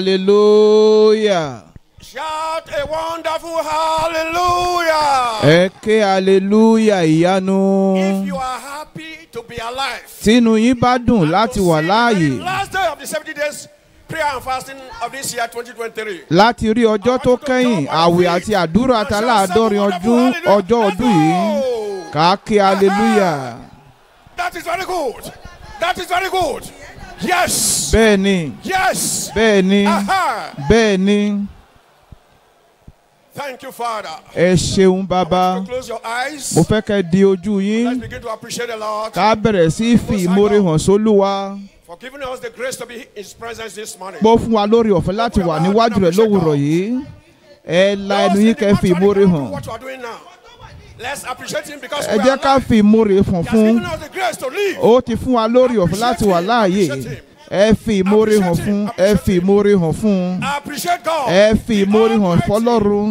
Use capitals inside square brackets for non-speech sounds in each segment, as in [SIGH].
hallelujah. Shout a wonderful hallelujah. Ẹ ké hallelujah ìyanu. If you are happy to be alive. Tínú yín bá dùn láti wà láàyè. Last day of the seventy days prayer and fasting of this year twenty twenty three. Láti rí ọjọ́ tó kẹ́yìn, àwẹ̀ àti àdúrà taláàdọ́rin ọdún ọjọ́ ọdún yìí. Ká ké hallelujah. That is very good. That is very good. Yes. Bẹ́ẹ̀ni. Yes bẹ́ẹ̀ ni bẹ́ẹ̀ ni. Thank you, Father. Ẹ ṣeun bàbá. Mo fẹ́ kẹ́ di ojú yín. Ká bẹ̀rẹ̀ sí fi ìmoore hàn sólúwa. Mo fún wa lórí ọ̀fẹ́ láti wà níwájú rẹ̀ lówùrọ̀ yìí. Ẹ la ẹnu yín kẹ́ fi ìmoore hàn. Ẹ jẹ́ ká fi ìmoore hàn fún. Ó ti fún wa lórí ọ̀fẹ́ láti wà láàyè ẹ fi ìmórí hàn fún ẹ fi ìmórí hàn fún ẹ fi ìmórí hàn fọ́lọ́run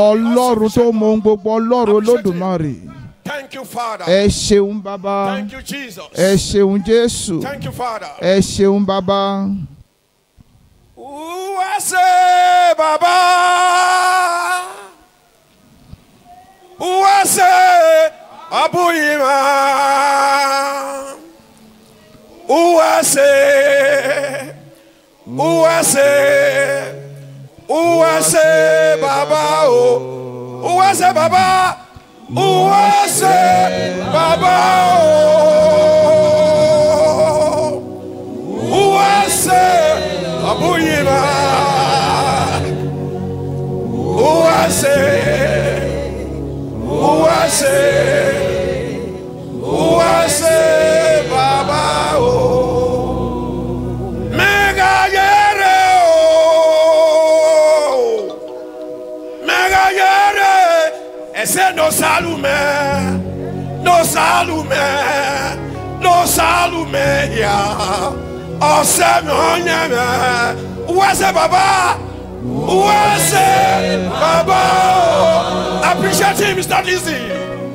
ọlọ́run tó mọ ohun gbogbo ọlọ́run olódùmarè. Thank you, Father. Ẹ ṣeun bàbá. Thank you, Jesus. Ẹ ṣeun Jésù. Thank you, Father. Ẹ ṣeun bàbá. Wá ṣe bàbá. Wá ṣe abúyìmá. USA, USA, USA, Baba, oh, USA, Baba, USA, Baba, oh, USA, Abuyiba, USA, USA wá ṣe bàbá o mẹ́ga yẹrẹ o mẹ́ga yẹrẹ ẹsẹ̀ n'o sálù n'o sálù n'o sálù mẹ́ yá ọ̀sẹ̀ mi ò nyẹ mẹ́ wá bàbá wá ṣe bàbá o appreciate him it's not easy.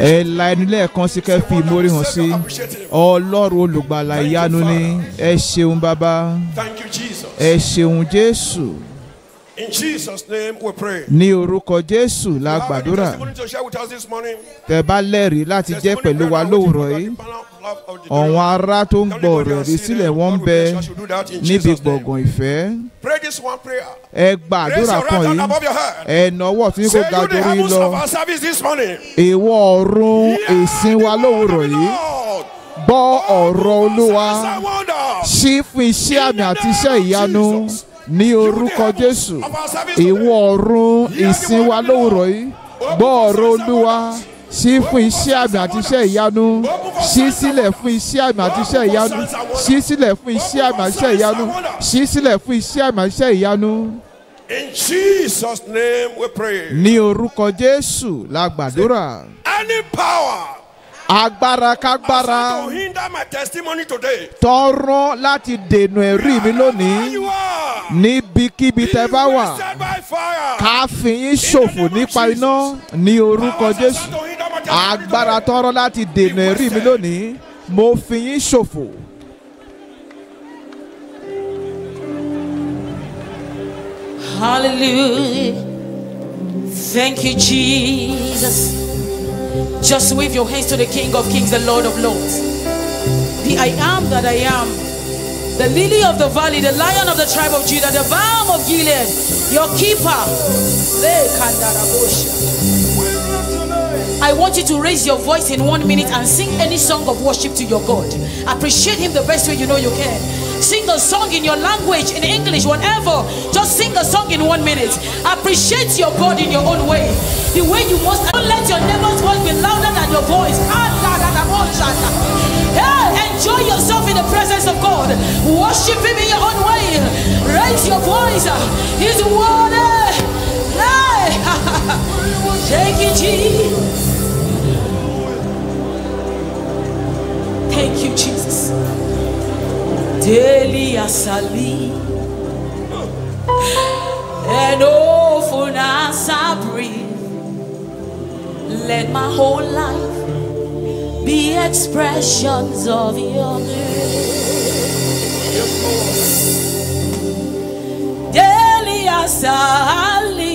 ẹ la ẹnu lẹ́ẹ̀kan sí kẹ́ fi ìmórí hàn sí ọlọ́run olùgbàlà ìyanu ni ẹ ṣeun bàbá ẹ ṣeun jésù. In Jesus' name we pray. Ní orúkọ Jésù la gbàdúrà. Tẹ bá lẹ́rìí láti jẹ́ pẹ̀lú wa lówùrọ̀ yìí. Àwọn ará tó ń gbọ́ ọ̀rọ̀ rí sílẹ̀ wọ́n ń bẹ níbi gbọ̀ngàn ìfẹ́. Ẹ gbàdúrà kan yìí. Ẹ nọwọ́ tí kò ga dorí lọ. Ìwọ ọ̀run ìsìn wa lówùrọ̀ yìí. Gbọ́ ọ̀rọ̀ oh, Olúwa. Ṣí fún iṣẹ́ àmì àti iṣẹ́ ìyanu ní orúkọ jésù ìwọ ọ̀run ìsìn wa yìí gbọ́ ọ̀rọ̀ olúwa ṣí fún iṣẹ́ àmì àti iṣẹ́ ìyanu ṣí sílẹ̀ fún iṣẹ́ àmì àti iṣẹ́ ìyanu ṣí sílẹ̀ fún iṣẹ́ àmì àti iṣẹ́ ìyanu ṣí sílẹ̀ fún iṣẹ́ àmì àti iṣẹ́ ìyanu. In Jesus' name we pray. Ní orúkọ Jésù la gbàdúrà. Any power agbára kágbára. to hinder my testimony today. tọrọ láti dènà ẹ̀rí mi lónìí níbikíbi tẹ bá wà ká fi yín ṣòfò nípa iná ní orúkọ Jésù agbára tọrọ láti dènà ẹ̀rí mi lónìí mo fi yín ṣòfò. Hallelujah. Thank you, Jesus. Just wave your hands to the King of Kings, the Lord of Lords. The I am that I am. The lily of the valley, the lion of the tribe of Judah, the balm of Gilead, your keeper. I want you to raise your voice in one minute and sing any song of worship to your God. Appreciate Him the best way you know you can. Sing a song in your language, in English, whatever. Just sing a song in one minute. Appreciate your God in your own way. The way you must. Don't let your neighbor's voice be louder than your voice. Hey, enjoy yourself in the presence of God. Worship Him in your own way. Raise your voice. He's worthy. [LAUGHS] Thank you, Jesus. Thank you, Jesus. Daily asali. And often as I breathe, let my whole life be expressions of your name. Daily asali.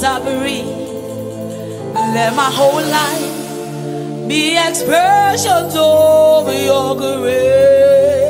I breathe. Let my whole life be expressions of your grace.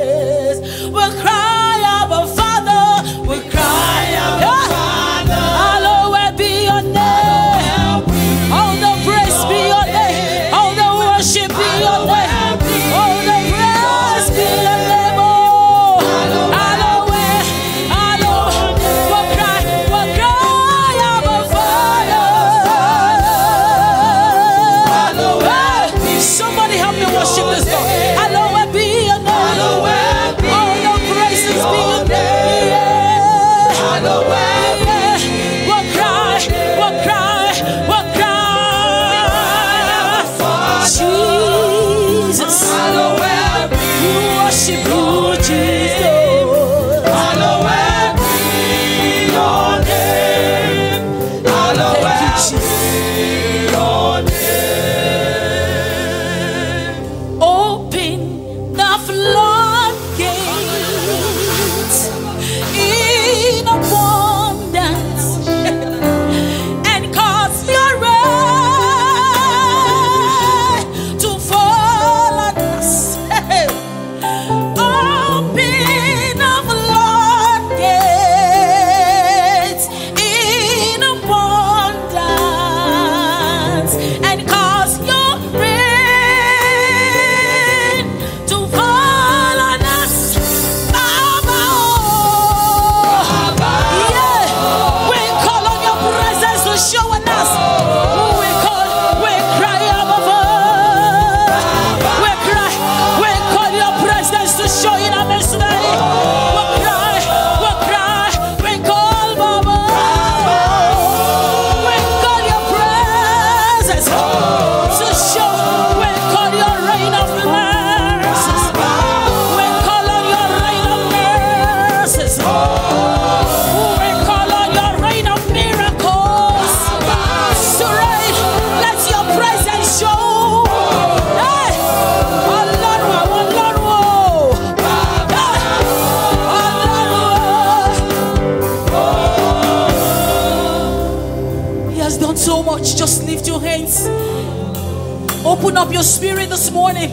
spirit this morning.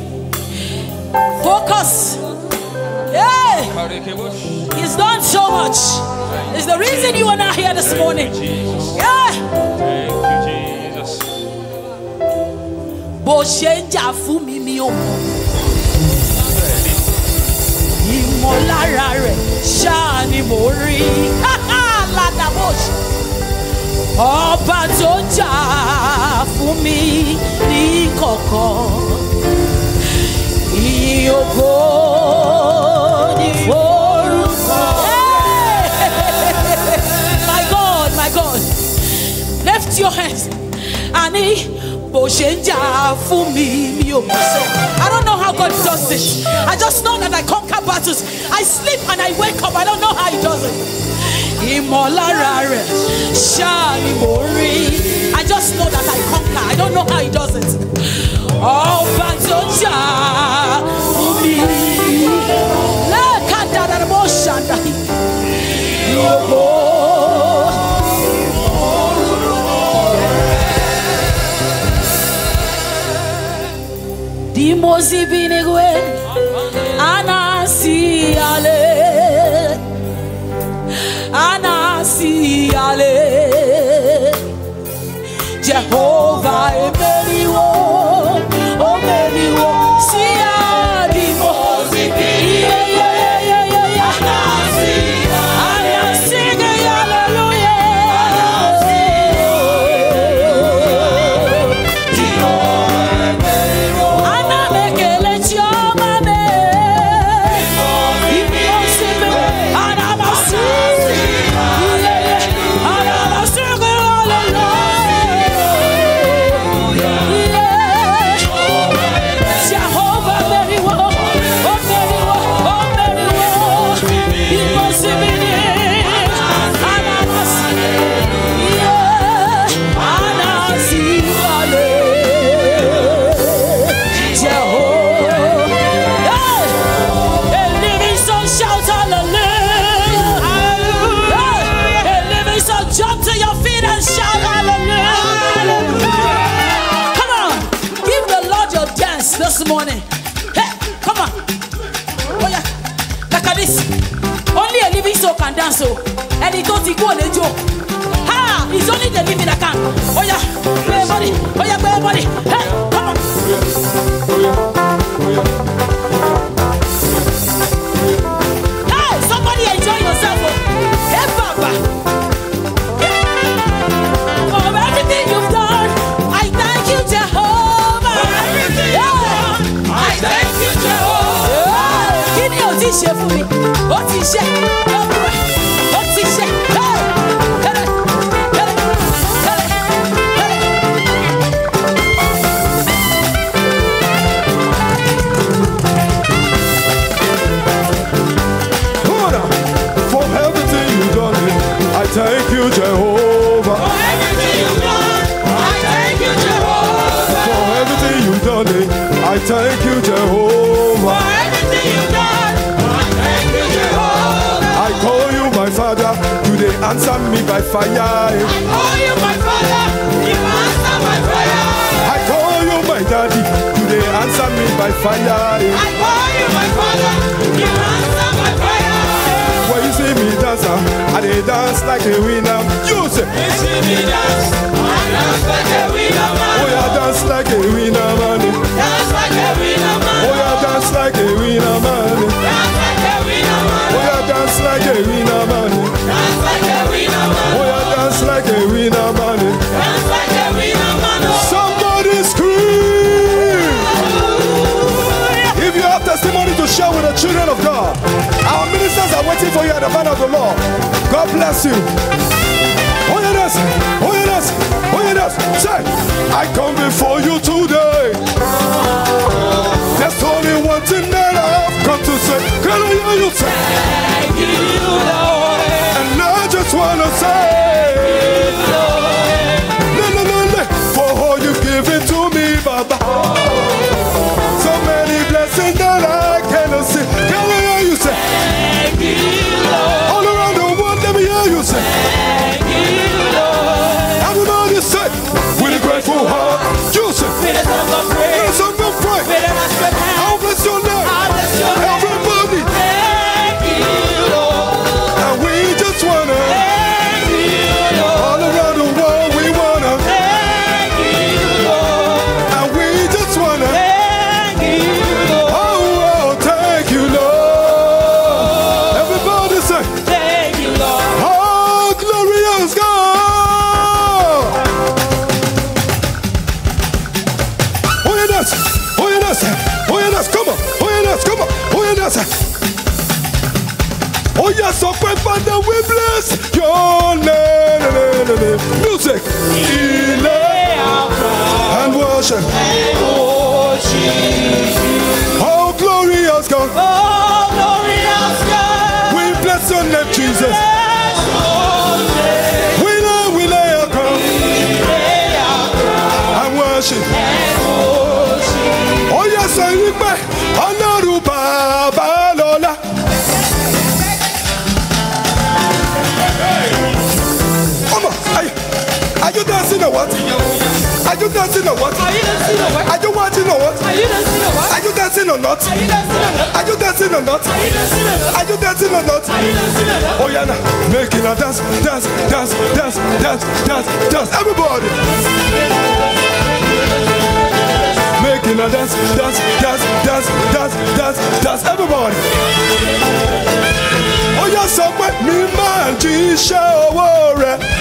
Focus. Yeah. He's done so much. It's the reason you are not here this morning. Yeah. Thank you, Jesus. mi ò Ìmọ̀lára rẹ̀ ọba ni koko My God, my God, lift your hands I don't know how God does this. I just know that I conquer battles. I sleep and I wake up. I don't know how he does it ìmọ̀lára rẹ̀ ṣáà I just know that I conquer I don't know how he does it ọba tó jà fún mi lẹ́ẹ̀ka dáadáa mo ṣàdáyé lóko. Dimozi binegwe life. ṣe fún mi ó ti ṣe ó by fire. I call you my father, you answer my prayer. I call you my daddy, they answer me by fire. I call you my father, you answer my prayer. When you see me dance? Ah, I they dance like a winner. You say, you see me dance, I dance like a winner man. Oh yeah, dance like a winner man. Dance like a winner man. Oh yeah, dance like a winner man. Dance like a winner man. Oh yeah, dance like a winner man. Dance like a Oh, you dance like a winner, man. Dance like a winner, man. Somebody scream. If you have testimony to share with the children of God, our ministers are waiting for you at the of the Lord. God bless you. Oh, you dance. Oh, you dance. Oh, you dance. Say, I come before you today. There's only one thing that I've come to say. Can you Thank you, Lord. wanna say what? Are you dancing or what? Are you dancing or what? Are you watching or what? Are you dancing or what? Are you dancing or not? Are you dancing or not? Are you dancing or not? Oh yeah, now make it a dance, dance, dance, dance, dance, dance, dance, everybody. Making a dance, dance, dance, dance, dance, dance, dance, everybody. Oh yeah, sọ pé mi máa jí iṣẹ́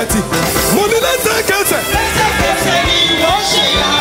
lẹ́sẹ̀kẹsẹ̀. mo ní lẹ́sẹ̀kẹsẹ̀. lẹ́sẹ̀kẹsẹ̀ ni ìwọ ṣe yá.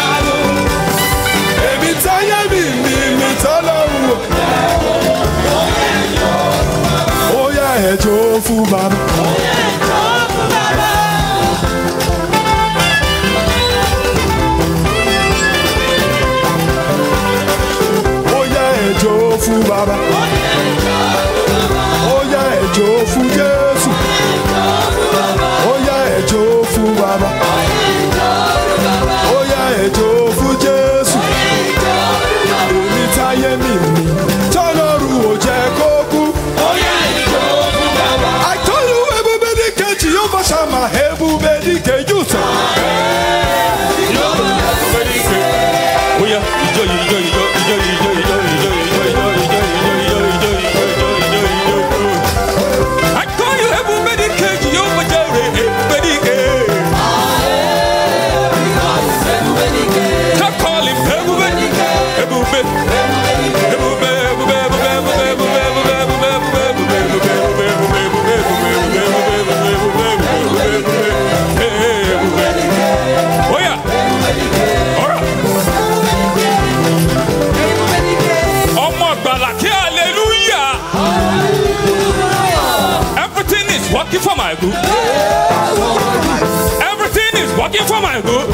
working for my good.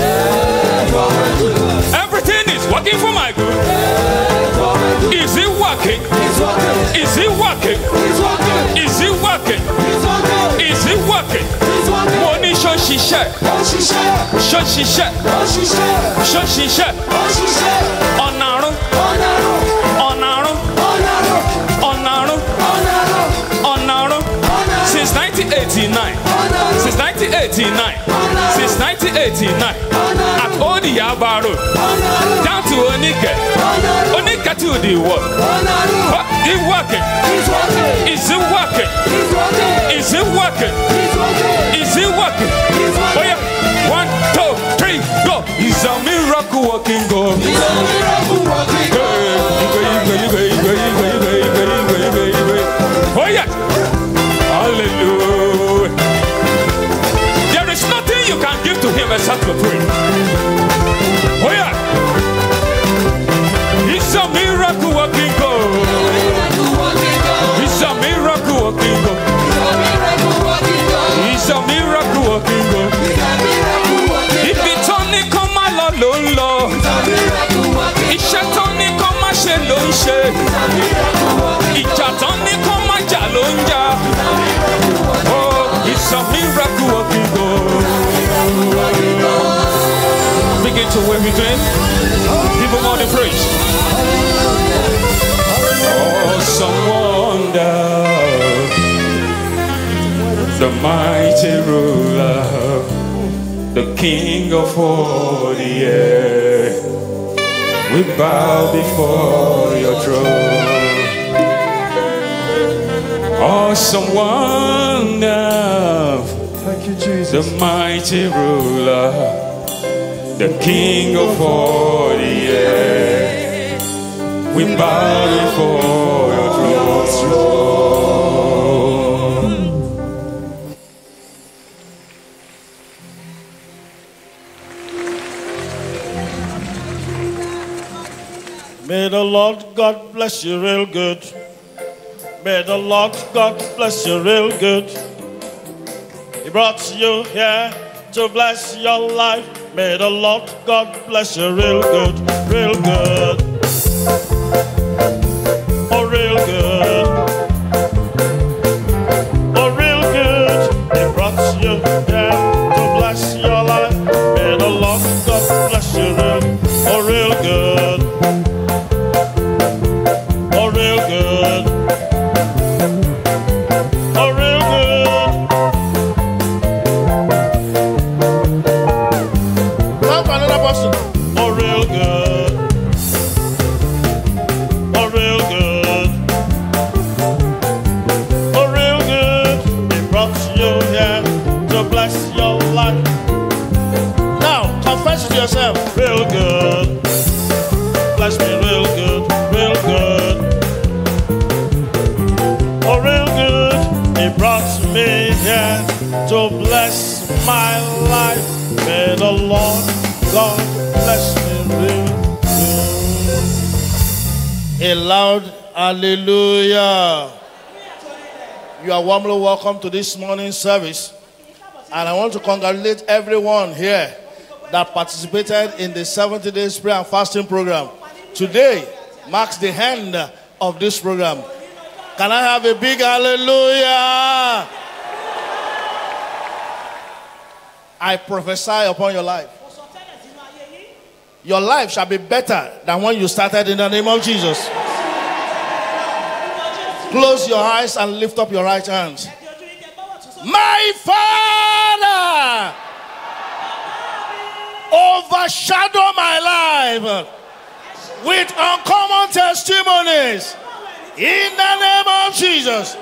Everything is working for my good. Is it working? Is it working? Is it working? Is it working? Mo ní ṣó ṣiṣẹ́. Ṣó ṣiṣẹ́. Ṣó ṣiṣẹ́. Ọ̀nà àrùn. Ọ̀nà àrùn. Ọ̀nà àrùn. Ọ̀nà àrùn. Since 1989. Since 1989 since 1989 at Odi Yaba down to Onike. Onike to the world. But it working. Is he working? Is he working? Is he working? Oh yeah. One, two, three, go. He's a miracle working God. He's a miracle working God. Oh yeah. Hallelujah. give us up for free. Oh yeah. It's a miracle working God. It's a miracle working God. It's a miracle working God. Ibi tó ní kó má lọ ló ń lọ. Iṣẹ́ tó ní kó má ṣe ló ń ṣe. Ìjà tó ní kó má Oh, it's a miracle working God. to everything. Give him the Awesome wonder, the mighty ruler, the king of all the earth. We bow before your throne. Awesome oh, wonder, Thank you, Jesus. the mighty ruler the King of all the earth. We bow before your throne. May the Lord God bless you real good. May the Lord God bless you real good. He brought you here to bless your life made a lot. God bless you real good, real good. Hallelujah. You are warmly welcome to this morning's service. And I want to congratulate everyone here that participated in the 70 days prayer and fasting program. Today marks the end of this program. Can I have a big hallelujah? I prophesy upon your life. Your life shall be better than when you started in the name of Jesus. Close your eyes and lift up your right hand. My Father, overshadow my life with uncommon testimonies in the name of Jesus.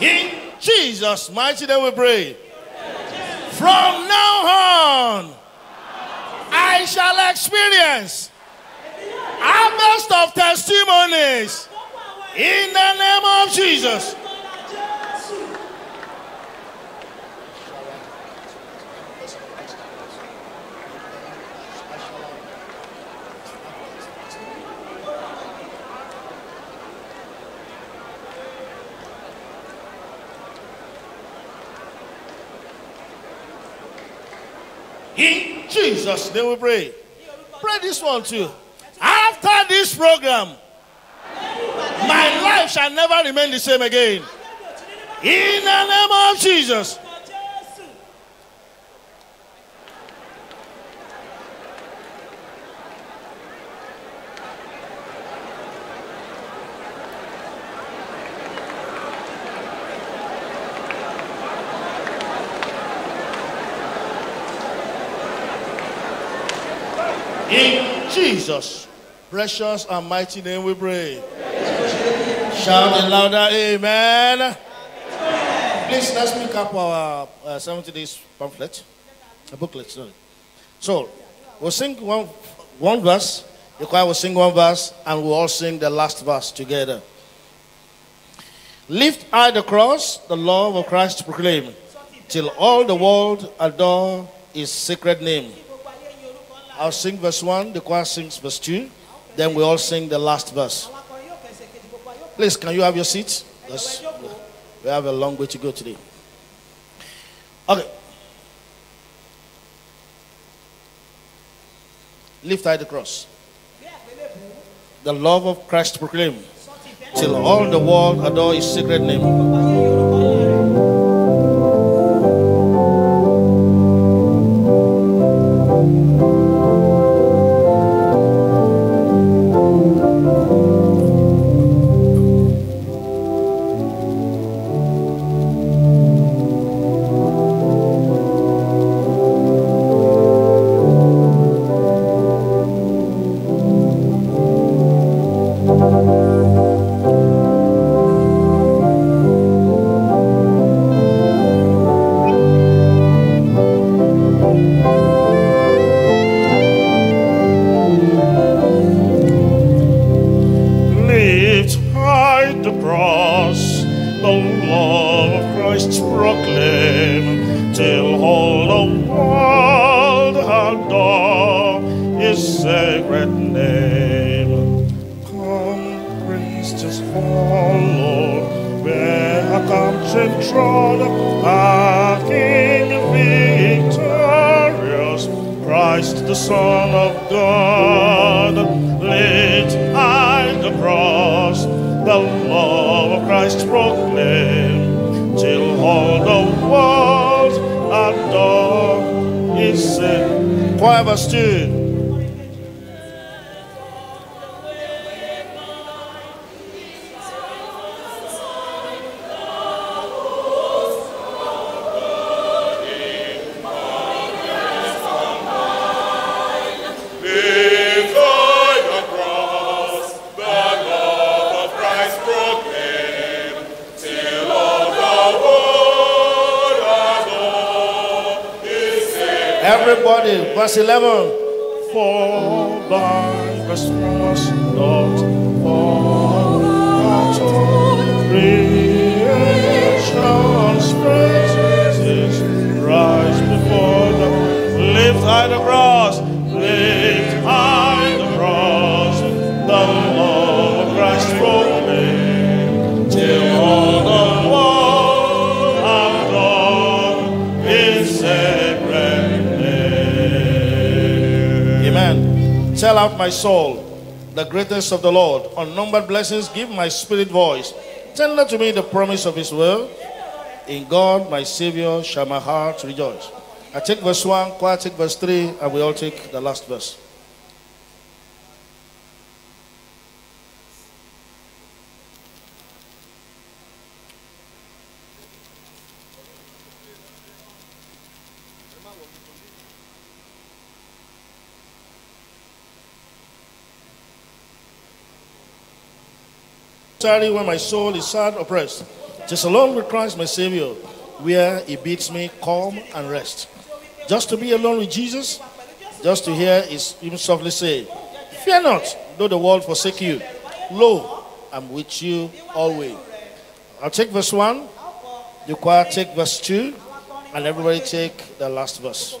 In Jesus' mighty name we pray. From now on, I shall experience harvest of testimonies in the name of Jesus. In Jesus' name we pray. Pray this one too. After this program, my life shall never remain the same again. In the name of Jesus. Jesus. Precious and mighty name we pray. Shout it louder, amen. amen. Please let's pick up our uh, 70 days pamphlet, a booklet, sorry. So, we'll sing one, one verse, the choir will sing one verse, and we'll all sing the last verse together. Lift I the cross, the love of Christ proclaim, till all the world adore his sacred name. I'll sing verse 1, the choir sings verse 2, then we all sing the last verse. Please, can you have your seats? we have a long way to go today. Okay. Lift high the cross. The love of Christ proclaim till all the world adore his sacred name. greatness of the Lord. Unnumbered blessings give my spirit voice. Tender to me the promise of his will. In God, my Savior, shall my heart rejoice. I take verse 1, Quiet. take verse 3, and we all take the last verse. tarry when my soul is sad oppressed. just alone with Christ my Savior, where he bids me calm and rest. Just to be alone with Jesus, just to hear him softly say, Fear not, though the world forsake you. Lo, I'm with you always. I'll take verse 1, the choir take verse 2, and everybody take the last verse.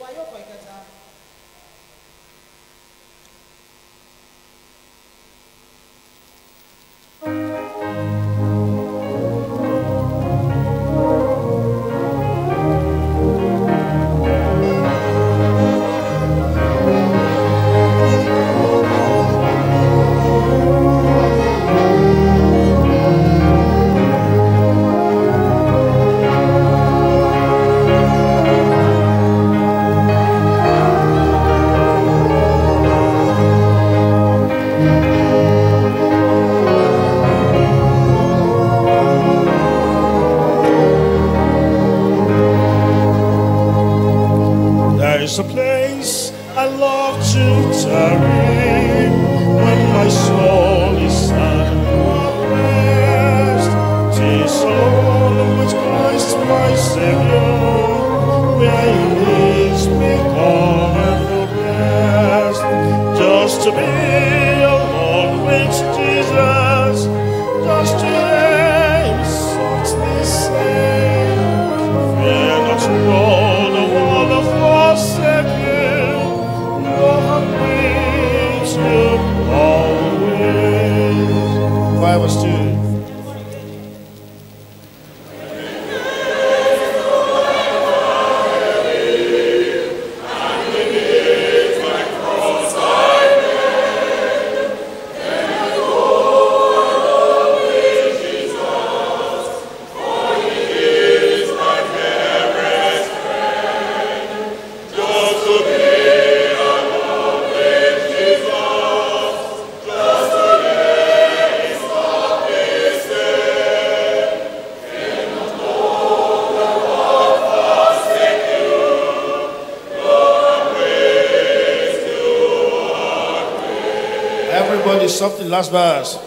last vas...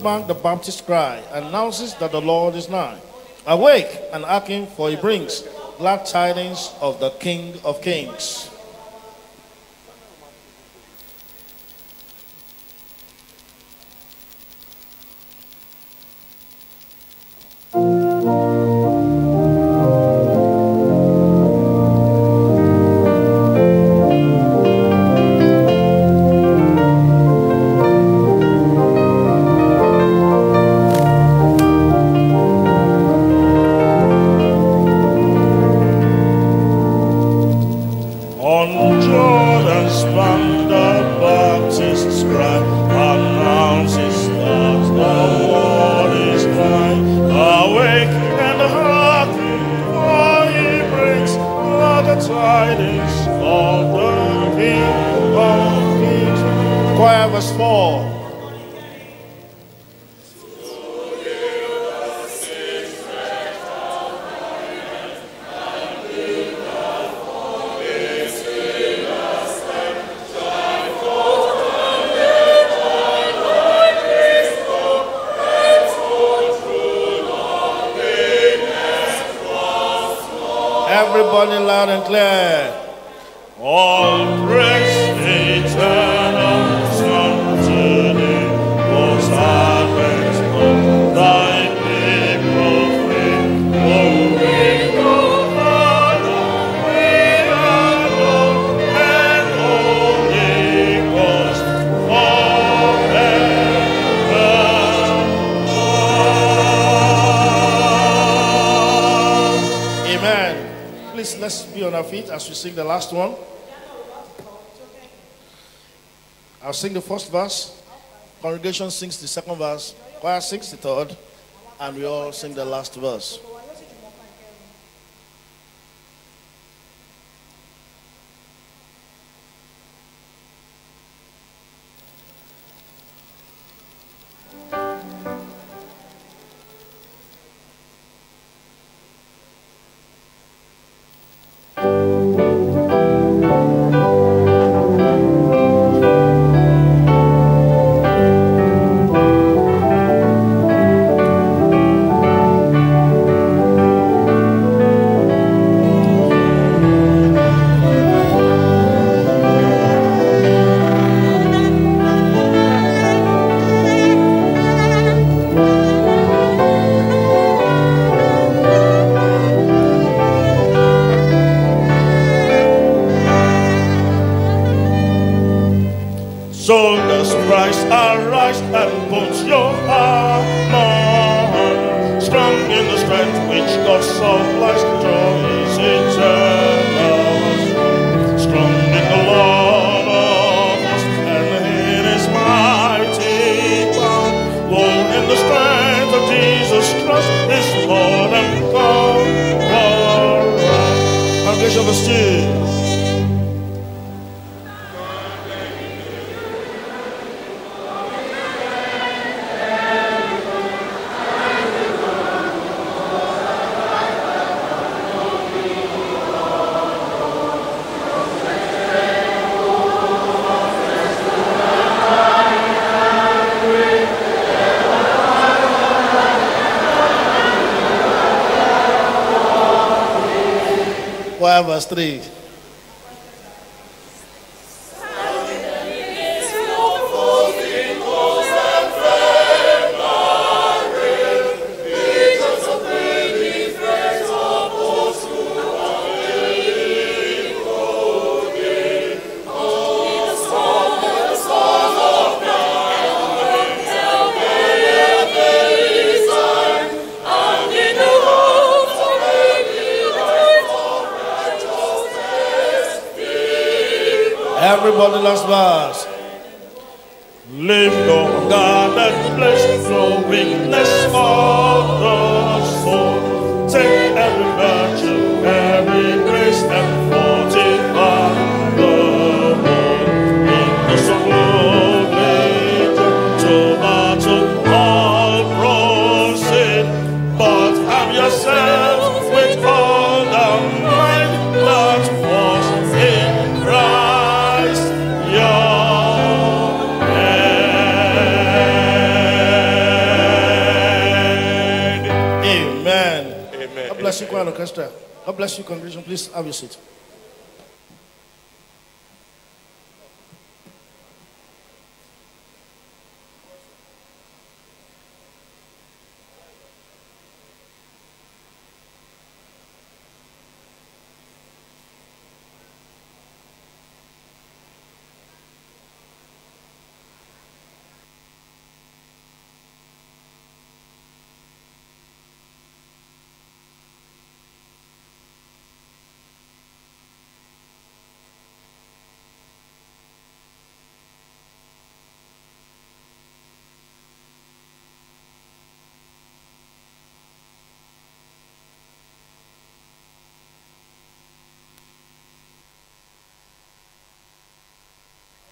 Bank, the Baptist cry announces that the Lord is nigh. Awake and hearken, for he brings glad tidings of the King of Kings. sing the first verse, congregation sings the second verse, choir sings the third, and we all sing the last verse. three. Please have a seat.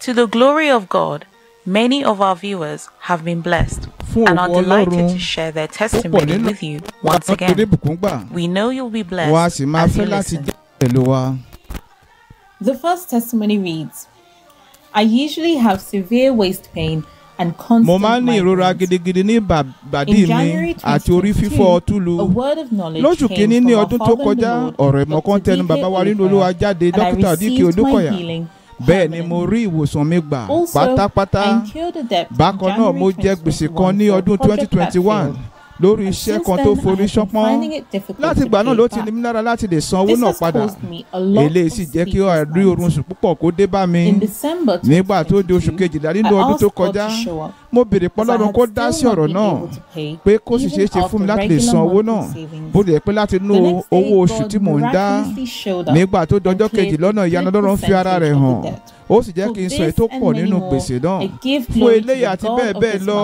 To the glory of God, many of our viewers have been blessed and are delighted to share their testimony with you once again. We know you'll be blessed as you listen. The first testimony reads, I usually have severe waist pain and constant Mo máa ń ní ìrora gidigidi ní bàdí mi àti orí fífọ́ túlu. Lóṣù kìíní ní ọdún tó kọjá, ọ̀rọ̀ ẹ̀mọ́ kan tẹnu bàbá wa nínú olúwa jáde dókítà Díkì bẹ́ẹ̀ ni mo rí ìwòsàn mi gbà pátápátá bákan náà mo jẹ gbèsè kan ní ọdún twenty lórí iṣẹ́ kan tó forí ṣánpọ́n láti ìgbà náà ló ti ní mí lára láti lè san owó náà padà eléyìí sì jẹ́ kí àìrí oorun sùn púpọ̀ kó dé bá mi nígbà tó di oṣù kejìlá nínú ọdún tó kọjá mo béèrè pọ́lọ́run kó dá sí ọ̀rọ̀ náà pé kó sì ṣeé ṣe fún mi láti lè san owó náà bó lè pé láti inú owó oṣù tí mò ń dá nígbà tó dọjọ́ kejì lọ́nà ìyanu Ọlọ́run fi ara rẹ̀ hàn ó sì jẹ́ kí n sọ ètò pọ̀ nínú gbèsè náà fún eléyìí àti bẹ́ẹ̀ bẹ́ẹ̀ lọ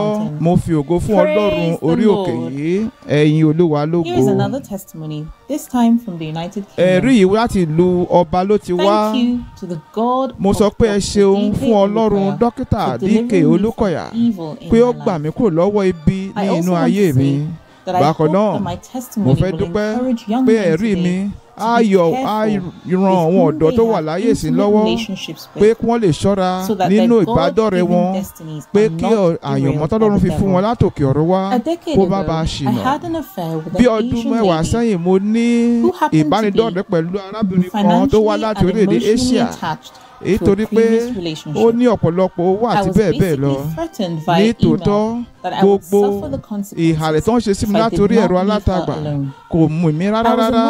mo fi ògo fún ọlọ́run orí òkè yìí ẹ̀yin olúwa lógo. Here is another testimony, this time from the United Kingdom. ẹ̀rí yìí láti ìlú ọba ló ti wá. Thank you to the God of Mo sọ pé ẹ ṣeun fún ọlọ́run dókítà Díkè Olúkọ̀yà pé ó gbà mí kúrò lọ́wọ́ ibi ní inú ayé mi. Bákan náà, mo fẹ́ dúpẹ́ pé ẹ̀rí mi ayọ̀ ah, ìran àwọn ọ̀dọ́ tó wà láyè sí lọ́wọ́ pé kí wọ́n lè ṣọ́ra nínú ìbádọ́rẹ̀ wọn pé kí àyànmọ́ tọ́lọ́run fi fún wọn látòkè ọ̀rọ̀ wá kó má bàa ṣìnà bí ọdún mẹ́wàá sẹ́yìn mo ní ìbánidọ́rẹ̀ẹ́ pẹ̀lú arábìnrin kan tó wá láti orílẹ̀-èdè Asia nítorí pé ó ní ọ̀pọ̀lọpọ̀ owó àti bẹ́ẹ̀ bẹ́ẹ̀ lọ ní tòótọ́ gbogbo ìhàlẹ̀ tó ń ṣe sí mi látòrí ẹ̀rọ alátagbà kò mú mi rárá rárá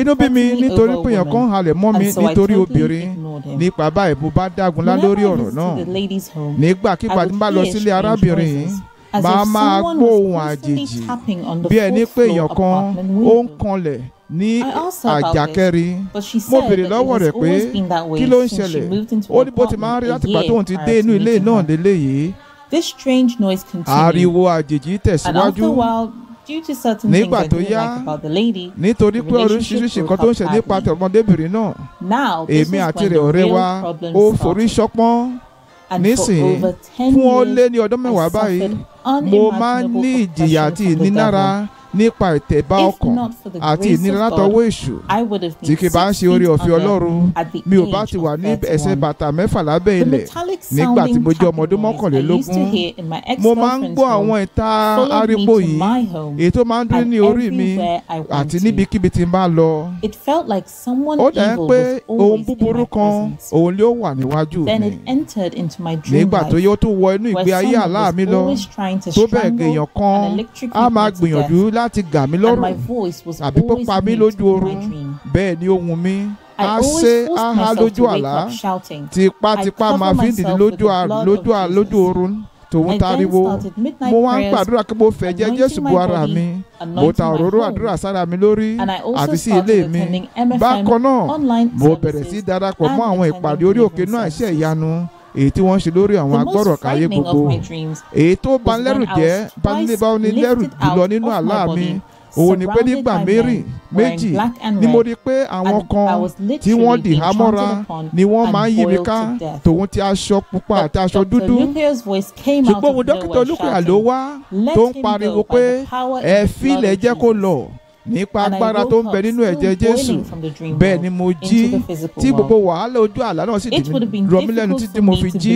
inú bí mi nítorí pé èèyàn kan halẹ̀ mọ́ mi nítorí obìnrin nípa báyìí mo bá dágunlá lórí ọ̀rọ̀ náà nígbàkigbà tí mo bá lọ sílé arábìnrin yìí màá máa gbóhùn àjèjì bí ẹni pé èèyàn kan ó ń kanlẹ̀ ní àjàkẹ́rin mo béèrè lọ́wọ́ rẹ̀ pé kí ló ń ṣẹlẹ̀ ó ní bó ti máa ń rí láti pàtó òun ti dé inú ilé náà lélẹ́yìí ariwo àjèjì tẹ̀síwájú nígbà tó yá nítorí pé oríṣiríṣi nǹkan tó ń ṣe nípa tọmọdébìnrin náà èmi àti rẹ̀ ọ̀rẹ́ wa ó forí ṣọpọ́n nísìnyí fún ó lé ní ọdún mẹ́wàá báyìí mo máa ń ní ìjìyà àti ìnilára nípa ìtẹ̀bá ọkàn àti ìnira látọwọ́ èṣù tí kì bá ń ṣe oore ọ̀fẹ́ ọlọ́run mi ò bá ti wà ní ẹsẹ̀ bàtà mẹ́fà lábẹ́ ilẹ̀ nígbà tí mo jẹ́ ọmọ ọdún mọ́kànlélógún mo máa ń gbọ́ àwọn ìta ariwo yìí èyí tó máa ń dún ní orí mi àti níbikíbi tí n bá lọ ó dàá pé ohun búburú kan òun ló wà níwájú mi nígbà tó yóò tó wọ inú ìgbé ayé àlá mi lọ tó bẹ́ẹ̀ gèèyàn kan á máa gbìyànjú lá láti gà mí lọ́rùn àbí kó pa mí lójú oorun bẹ́ẹ̀ ni ohùn mi a ṣe a há lójú àlá tipátipá máa fi ń dìde lójú oorun tòun tariwo mo wá ń gbàdúrà kí mo fẹ́ jẹ́ Jésù bu ara mi mo ta òróró àdúrà sára mi lórí àti sí ilé mi bákan náà mo bẹ̀rẹ̀ sí darapọ̀ mọ́ àwọn ìpàdé orí òkè náà iṣẹ́ ìyanu èyí tí wọ́n ṣe lórí àwọn agbọ́rọ̀ káyé gbogbo èyí tó banilẹ́rù jẹ́ banilẹ́rù jùlọ nínú àlá mi òun ni pé nígbà mẹ́rin méjì ni mo rí pé àwọn kan tí wọ́n dì há mọ́ra ni wọ́n máa ń yí mi ká tòun ti aṣọ pupa àti aṣọ dúdú ṣùgbọ́n òun dókítà olùkọ́yà ló wá tó ń pariwo pé ẹ jẹ́ kó lọ nípa agbára tó ń bẹ nínú ẹ̀jẹ̀ jésù bẹ́ẹ̀ ni mo jí tí gbogbo wàhálà ojú àlá náà sì dì mí rọ mí lẹ́nu títí mo fi jí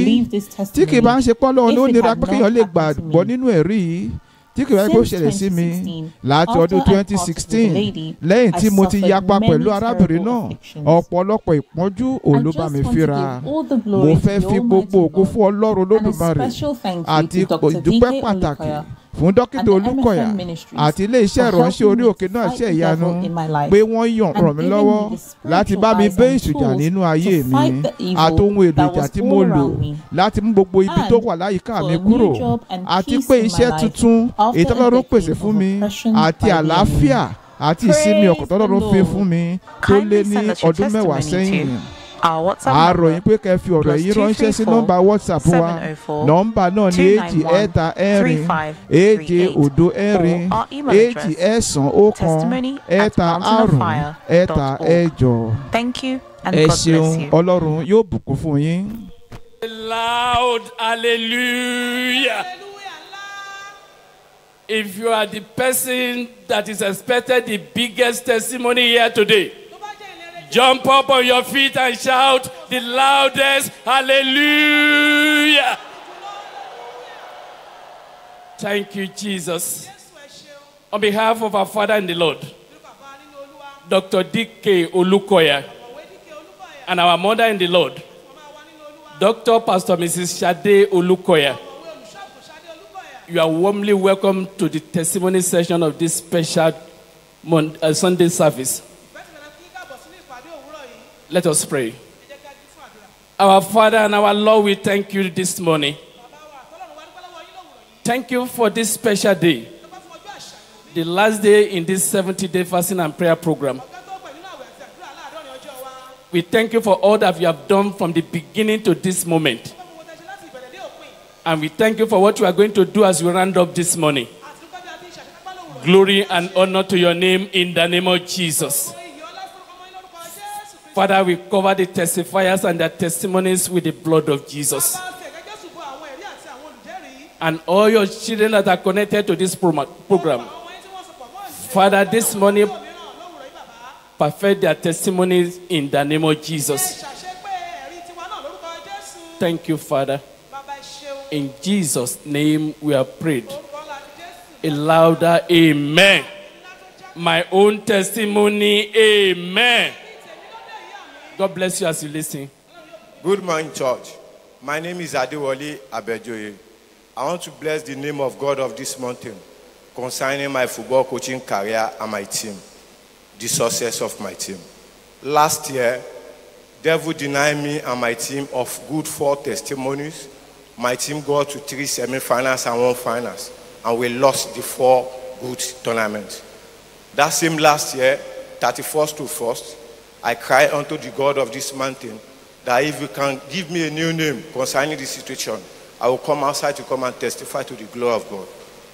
tí kì í bá ń ṣe pọ́n lọ́wọ́ ló nira pé kéèyàn lè gbàgbọ́ nínú ẹ̀rí yìí tí kì í bá yẹ kó ṣẹlẹ̀ sí mi láti ọdún 2016 lẹ́yìn tí mo ti yapa pẹ̀lú arábìnrin náà ọ̀pọ̀lọpọ̀ ìpọ́njú òun ló bá mi fíra mo fẹ́ fi gbogbo ògo fún ọlọ́run lódùmarè àti ìdúpẹ́ pàtàkì fún dókítà olùkọ̀yà àti iléeṣẹ́ ìránṣẹ́ orí òkè náà ṣe ìyanu pé wọ́n yàn ràn mí lọ́wọ́ láti bá mi bẹ́ ìṣùjà nínú ayé mi àti ohun èlò ìjà tí mo lò láti mú gbogbo ibi tó wà láyìíká mi kúrò àti pé iṣẹ́ tuntun èyí pèsè fún mi àti àlàáfíà àti ìsinmi ọkàn fi fún mi tó lé ní ọdún mẹ́wàá sẹ́yìn àròyìn pé kẹ́ fi ọ̀rọ̀ yìí ránṣẹ́ sí nọ́mbà whatsapp wa oh nọ́mbà náà ní èjì ẹ̀ta ẹ̀rin èjì òdo ẹ̀rin èjì ẹ̀sán ọ̀kan ẹ̀ta àrùn ẹ̀ta ẹ̀jọ. ẹ ṣeun ọlọ́run yóò bùkún fún yín. Loud hallelujah. If you are the person that is expected the biggest testimony here today. Jump up on your feet and shout the loudest hallelujah. Thank you, Jesus. On behalf of our Father in the Lord, Dr. D.K. Olukoya, and our mother in the Lord, Dr. Pastor Mrs. Shade Olukoya, you are warmly welcome to the testimony session of this special uh, Sunday service. Let us pray. Our Father and our Lord, we thank you this morning. Thank you for this special day, the last day in this 70 day fasting and prayer program. We thank you for all that you have done from the beginning to this moment. And we thank you for what you are going to do as we round up this morning. Glory and honor to your name in the name of Jesus. Father, we cover the testifiers and their testimonies with the blood of Jesus. And all your children that are connected to this program. Father, this morning, perfect their testimonies in the name of Jesus. Thank you, Father. In Jesus' name we are prayed. A louder amen. My own testimony, amen. God bless you as you listen. Good morning, church. My name is Adewale Abejoye. I want to bless the name of God of this mountain concerning my football coaching career and my team, the success of my team. Last year, devil denied me and my team of good four testimonies. My team got to three semi-finals and one finals, and we lost the four good tournaments. That same last year, 31st to 1st, I cry unto the God of this mountain that if you can give me a new name concerning this situation, I will come outside to come and testify to the glory of God.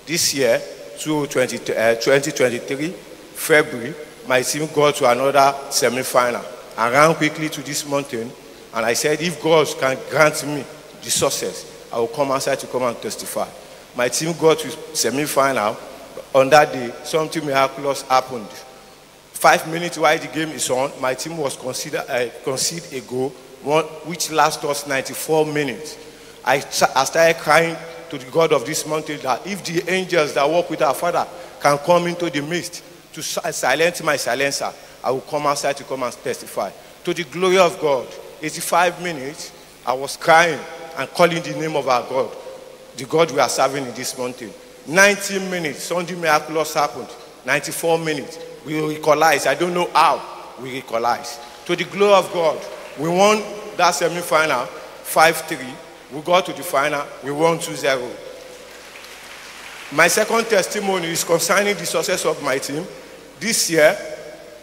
This year, 2023, eh, February, my team got to another semi-final. I ran quickly to this mountain and I said, if God can grant me the success, I will come outside to come and testify. My team got to semi-final. On that day, something miraculous happened. Five minutes while the game is on, my team was considered, uh, conceded a goal, one, which lasted us 94 minutes. I, I started crying to the God of this mountain that if the angels that walk with our Father can come into the midst to silence my silencer, I will come outside to come and testify. To the glory of God, 85 minutes, I was crying and calling the name of our God, the God we are serving in this mountain. 19 minutes, Sunday miraculous happened. 94 minutes, we will equalize. I don't know how we equalize. To the glory of God, we won that semi final 5 3. We got to the final, we won 2 0. My second testimony is concerning the success of my team. This year,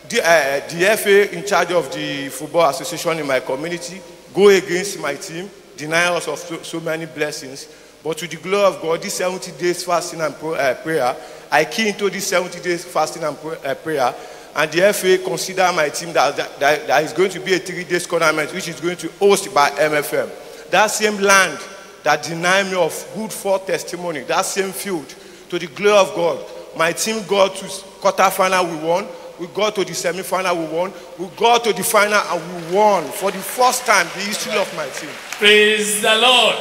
the, uh, the FA in charge of the football association in my community go against my team, deny us of so, so many blessings. But to the glory of God, this 70 days fasting and uh, prayer I key into this 70 days fasting and uh, prayer. And the FA consider my team that, that, that is going to be a three days tournament, which is going to host by MFM. That same land that denied me of good for testimony, that same field, to the glory of God. My team got to quarterfinal, we won. We got to the semi-final, we won. We got to the final, and we won for the first time the history of my team. Praise the Lord.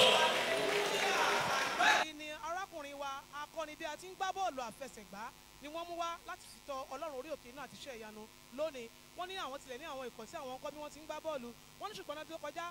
bọ́ọ̀lù àfẹsẹ̀gbá ni wọ́n mú wá láti fi tọ ọlọ́run orí òkè náà àti iṣẹ́ ìyanu lónìí wọ́n ní àwọn tilẹ̀ ní àwọn ìkọ̀sí àwọn ọkọ bí wọ́n ti ń gbá bọ́ọ̀lù wọ́n ní ṣùgbọ́n náà tó kọjá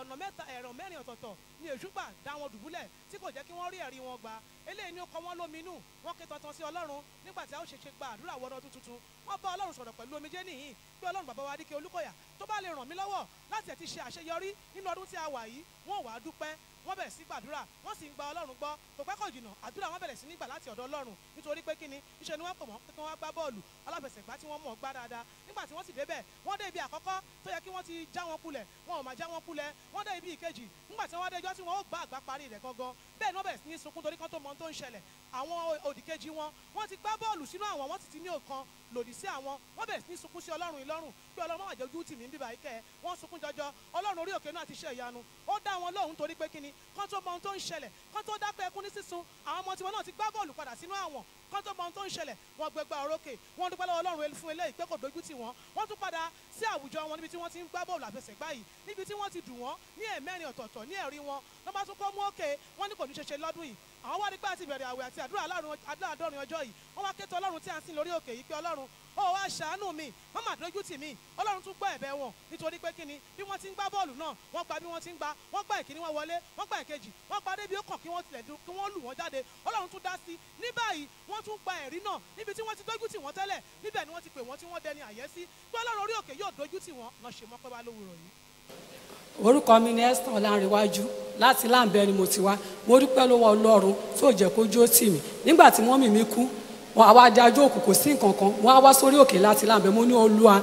ọ̀nà mẹ́ta ẹ̀rọ mẹ́rin ọ̀tọ̀ọ̀tọ̀ ni èṣùgbà dá wọn dùbúlẹ̀ tí kò jẹ́ kí wọ́n rí ẹ̀rí wọn gbà eléyìí ni ó kọ wọ́n lóminú wọ́n ké tantan sí ọlọ́run nígbà tí a ó ṣe ṣe gba àdúrà wọnà ọdún tuntun wọ́n bá ọlọ́run sọ̀rọ̀ pẹ̀lú omijé nìyí pé ọlọ́run bàbá wa adíkẹ́ olúkọ̀yà tó bá lè ràn mí lọ́wọ́ láti ẹ̀ ti ṣe àṣeyọrí nínú ọdún tí a wà yìí wọ́n wàá dúpẹ́ wọ́n bẹ̀rẹ̀ sí gbàdúrà wọ́n sì ń gba ọlọ́run gbọ́ kò pẹ́ kò jìnnà àdúrà wọ́n bẹ̀rẹ̀ sí ní láti ọ̀dọ̀ ọlọ́run nítorí pé kíni iṣẹ́ ni wọ́n pọ̀ mọ́ pé kí wọ́n gbá bọ́ọ̀lù aláfẹsẹ̀gbá tí wọ́n mọ̀ gbá dáadáa nígbà tí wọ́n sì débẹ̀ wọ́n dé ibi àkọ́kọ́ tó yẹ kí wọ́n ti já wọn kulẹ̀ wọn ò máa já wọn kulẹ̀ wọ́n dé ibi ìkejì nígbà tí wọ́n dé ijọ́ tí wọ́n ó gbá àgbá parí rẹ̀ gangan bẹ́ẹ̀ náà bẹ̀rẹ̀ sí ní sunkún torí kan tó mọ tó ń ṣẹlẹ̀ àwọn òdìkejì wọn wọ́n ti gbá bọ́ọ̀lù sínú àwọn wọ́n ti ti ní òkan lòdì sí àwọn wọ́n bẹ̀rẹ̀ sí ní sunkún sí ọlọ́run ìlọ́run pé ọlọ́run máa jẹ́jú tì mí bíbá ikẹ́ wọ́n sunkún jọjọ ọlọ́run orí òkè náà ti ṣe ìyanu ó dá wọn lóhùn torí pé kíni kán tó mọ ohun tó ń ṣẹlẹ̀ kán tó dápẹ́ ẹkún ní sísun àwọn ọmọ tiwọn náà ti gbá bọ́ọ̀lù padà sínú àwọn kán tó mọ ohun tó ń ṣẹlẹ̀ wọ́n gbẹgbẹ́ orókè wọ́n dúpẹ́ lọ́wọ́ ọlọ́run fún eléyìí pé kò dojú tì wọ́n wọ́n tún padà sí àwùjọ wọn níbi tí wọ́n ti ń gbá bọ́ọ̀lù àfẹsẹ̀gbá yìí níbi tí wọ́n ti dùn wọ́n ní ẹ̀mẹ́rin ọ̀tọ̀ọ̀tọ̀ ní ẹ̀rí wọn lọ́ tún kọ́ mú òkè wọ́n ní kò ní ṣeṣe lọ́dún yìí àwọn wá rí pé àti ìbẹ̀rẹ̀ àwẹ̀ àti àdúrà aláàdọ́rin ọjọ́ yìí wọ́n wá kéte ọlọ́run tí a ń sìn lórí òkè yìí pé ọlọ́run ó wá ṣàánú mi wọ́n mà dójú tì mí ọlọ́run tún gbọ́ ẹ̀bẹ̀ wọn nítorí pé kíni bí wọ́n ti ń gbá bọ́ọ̀lù náà wọ́n gba bí wọ́n ti ń gba wọ́n gba ìkíní wọn wọlé wọ́n gba ìkejì wọ́n gba débi ó kàn kí wọ́n tilẹ̀ kí wọ́n lù wọ́n jáde ọlọ́run tún dá sí ní báyìí wọ́n tún gba ẹ̀rí náà níbi tí wọ́n ti dójú tì wọ́n tẹ́lẹ̀ níbẹ̀ ni wọ́n ti pè wọ́n tí wọ́n dẹni àyẹ́sí pé ọlọ́run orí òkè yóò dójú tì wọ́n lọ́ọ́ ṣe mọ́pẹ́ wá lówùrọ̀ yìí orúkọ mi ni Esther Ọlánrewájú láti láǹbẹ ni mo ti wá mo dúpẹ́ lọ́wọ́ Ọlọ́run tó jẹ́ kójú ó tì mí nígbà tí mọ́mì mi kú wọn àwa adájọ́ òkú kò sí nǹkan kan wọn á wá sórí òkè láti láǹbẹ̀ mo ní olúwa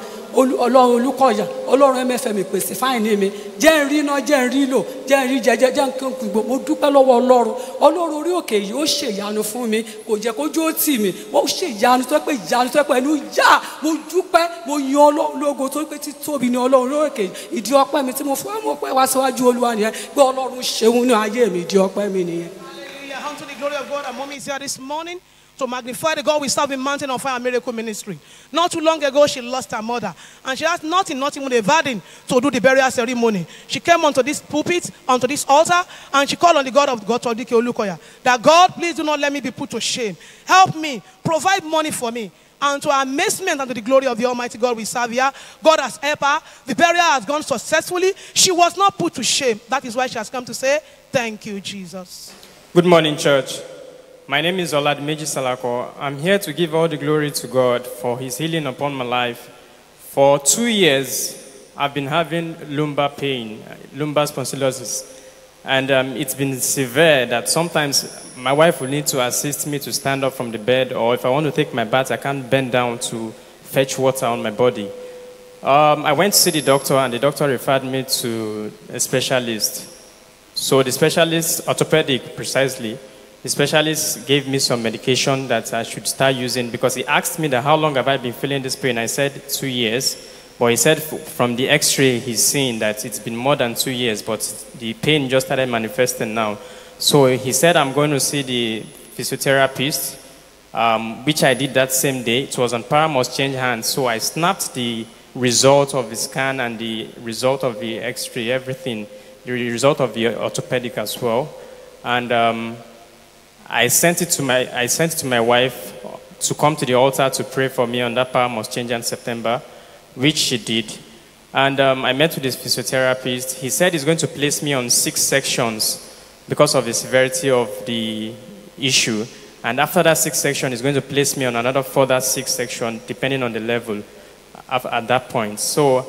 ọlọ́run olùkọ́yà ọlọ́run mfm pèsè fáìní mi jẹ́ ń rí iná jẹ́ ń rí lò jẹ́ ń rí jẹjẹ jẹ́ ń kí n gbogbo mo dúpẹ́ lọ́wọ́ ọlọ́run ọlọ́run orí òkè yìí ó ṣe fún mi kò jẹ́ kójú ó tì mí ó ṣe tó pé ìyanu tó pé yá mo dúpẹ́ mo yan ọlọ́run lógo tó pé títóbi ni ọlọ́run orí òkè ìdí ọpẹ́ mi tí mo fún àwọn ọpẹ́ wá síwájú olúwa nìyẹn pé ọlọ́run ṣeun ní ayé mi ìdí ọpẹ́ mi nìyẹn. Hallelujah, unto the glory of God, our mommy is here this morning. to magnify the God we serve in Mountain of Fire Miracle Ministry. Not too long ago, she lost her mother, and she has nothing, nothing, even a burden to do the burial ceremony. She came onto this pulpit, onto this altar, and she called on the God of God, Todike Olukoya, that God, please do not let me be put to shame. Help me, provide money for me. And to our amazement and to the glory of the Almighty God we serve here, God has helped her. The burial has gone successfully. She was not put to shame. That is why she has come to say, Thank you, Jesus. Good morning, church. My name is Oladmeji Salako. I'm here to give all the glory to God for his healing upon my life. For two years, I've been having lumbar pain, lumbar spondylosis. And um, it's been severe that sometimes my wife will need to assist me to stand up from the bed, or if I want to take my bath, I can't bend down to fetch water on my body. Um, I went to see the doctor, and the doctor referred me to a specialist. So the specialist, orthopedic precisely, the specialist gave me some medication that I should start using because he asked me that how long have I been feeling this pain? I said two years. But he said from the x-ray he's seeing that it's been more than two years, but the pain just started manifesting now. So he said I'm going to see the physiotherapist, um, which I did that same day. It was on Paramount's change hands. So I snapped the result of the scan and the result of the x-ray, everything, the result of the orthopedic as well. And um, I sent it to my, I sent it to my wife to come to the altar to pray for me on that power must change in September, which she did. And um, I met with this physiotherapist. He said he's going to place me on six sections because of the severity of the issue. And after that six section, he's going to place me on another further six section, depending on the level at that point. So,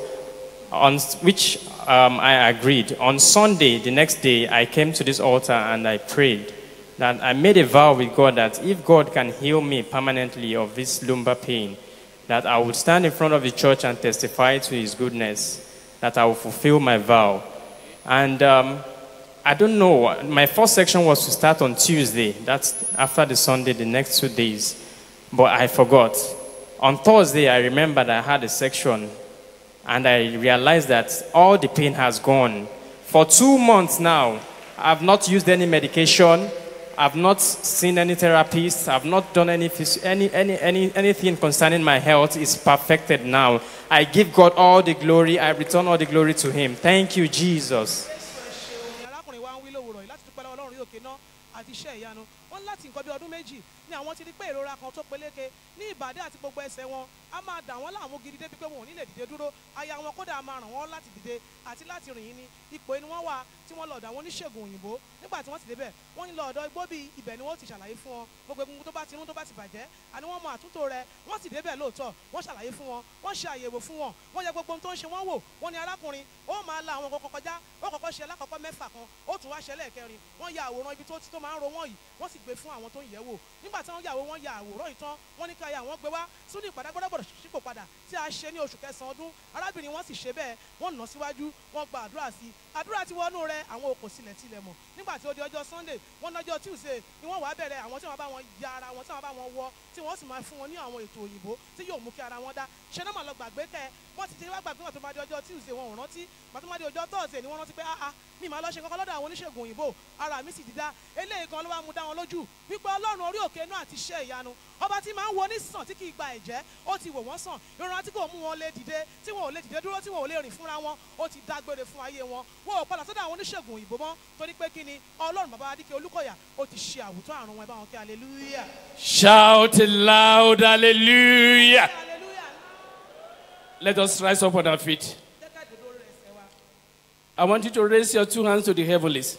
on which um, I agreed. On Sunday, the next day, I came to this altar and I prayed that I made a vow with God that if God can heal me permanently of this lumbar pain, that I would stand in front of the church and testify to his goodness, that I will fulfill my vow. And um, I don't know, my first section was to start on Tuesday. That's after the Sunday, the next two days. But I forgot. On Thursday, I remembered I had a section and I realized that all the pain has gone. For two months now, I've not used any medication. I've not seen any therapist. I've not done any, any, any, any, anything concerning my health. It's perfected now. I give God all the glory. I return all the glory to Him. Thank you, Jesus. ni àwọn ti rí pé ìrora kan tó peléke ní ìbàdí àti gbogbo ẹsẹ̀ wọn a máa dà wọ́n láàmú gidi débi pé wọn ò ní lè dìde dúró aya wọn kódà a máa ràn wọ́n láti dìde àti láti rìn yín ní ipò ẹni wọ́n wà tí wọ́n lọ́ọ̀dọ̀ àwọn oníṣègùn òyìnbó nígbà tí wọ́n ti débẹ̀ wọ́n ń lọ́ọ̀dọ̀ igbó bíi ibẹ̀ ni wọ́n ti ṣàlàyé fún wọn gbogbo egungun tó bá ti rún tó bá ti bàjẹ́ àní wọ́n mọ àtúntò rẹ̀ wọ́n sì débẹ̀ lóòótọ́ wọ́n ṣàlàyé fún wọn wọ́n ṣe àyẹ̀wò fún wọn wọ́n yẹ gbogbo ohun tó ń ṣe wọ́n wò wọ́n ní arákùnrin ó máa la àwọn kọ̀ọ̀kan kọjá wọ́n kọ́kọ́ ṣe alákọ̀ọ́kọ́ mẹ́fà kan ó tún wá ṣẹlẹ̀ kẹrin wọ́n ya àwòrán ibi tó ti tó máa ń ro wọ́n yìí wọ́n sì gbé fún àwọn tó ń yẹ̀wò nígbà nígbà tí wọ́n yàwó wọn ya àwòrán ìtàn wọ́n ní káyà wọ́n gbé wá sún ìpàdé gbọ́dọ̀ sípò padà tí a ṣe ní oṣù kẹsàn-án ọdún arábìnrin wọn sì ṣe bẹ́ẹ̀ wọ́n nà síwájú wọ́n gba àdúrà sí i àdúrà tí wọ́n nú rẹ àwọn okò sílẹ̀ tilẹ̀ mọ̀ nígbà tí ó di ọjọ́ sunday wọ́n lọ́jọ́ tuesday ni wọ́n wàá bẹ̀rẹ̀ àwọn tí wọ́n bá wọn ya ara wọn tí wọ́n bá wọn wọ tí wọ́n sì máa fún wọn ní àwọn ètò òyìnbó tí yóò mú kí ara wọn dá ṣe náà mà lọ gbàgbé tẹ wọ́n ti ti wá gbàgbé wọn tó máa di ọjọ́ tuesday wọn ò rántí màtó máa di ọjọ́ thursday ni wọ́n rántí pé ah ah mi máa lọ ṣe kankan lọ́dọ̀ àwọn oníṣègùn òyìnbó ara mi sì dídá eléyìí gan ló wá mu dá wọn lójú wípé àánú àti iṣẹ́ ìyanu ọba tí máa ń wo onísàn tí kì gba ẹ̀jẹ̀ ó ti wò wọ́n sàn ìran tí kò mú wọn lè dìde tí wọn ò lè dìde dúró tí wọn ò lè rìn fúnra wọn ó ti dágbére fún ayé wọn wọn ò padà sọ́dọ̀ àwọn oníṣègùn òyìnbó mọ́ torí pé kí ni ọlọ́run bàbá adíkẹ́ olúkọ̀yà ó ti ṣe àwùtọ́ àrùn wọn ẹ bá wọn kí hallelujah. shout loud hallelujah. let us rise up on our feet. I want you to raise your two hands to the heavens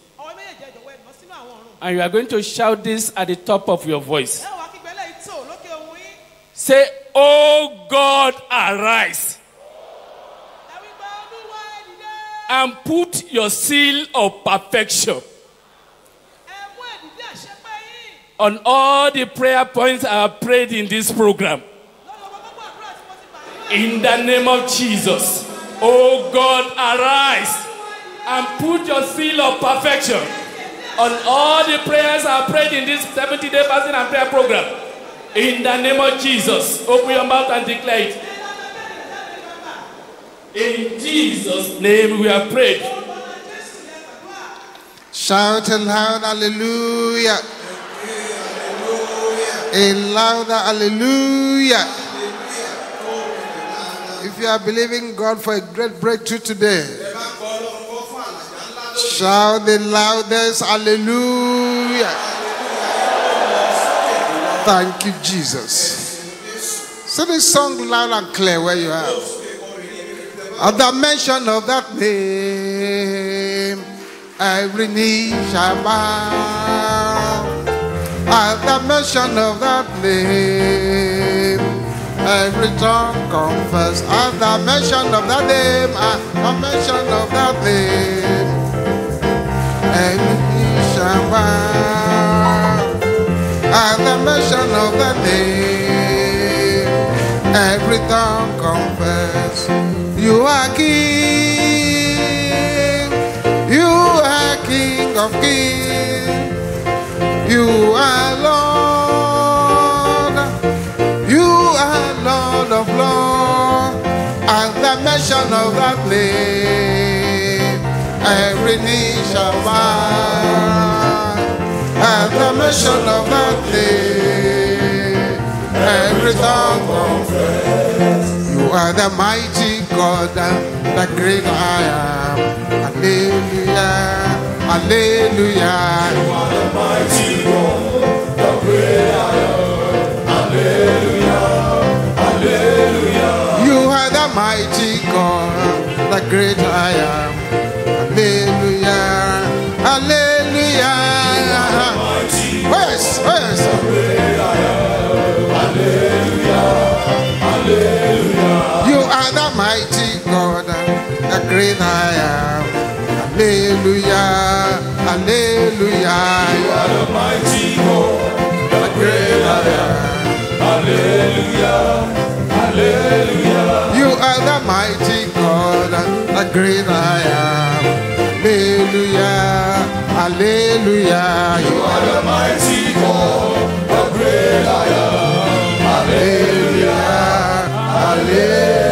and you are going to shout this at the top of your voice. Say, Oh God, arise. And put your seal of perfection on all the prayer points I have prayed in this program. In the name of Jesus, oh God, arise and put your seal of perfection. on all the prayers I prayed in this 70 day fasting and prayer program. In the name of Jesus, open your mouth and declare it. In Jesus' name we have prayed. Shout aloud, hallelujah. In louder hallelujah. If you are believing God for a great breakthrough today, Shout the loudest, hallelujah. Thank you, Jesus. Sing this song loud and clear where you are. At the mention of that name, every knee shall bow. At the mention of that name, every tongue confess. At the mention of that name, at the mention of that name the of the every tongue You are King, You are King of Kings, You are Lord, You are Lord of Lords. At the mention of that name every knee shall bow at the mention of that name. Every tongue confess. You are the mighty God, the great I am. Hallelujah, hallelujah. You are the mighty God, the great I am. Hallelujah, hallelujah. You are the mighty God, the great I am. Hallelujah, hallelujah. You are the mighty God, the great I am. Hallelujah, hallelujah. You are the mighty God, the great I am. Hallelujah, hallelujah. You are the mighty God, the great I am. Hallelujah, hallelujah.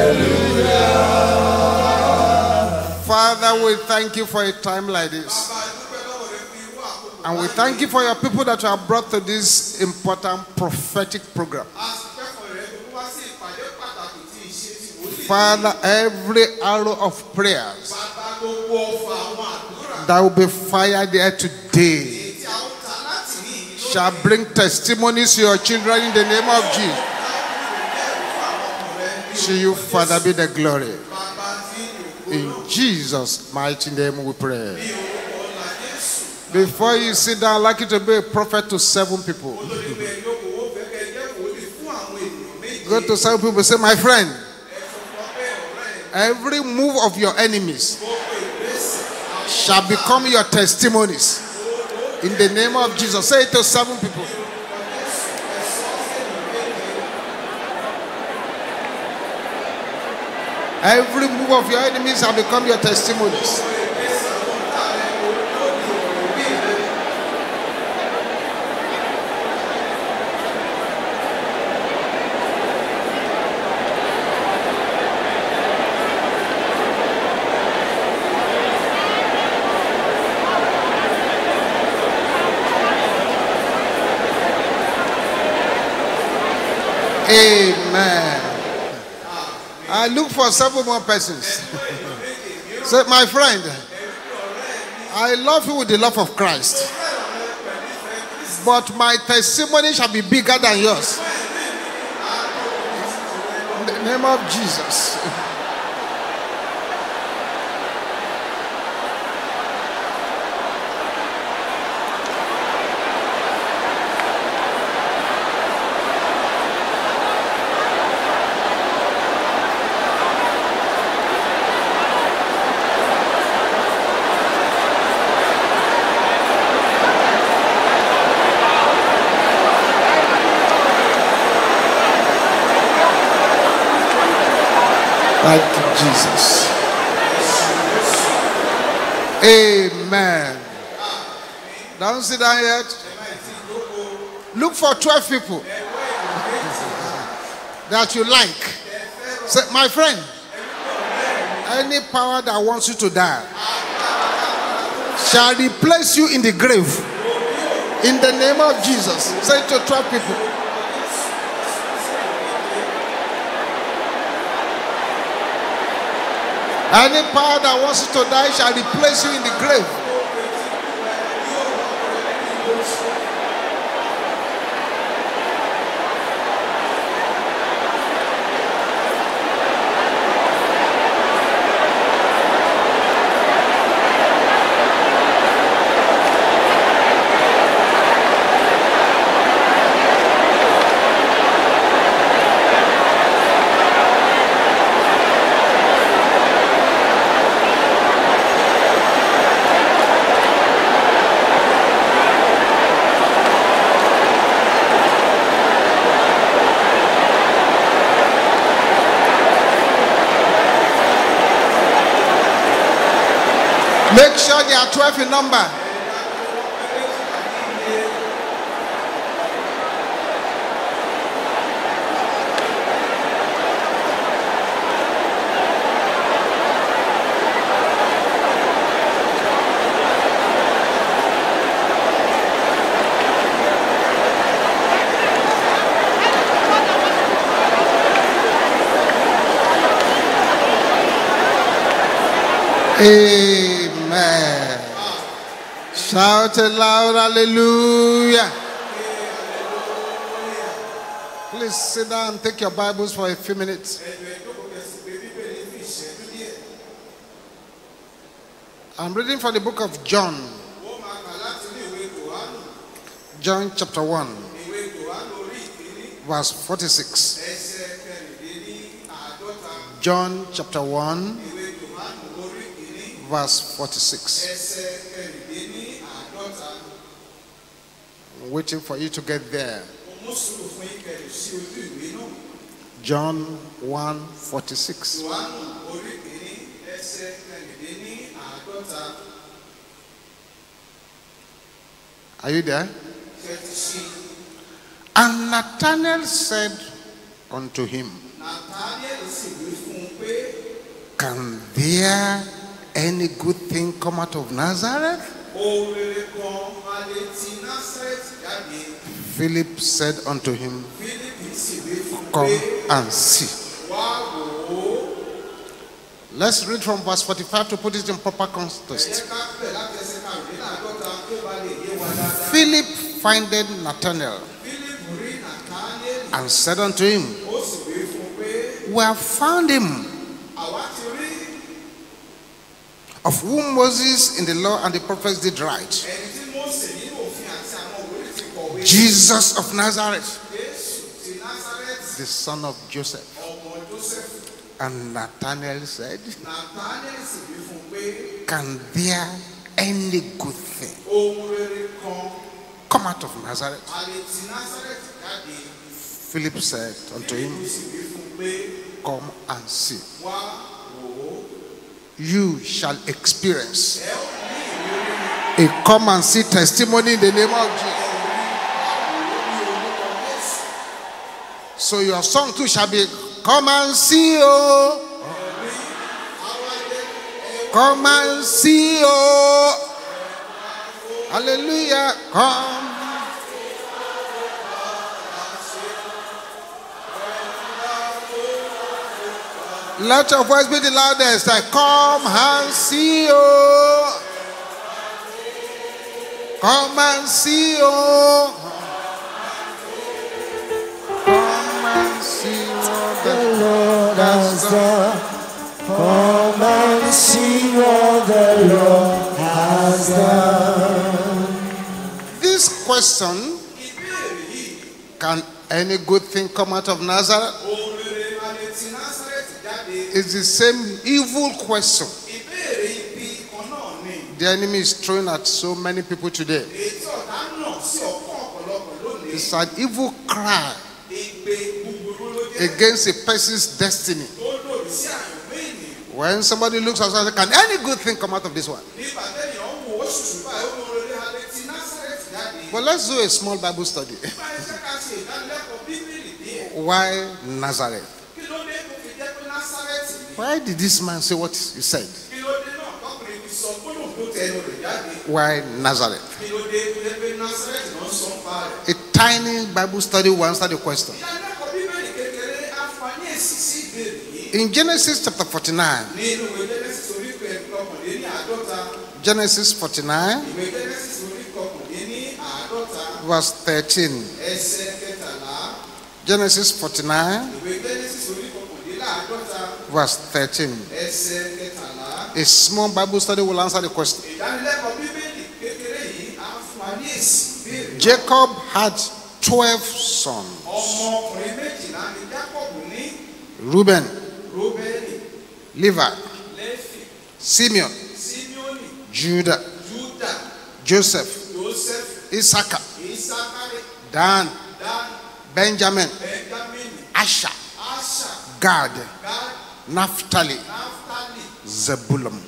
Father, we thank you for a time like this. And we thank you for your people that you have brought to this important prophetic program. Father, every arrow of prayers that will be fired there today shall bring testimonies to your children in the name of Jesus. To you, Father, be the glory. Jesus' mighty name we pray. Before you sit down, I'd like you to be a prophet to seven people. Go to seven people say, My friend, every move of your enemies shall become your testimonies. In the name of Jesus. Say it to seven people. Every move of your enemies have become your testimonies. I look for several more persons. Say, my friend, I love you with the love of Christ. But my testimony shall be bigger than yours. In the name of Jesus. Jesus. Amen. Don't sit down yet. Look for 12 people that you like. Say, my friend, any power that wants you to die shall replace you in the grave. In the name of Jesus. Say to 12 people. Any power that wants you to die shall replace you in the grave. they are 12 in number. Hey. Shout it loud, hallelujah. Please sit down take your Bibles for a few minutes. I'm reading from the book of John. John chapter 1, verse 46. John chapter 1, verse 46 waiting for you to get there. John 1 46. Are you there? And Nathanael said unto him, Can there any good thing come out of Nazareth? Philip said unto him, Come and see. Let's read from verse 45 to put it in proper context. Philip finded Nathanael and said unto him, We have found him of whom Moses in the law and the prophets did write. Jesus of Nazareth, the son of Joseph. And Nathanael said, Can there any good thing come out of Nazareth? Philip said unto him, Come and see you shall experience a come and see testimony in the name of Jesus. So your song too shall be come and see oh come and see oh hallelujah come Let your voice be the loudest. I come and see you. Come and see you. Come and see what the Lord has done. Come and see what the Lord has done. This question can any good thing come out of Nazareth? It's the same evil question the enemy is throwing at so many people today. It's an evil cry against a person's destiny. When somebody looks outside, says, can any good thing come out of this one? But let's do a small Bible study. Why Nazareth? Why did this man say what he said? Why Nazareth? A tiny Bible study will answer the question. In Genesis chapter 49, Genesis 49, verse 13. Genesis 49 verse 13. A small Bible study will answer the question. Jacob had 12 sons. Reuben, Levi, Simeon, Judah, Joseph, Issachar, Dan, Benjamin, Asher, Gad, Naphtali, Naphtali. Zebulun.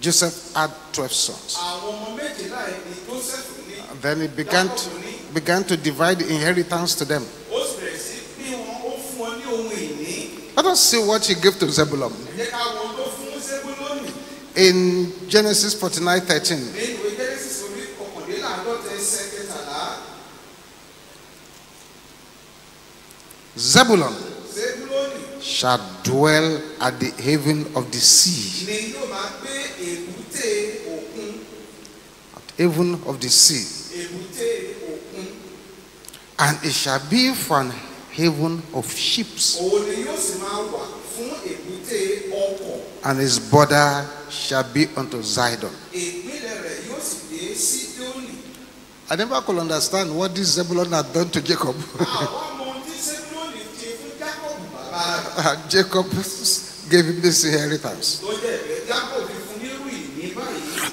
Joseph had 12 sons. then he began to, began to divide inheritance to them. Let us see what he gave to Zebulun. In Genesis 49 13. Zebulun shall dwell at the haven of the sea. At haven of the sea. And it shall be for an haven of ships. And his border shall be unto Zidon. I never could understand what this Zebulon had done to Jacob. Ah, and uh, Jacob gave him this inheritance.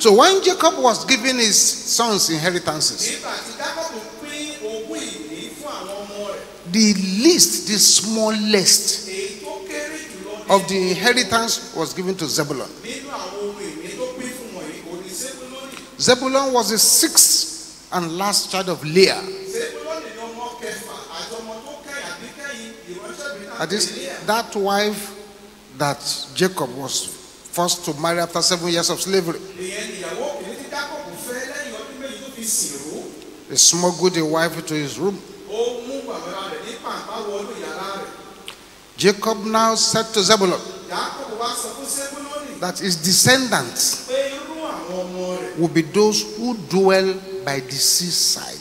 So when Jacob was giving his sons inheritances, the least, the smallest of the inheritance was given to Zebulun. Zebulun was the sixth and last child of Leah. that wife that Jacob was forced to marry after seven years of slavery. He smuggled a wife into his room. Jacob now said to Zebulun that his descendants will be those who dwell by the seaside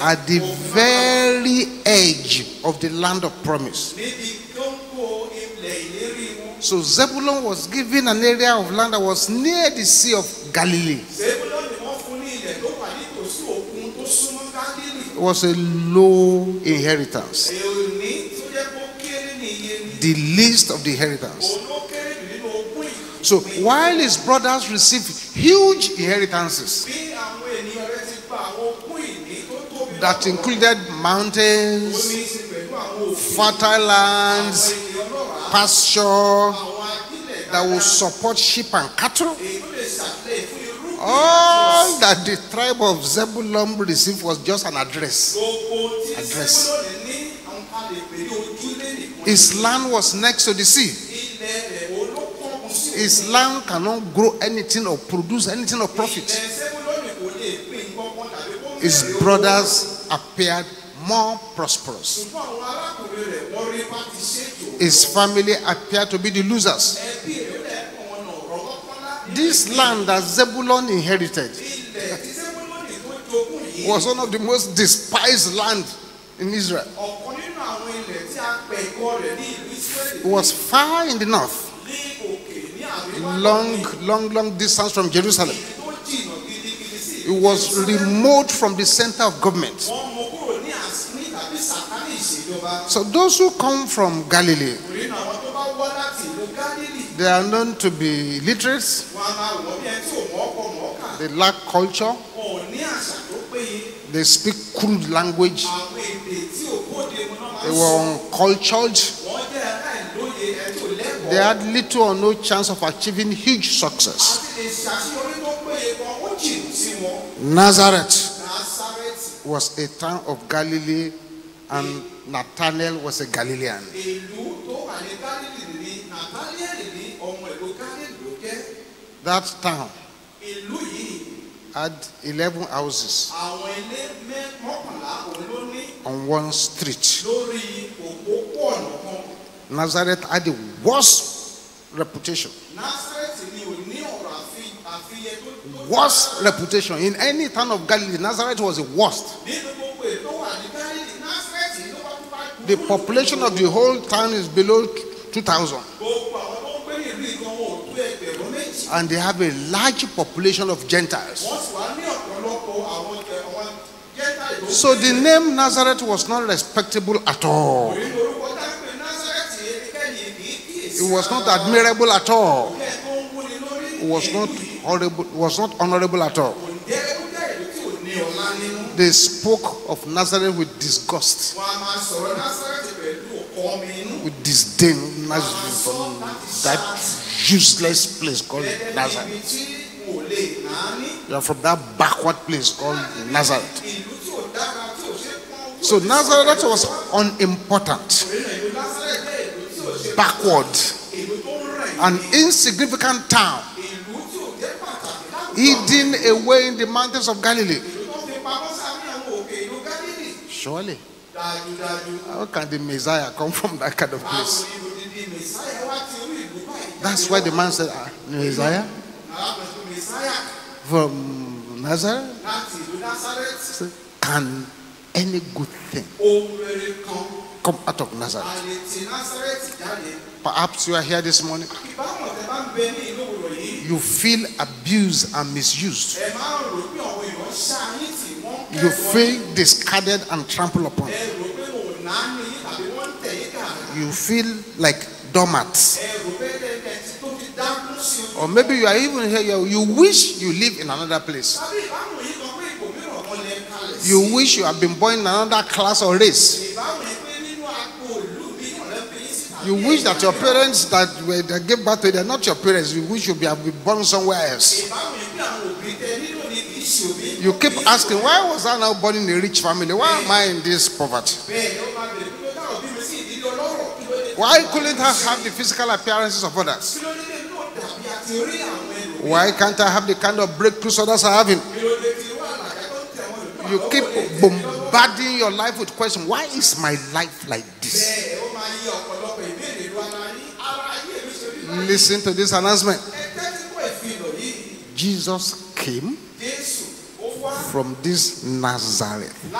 at the very edge of the land of promise. So Zebulun was given an area of land that was near the Sea of Galilee. It was a low inheritance. The least of the inheritance. So while his brothers received huge inheritances, that included mountains, fertile lands, pasture that will support sheep and cattle. All that the tribe of Zebulun received was just an address. Address. His land was next to the sea. His land cannot grow anything or produce anything of profit his brothers appeared more prosperous. His family appeared to be the losers. This land that Zebulon inherited was one of the most despised land in Israel. It was far in the north, long, long, long distance from Jerusalem. It was remote from the center of government. So those who come from Galilee, they are known to be illiterate. They lack culture. They speak crude language. They were uncultured. They had little or no chance of achieving huge success. Nazareth was a town of Galilee, and Nathanael was a Galilean. That town had 11 houses on one street. Nazareth had the worst reputation worst reputation in any town of Galilee. Nazareth was the worst. The population of the whole town is below 2,000. And they have a large population of Gentiles. So the name Nazareth was not respectable at all. It was not admirable at all was not horrible, was not honorable at all. They spoke of Nazareth with disgust, with disdain. Nazareth, that useless place called Nazareth. You are from that backward place called Nazareth. So Nazareth was unimportant, backward, an insignificant town hidden away in the mountains of Galilee. Surely. How can the Messiah come from that kind of place? That's why the man said, ah, Messiah? From Nazareth? Can any good thing come out of Nazareth? Perhaps you are here this morning you feel abused and misused. You feel discarded and trampled upon. You feel like doormats. Or maybe you are even here, you wish you live in another place. You wish you have been born in another class or race. You wish that your parents that, were, gave birth to you, they're not your parents. You wish you'd be, have been born somewhere else. You keep asking, why was I now born in a rich family? Why am I in this poverty? Why couldn't I have the physical appearances of others? Why can't I have the kind of breakthroughs others are having? You keep bombarding your life with questions. Why is my life like this? Listen to this announcement. Jesus came from this Nazareth,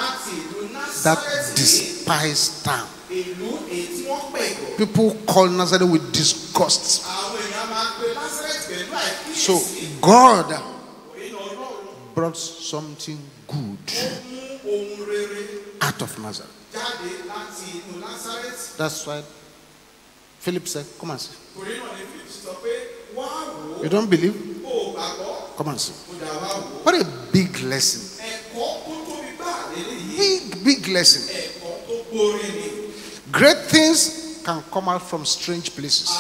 that despised town. People call Nazareth with disgust. So God brought something good out of Nazareth. That's why Philip said, Come and see. You don't believe? Come and see. What a big lesson. Big, big lesson. Great things can come out from strange places.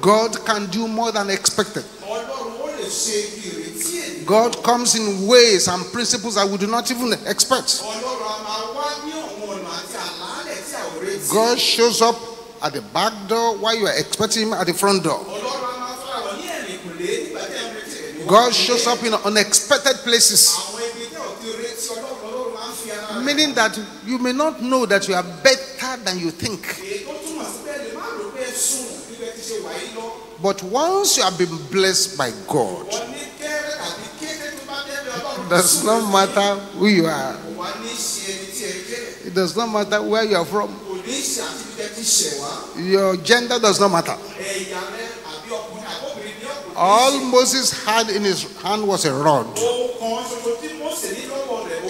God can do more than expected. God comes in ways and principles that we do not even expect. God shows up at the back door while you are expecting him at the front door. God shows up in unexpected places. Meaning that you may not know that you are better than you think. But once you have been blessed by God, it does not matter who you are, it does not matter where you are from. Your gender does not matter. All Moses had in his hand was a rod.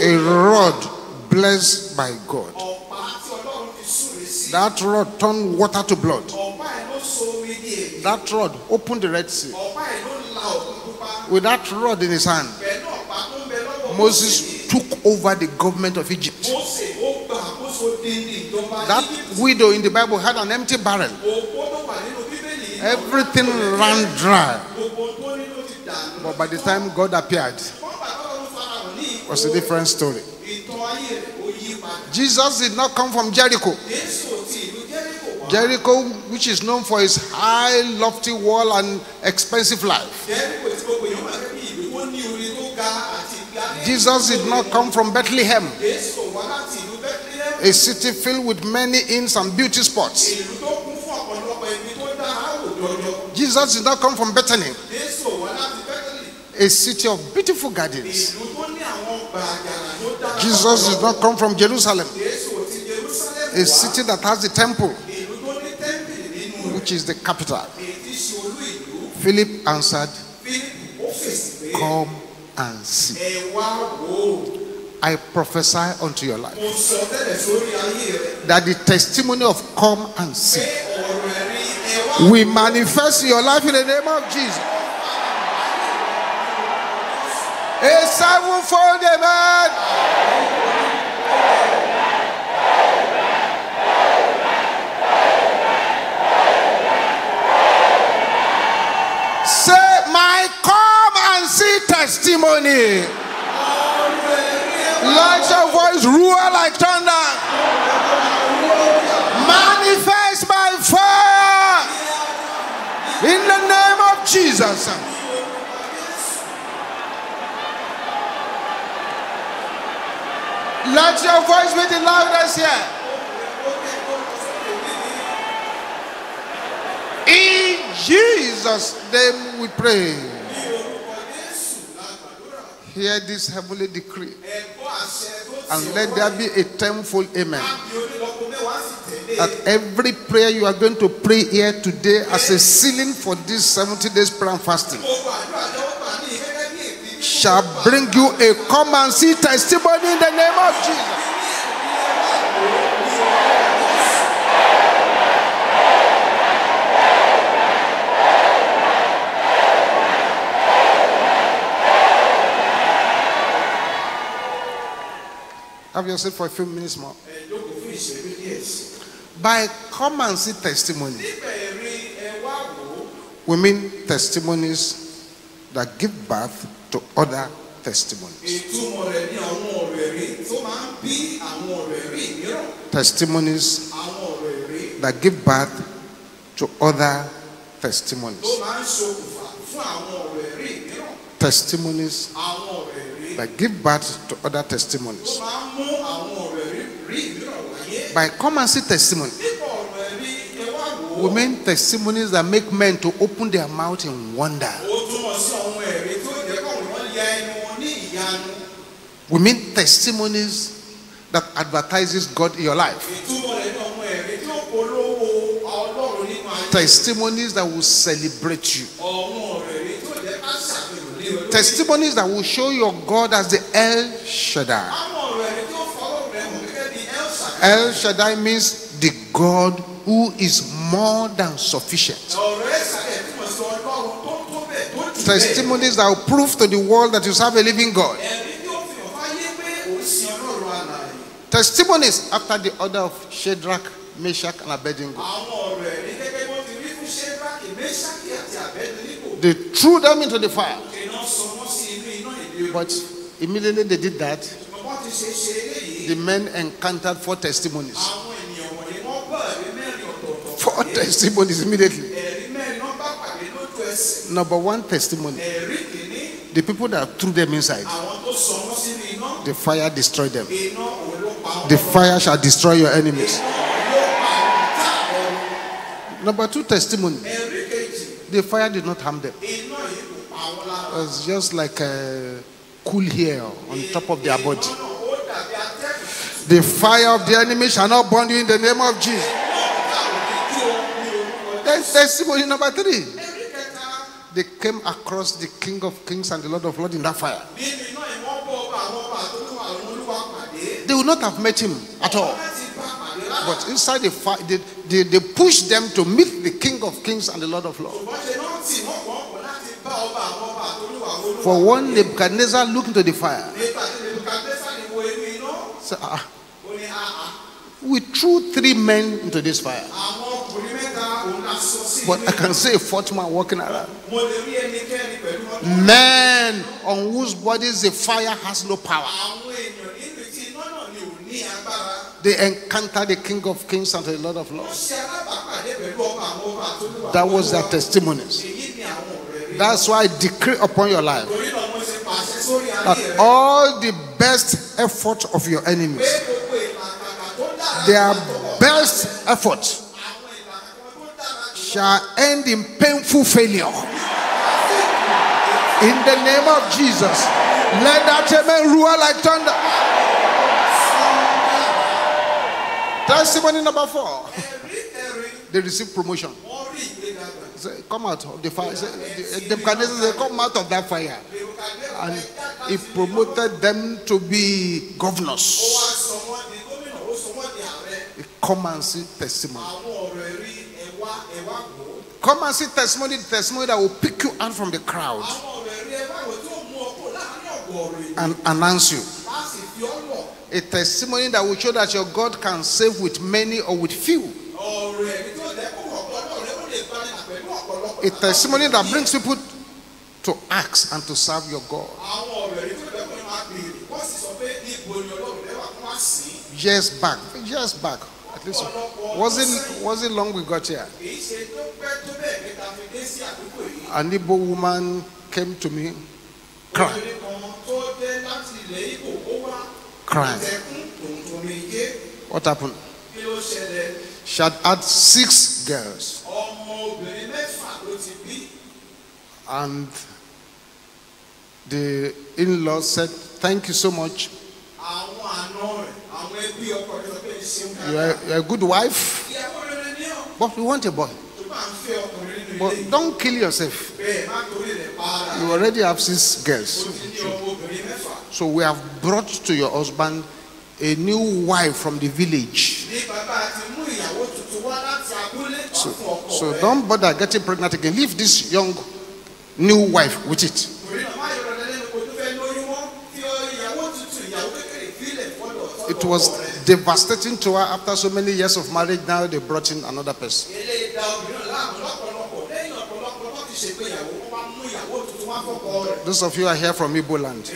A rod blessed by God. That rod turned water to blood. That rod opened the Red Sea. With that rod in his hand, Moses took over the government of Egypt. That widow in the Bible had an empty barrel. Everything ran dry. But by the time God appeared, it was a different story. Jesus did not come from Jericho. Jericho, which is known for its high, lofty wall and expensive life. Jesus did not come from Bethlehem a city filled with many inns and beauty spots. Jesus did not come from Bethany, a city of beautiful gardens. Jesus did not come from Jerusalem, a city that has the temple, which is the capital. Philip answered, Come and see. I prophesy unto your life that the testimony of come and see we manifest your life in the name of Jesus. A the man Say my come and see testimony. Light your voice, roar like thunder. Manifest by fire. In the name of Jesus. Let your voice be the loudest here. In Jesus' name we pray hear this heavenly decree and let there be a thankful amen. That every prayer you are going to pray here today as a ceiling for this 70 days prayer and fasting shall bring you a come and see testimony in the name of Jesus. Have yourself for a few minutes more. Eh, By common and see testimony, eh, we mean testimonies that give birth to other testimonies. Eh, testimonies that give birth to other testimonies. Testimonies by give birth to other testimonies. By come and see testimony. Women testimonies that make men to open their mouth in wonder. Women testimonies that advertises God in your life. Testimonies that will celebrate you. Testimonies that will show your God as the El Shaddai. El Shaddai means the God who is more than sufficient. Testimonies that will prove to the world that you serve a living God. Testimonies after the order of Shadrach, Meshach, and Abednego. They threw them into the fire. But immediately they did that, the men encountered four testimonies. Four [LAUGHS] testimonies immediately. Number one testimony the people that threw them inside, the fire destroyed them. The fire shall destroy your enemies. Number two testimony the fire did not harm them was just like a cool hair on top of their body. The fire of the enemy shall not burn you in the name of Jesus. That's testimony number three. They came across the King of Kings and the Lord of Lords in that fire. They would not have met him at all. But inside the fire, they, they, they pushed them to meet the King of Kings and the Lord of Lords. For one Nebuchadnezzar looked into the fire. So, uh, we threw three men into this fire. But I can see a fourth man walking around. Men on whose bodies the fire has no power. They encounter the King of Kings and the Lord of Lords. That was their testimonies. That's why I decree upon your life that all the best effort of your enemies, their best effort, shall end in painful failure. In the name of Jesus, let that amen roar like thunder. Testimony number four. they receive promotion. Say, come out of the fire. Say, Nebuchadnezzar Come out of that fire. And he promoted them to be governors. Come and see testimony. Come and see testimony, testimony that will pick you out from the crowd and announce you. A testimony that will show that your God can save with many or with few a testimony that brings people to ask and to serve your God. Years back, years back, at least wasn't wasn't long we got here. An Igbo woman came to me, crying, crying. What happened? She had had six girls. And the in-law said, thank you so much. You are, you are a good wife, but we want a boy. But don't kill yourself. You already have six girls. So we have brought to your husband a new wife from the village. So, so don't bother getting pregnant again. Leave this young new wife with it. It was devastating to her after so many years of marriage. Now they brought in another person. Those of you are here from Igbo land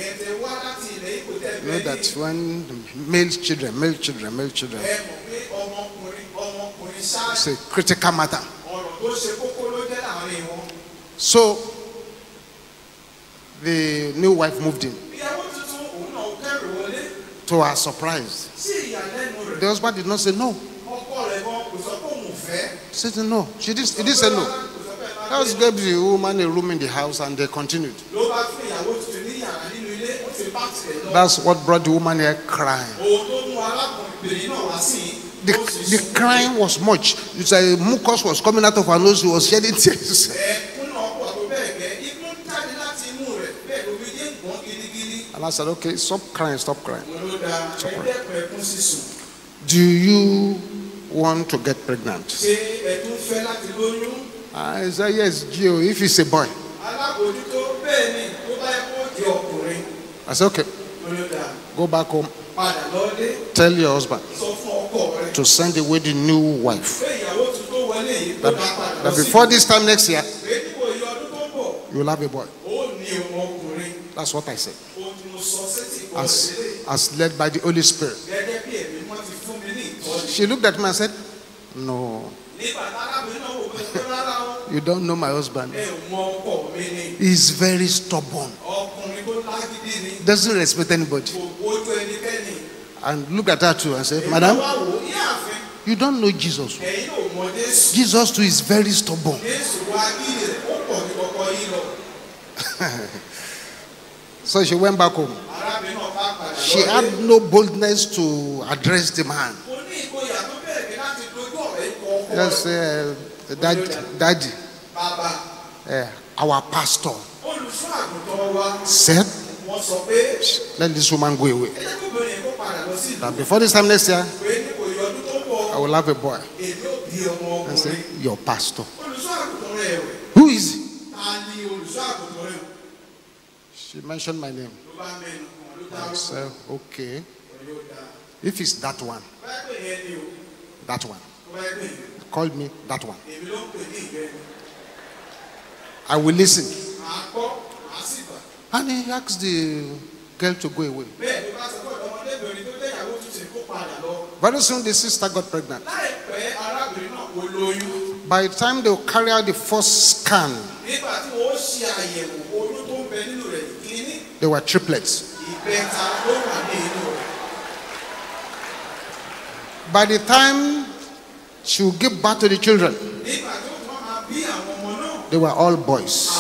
know that when male children, male children, male children, it's a critical matter. So the new wife moved in. To our surprise, the husband did not say no. She said no. She did, he did say no. Just gave the woman a room in the house and they continued. That's what brought the woman here crying. The, the crying was much. It's like mucus was coming out of her nose. She was shedding tears. [LAUGHS] And I said, okay, stop crying, stop crying. Stop crying. Do you want to get pregnant? I ah, said, yes, Gio, if he's a boy. I said, okay, go back home. Tell your husband to send away the new wife. But, but before this time next year, you'll have a boy. That's what I said. As, as led by the Holy Spirit. She looked at me and said, No. you don't know my husband. He's very stubborn. Doesn't respect anybody. And look at her too and say, Madam, you don't know Jesus. Jesus too is very stubborn. [LAUGHS] So she went back home. She had no boldness to address the man. Yes, uh, dad, daddy, uh, our pastor said, let this woman go away. But before this time next year, I will have a boy. And said, your pastor. Who is he? She mentioned my name. I said, okay. If it's that one, that one. called me that one. I will listen. And he asked the girl to go away. Very soon the sister got pregnant. By the time they will carry out the first scan, they were triplets. By the time she would give birth to the children, they were all boys.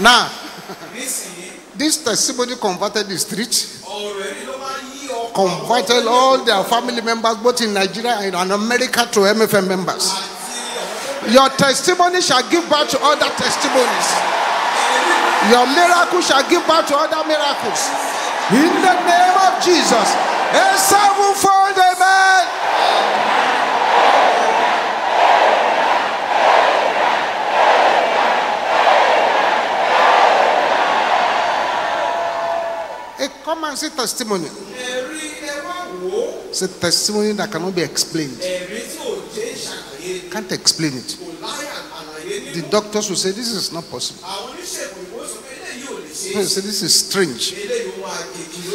Now, [LAUGHS] this testimony converted the street, converted all their family members, both in Nigeria and in America, to MFM members. Your testimony shall give birth to other testimonies. Your miracle shall give birth to other miracles. In the name of Jesus. A sevenfold amen. Hey, come and see testimony. It's a testimony that cannot be explained can't explain it. The doctors will say, This is not possible. They say, This is strange.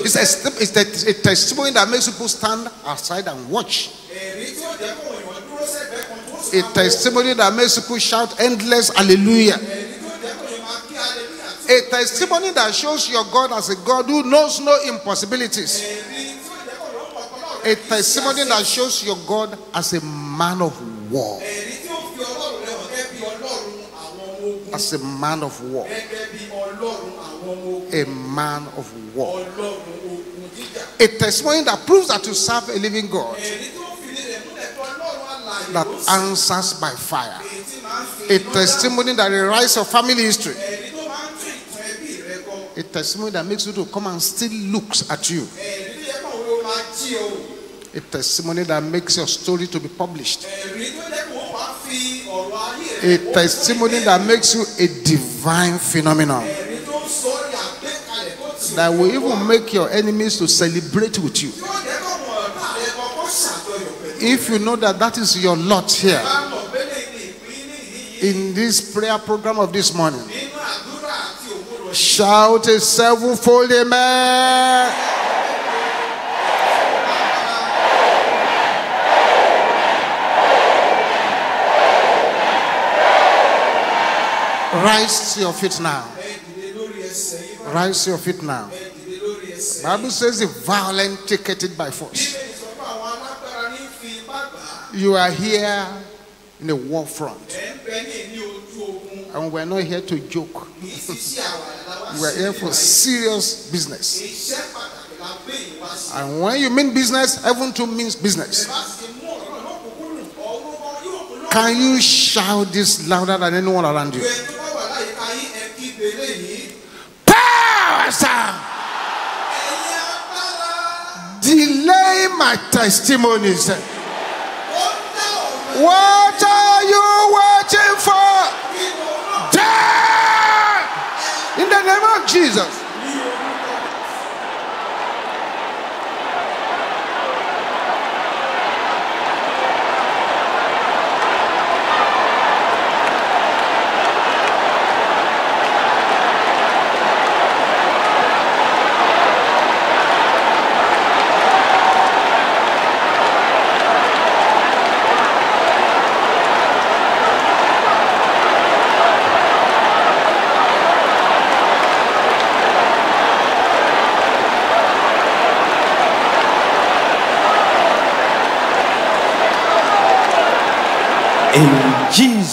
It's a, it's a, a testimony that makes people stand outside and watch. A testimony that makes people shout endless hallelujah. A testimony that shows your God as a God who knows no impossibilities. A testimony that shows your God as a man of war. As a man of war. A man of war. A testimony that proves that you serve a living God that answers by fire. A testimony that rewrites your family history. A testimony that makes you to come and still looks at you a testimony that makes your story to be published. A testimony that makes you a divine phenomenon. That will even make your enemies to celebrate with you. If you know that that is your lot here in this prayer program of this morning, shout a sevenfold amen. Rise to your feet now. Rise to your feet now. Bible says the violent take it by force. You are here in the war front. And we're not here to joke. [LAUGHS] we're here for serious business. And when you mean business, heaven too means business. Can you shout this louder than anyone around you? pastor. Delay my testimonies. What are you waiting for? Death! In the name of Jesus.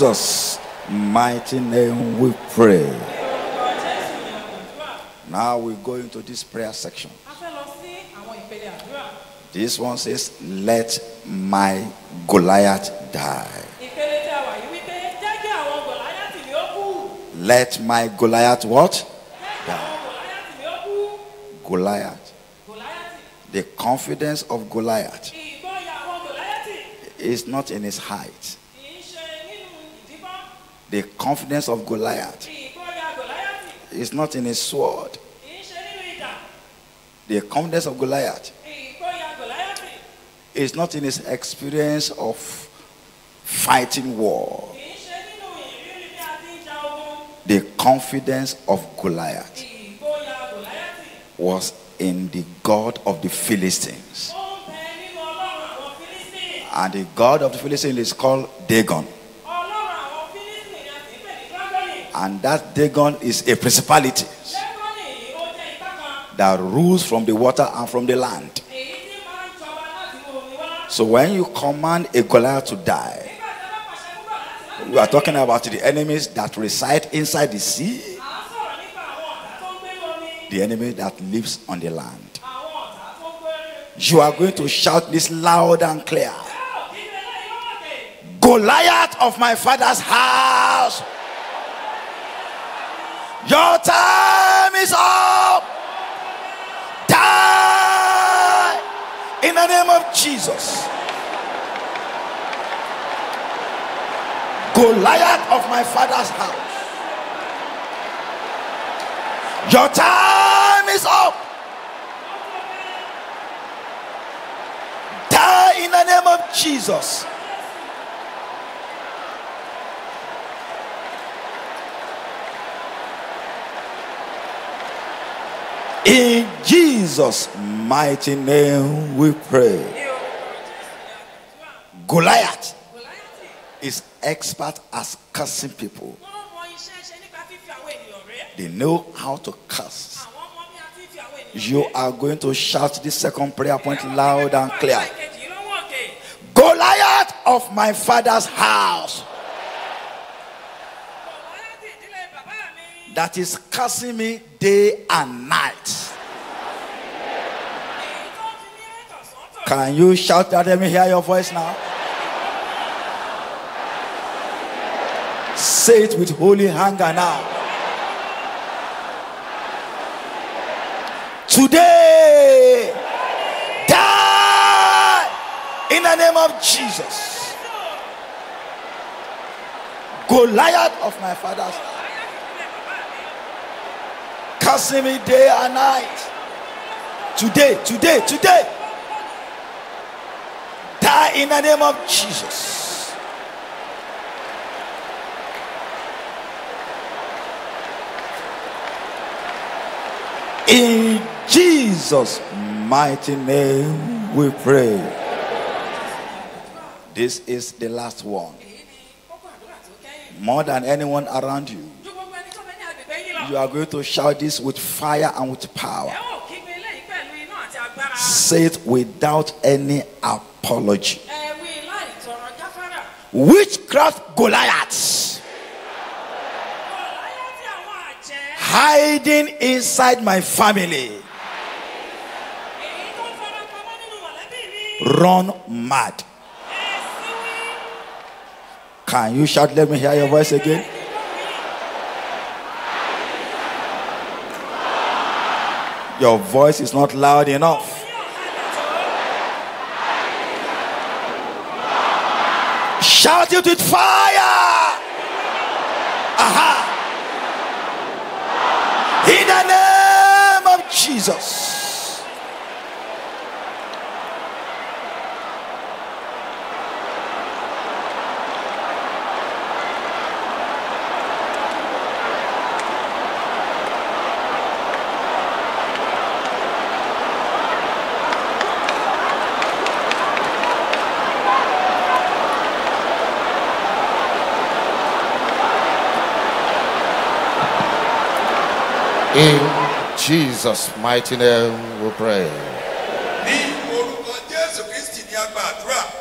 Jesus' mighty name we pray. Now we go into this prayer section. This one says, Let my Goliath die. Let my Goliath what? Die. Goliath. The confidence of Goliath is not in his height the confidence of Goliath is not in his sword. The confidence of Goliath is not in his experience of fighting war. The confidence of Goliath was in the God of the Philistines. And the God of the Philistines is called Dagon. And that Dagon is a principality that rules from the water and from the land. So when you command a Goliath to die, we are talking about the enemies that reside inside the sea, the enemy that lives on the land. You are going to shout this loud and clear Goliath of my father's house. Your time is up. Die in the name of Jesus. Goliath of my father's house. Your time is up. Die in the name of Jesus. In Jesus' mighty name we pray. Goliath is expert at cursing people. They know how to curse. You are going to shout this second prayer point loud and clear. Goliath of my father's house. that is cursing me day and night. Can you shout at them hear your voice now? Say it with holy hunger now. Today, die in the name of Jesus. Goliath of my father's chasing me day and night. Today, today, today. Die in the name of Jesus. In Jesus' mighty name we pray. This is the last one. More than anyone around you you are going to shout this with fire and with power. Say it without any apology. Witchcraft Goliaths hiding inside my family. Run mad. Can you shout? Let me hear your voice again. Your voice is not loud enough. Shout it with fire. Aha. In the name of Jesus. Jesus' mighty name we pray.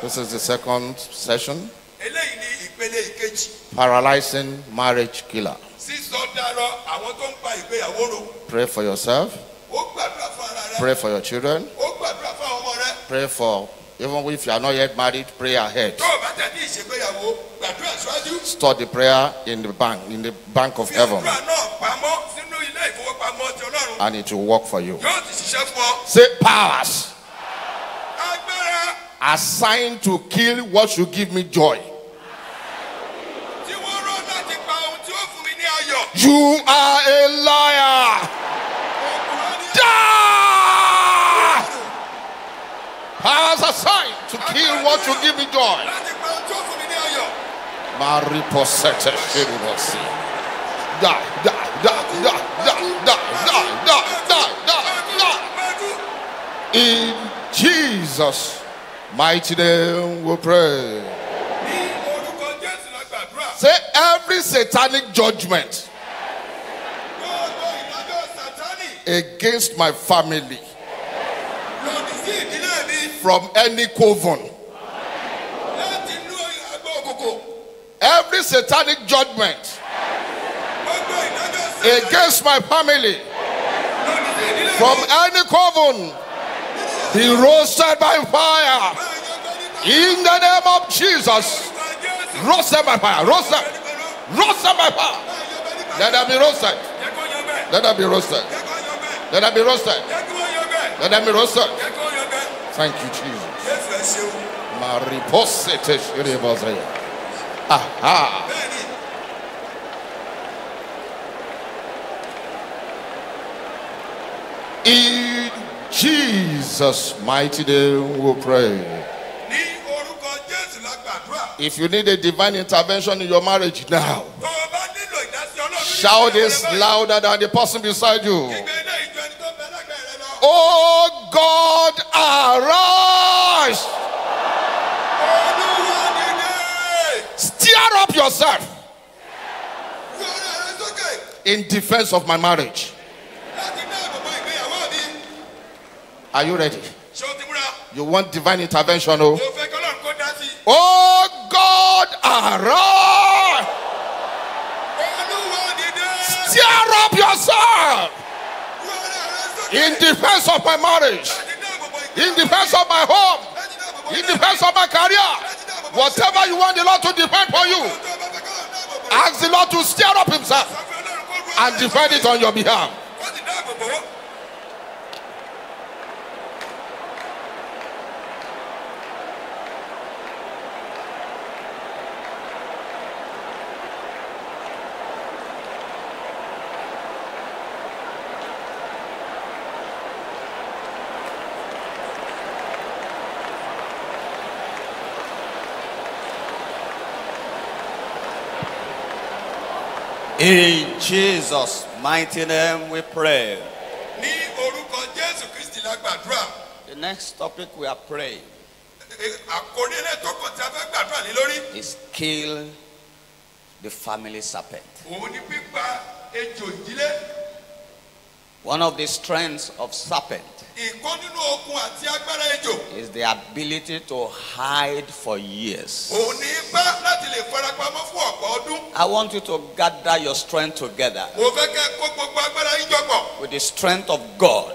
This is the second session. Paralyzing marriage killer. Pray for yourself. Pray for your children. Pray for, even if you are not yet married, pray ahead. Store the prayer in the bank, in the bank of heaven and it will work for you. Say powers assigned to kill what should give me joy. You are a liar. Die! Powers assigned to kill what should give me joy. Mariposete, Die, die. In Jesus' mighty name we pray. Say every satanic judgment against my family from any coven. Every satanic judgment against my family from any coven be roasted by fire in the name of Jesus. roasted by fire, roasted, roasted by fire. Let them be roasted. Let them be roasted. Let them be roasted. Let them be roasted. Thank you, Jesus. Mariposete Aha. In Jesus' mighty name we pray. If you need a divine intervention in your marriage now, shout this louder than the person beside you. Oh God, arise! Stir up yourself in defense of my marriage are you ready? You want divine intervention, oh? Oh God, arise! Stir up yourself in defense of my marriage, in defense of my home, in defense of my career. Whatever you want the Lord to defend for you, ask the Lord to stir up Himself and defend it on your behalf. In Jesus' mighty name we pray. The next topic we are praying is kill the family serpent. One of the strengths of serpent is the ability to hide for years. I want you to gather your strength together with the strength of God.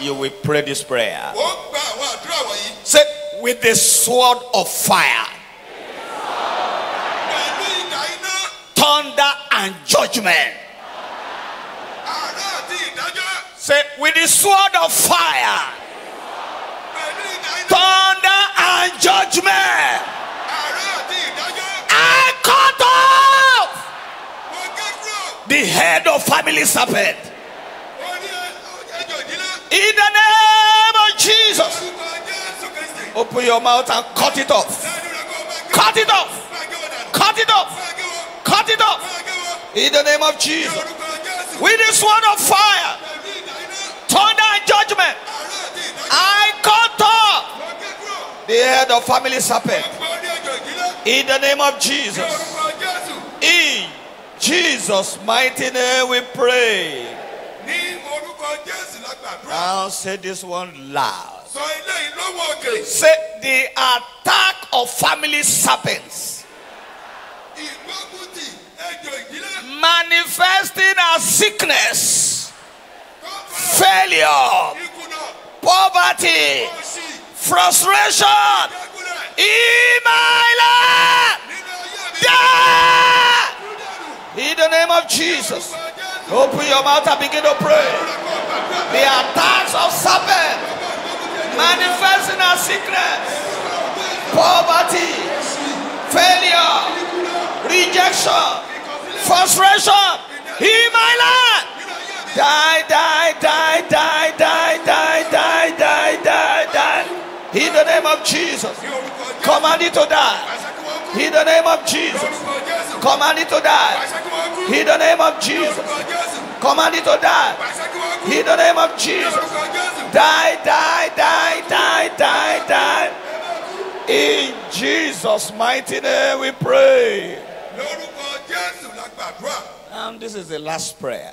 You will pray this prayer. Say, with the sword of fire, thunder and judgment. Say, with the sword of fire, thunder, and judgment. I cut off the head of family serpent. In the name of Jesus. Open your mouth and cut it off. Cut it off. Cut it off. Cut it off. In the name of Jesus. With this word of fire, thunder and judgment, I cut off the head of family serpent. In the name of Jesus. In Jesus' mighty name we pray. Now say this one loud. Say the attack of family serpents manifesting as sickness, failure, poverty, frustration in my life. In the name of Jesus, open your mouth and begin to pray. The attacks of serpent manifesting as sickness, poverty, failure, rejection frustration in my life. Die, die, die, die, die, die, die, die, die, die. In the name of Jesus, command it to die. In the name of Jesus, command it to die. In the name of Jesus, command it to die. In the name of Jesus, die, die, die, die, die, die. In Jesus' mighty name we pray. And this is the last prayer.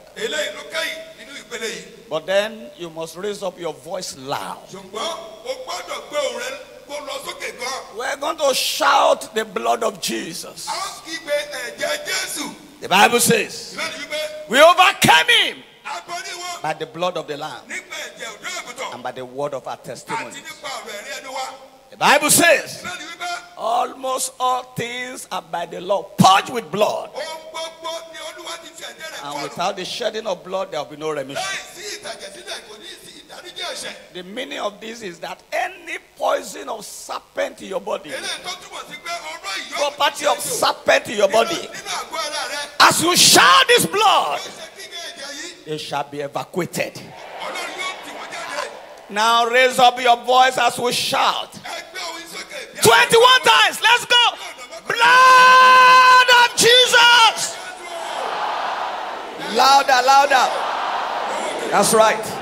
But then you must raise up your voice loud. We're going to shout the blood of Jesus. The Bible says, We overcame him by the blood of the Lamb and by the word of our testimony. The Bible says, Almost all things are by the law, purged with blood. Oh, and without the shedding of blood, there will be no remission. The meaning of this is that any poison of serpent in your body, property of serpent in your body, as you shout this blood, it shall be evacuated. Now raise up your voice as we shout. 21 times. Let's go. Blood of Jesus. Louder, louder. That's right.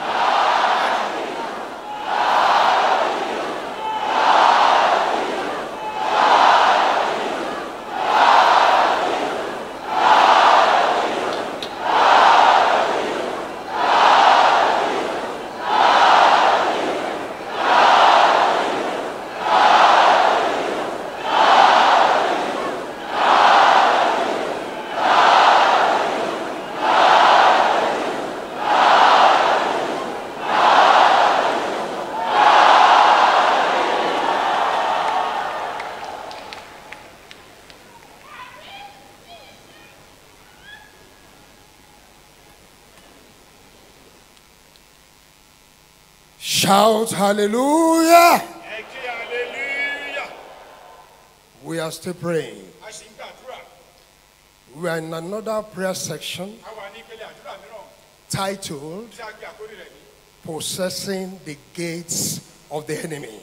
Shout hallelujah. We are still praying. We are in another prayer section titled Possessing the Gates of the Enemy.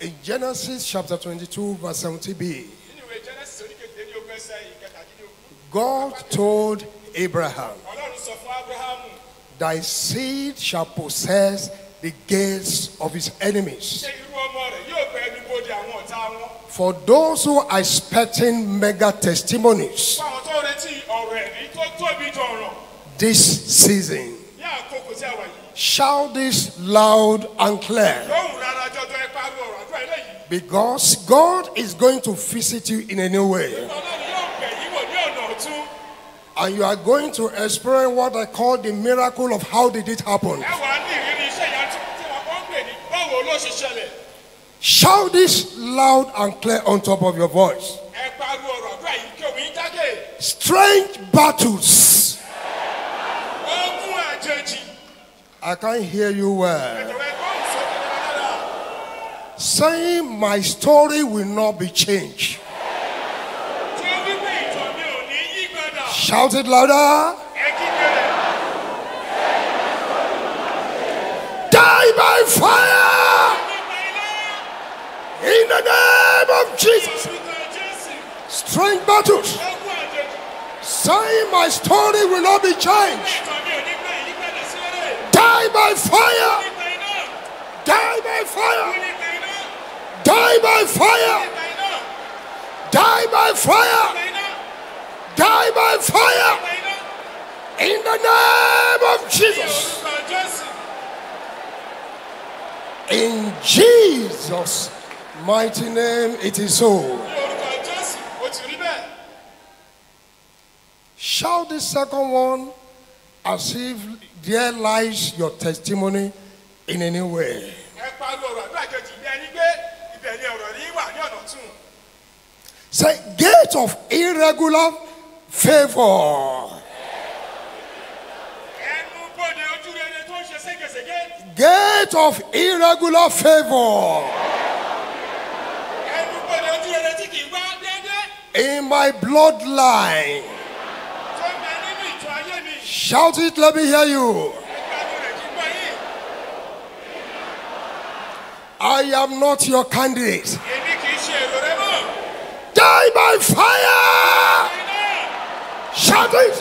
In Genesis chapter 22, verse 70b, God told Abraham thy seed shall possess the gates of his enemies. For those who are expecting mega testimonies this season, shout this loud and clear. Because God is going to visit you in a new way. And you are going to experience what I call the miracle of how did it happen. Shout this loud and clear on top of your voice. Strange battles. I can't hear you well. Saying my story will not be changed. Shout it louder. Die by fire. In the name of Jesus. strength battles. Say my story will not be changed. Die by fire. Die by fire. Die by fire. Die by fire. Die by fire. In the name of Jesus. In Jesus' mighty name, it is so. Shout the second one as if there lies your testimony in any way. Say, gate of irregular favor. Gate of irregular favor. In my bloodline. Shout it, let me hear you. I am not your candidate. Die by fire! Shout it.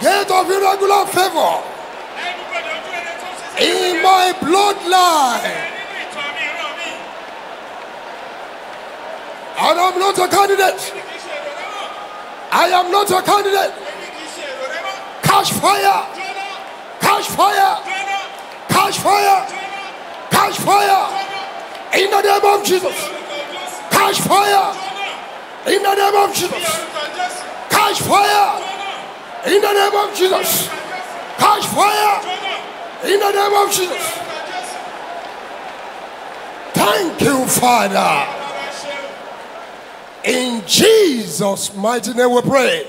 Gate of irregular favor. In my bloodline. And I'm not a candidate. I am not a candidate. Catch fire. Catch fire. Catch fire. Catch fire. In the name of Jesus. Catch fire. In the name of Jesus. Catch fire in the name of Jesus. Catch fire in the name of Jesus. Thank you, Father. In Jesus' mighty name we pray.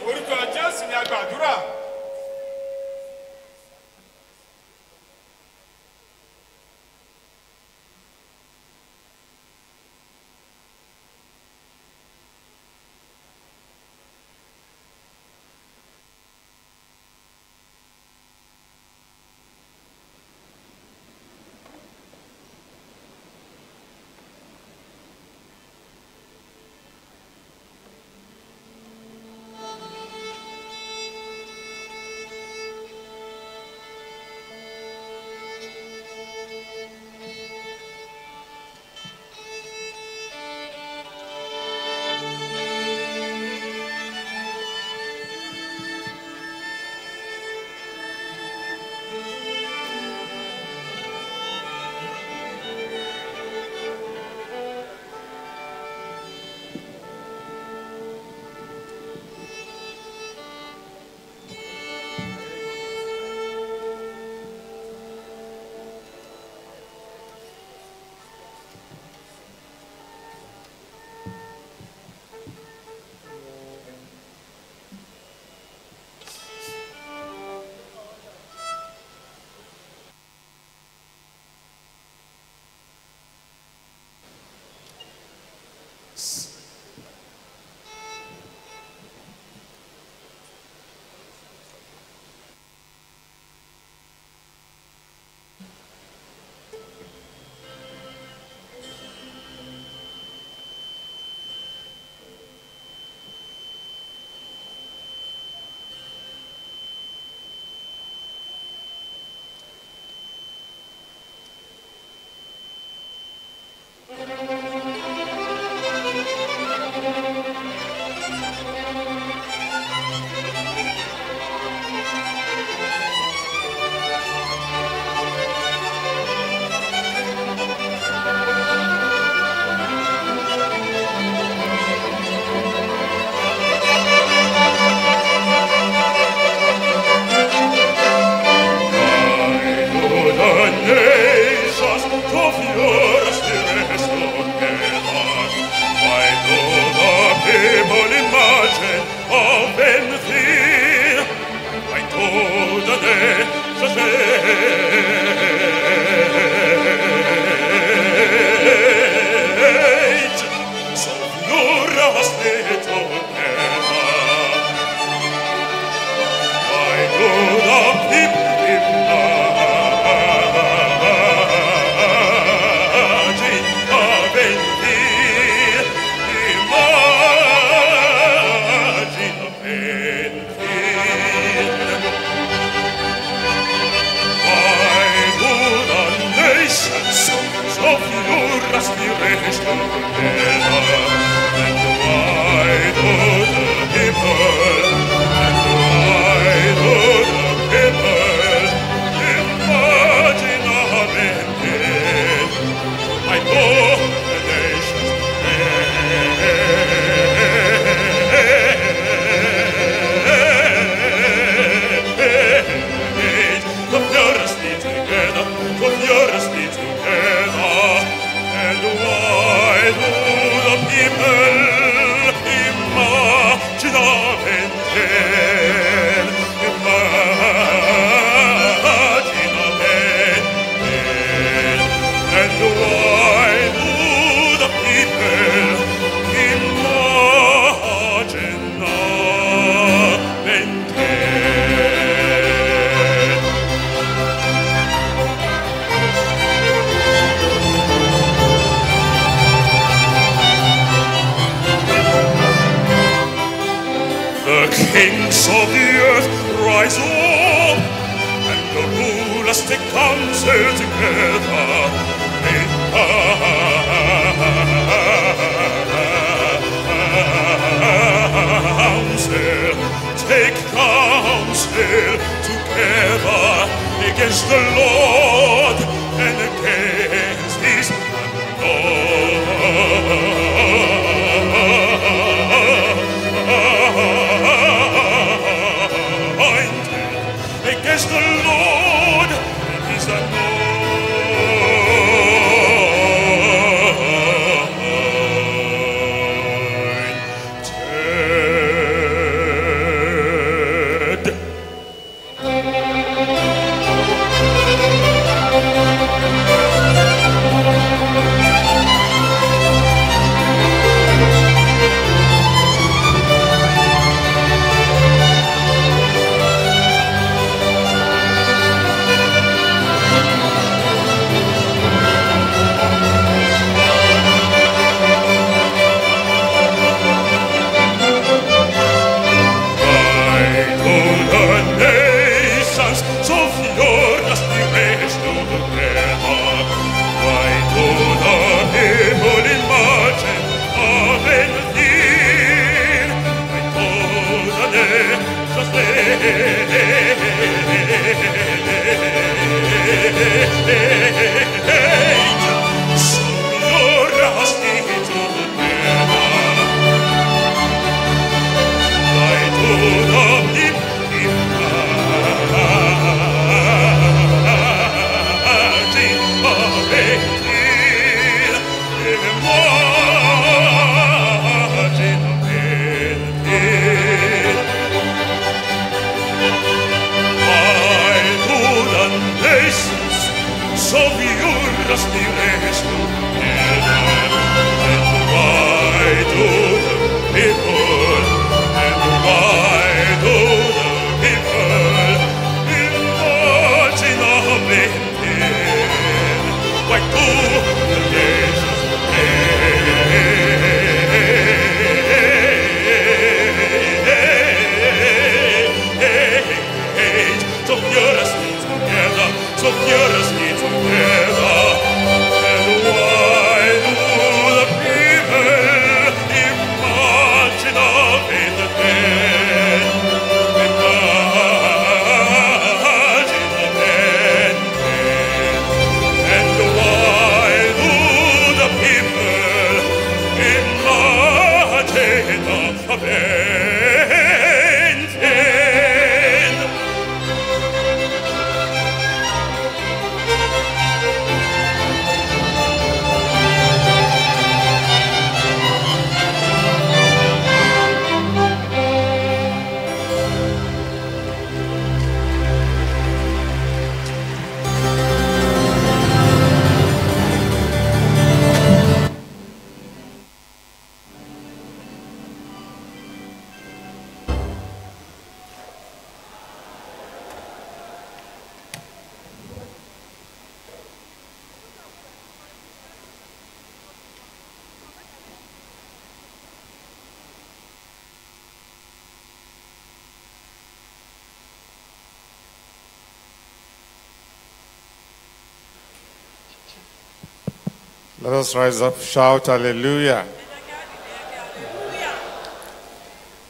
rise up, shout hallelujah.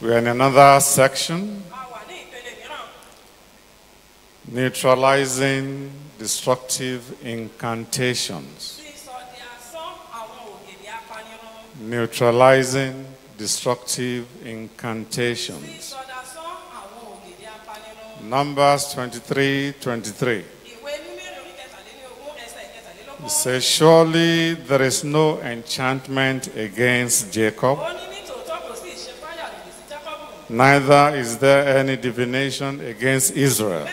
We are in another section. Neutralizing destructive incantations. Neutralizing destructive incantations. Numbers 23 23 says, Surely there is no enchantment against Jacob, neither is there any divination against Israel.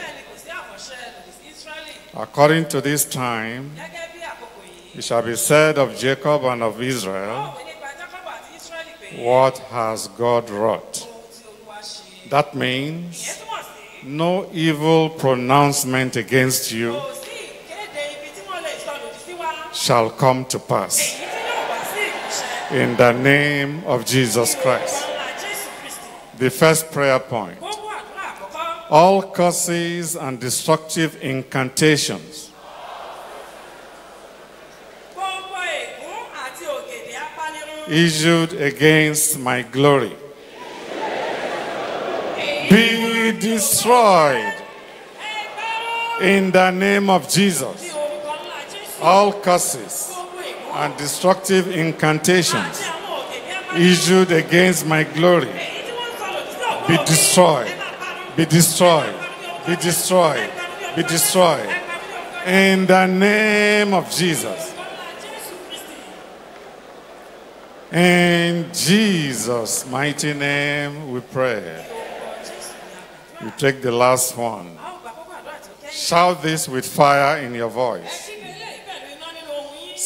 According to this time, it shall be said of Jacob and of Israel, What has God wrought? That means no evil pronouncement against you shall come to pass. In the name of Jesus Christ. The first prayer point all curses and destructive incantations issued against my glory be destroyed in the name of Jesus all curses and destructive incantations issued against my glory be destroyed, be destroyed, be destroyed, be destroyed. In the name of Jesus. In Jesus' mighty name we pray. You take the last one. Shout this with fire in your voice.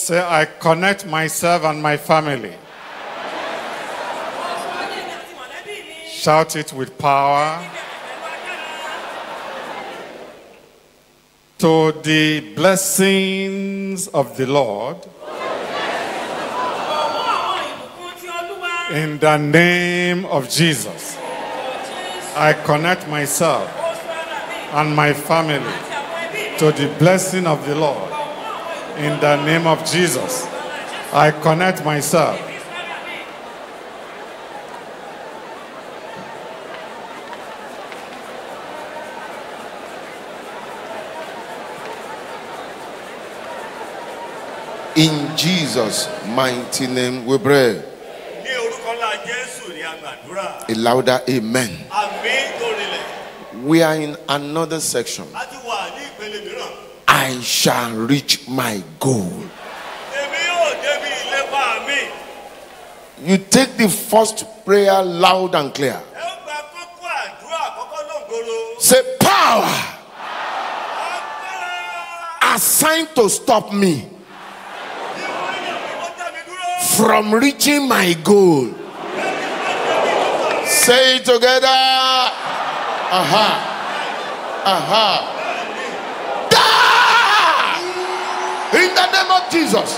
Say, I connect myself and my family. Shout it with power. To the blessings of the Lord. In the name of Jesus. I connect myself and my family to the blessing of the Lord in the name of Jesus. I connect myself. In Jesus' mighty name we pray. A louder amen. We are in another section. I shall reach my goal. You take the first prayer loud and clear. Say, Power assigned to stop me from reaching my goal. Say it together. Aha. Uh-huh. Aha. Uh-huh. In the name of Jesus.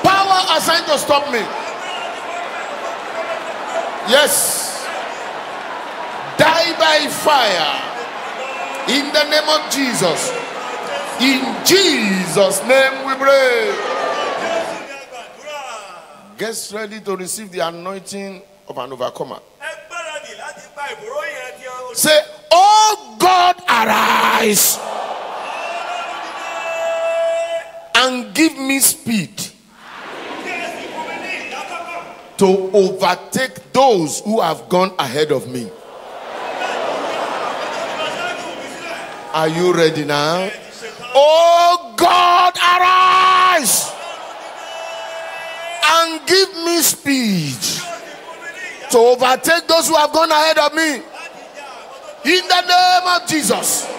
Power assigned to stop me. Yes. Die by fire. In the name of Jesus. In Jesus' name we pray. Get ready to receive the anointing of an overcomer. Say, Oh God, arise and give me speed to overtake those who have gone ahead of me. Are you ready now? Oh God, arise and give me speed to overtake those who have gone ahead of me. In the name of Jesus.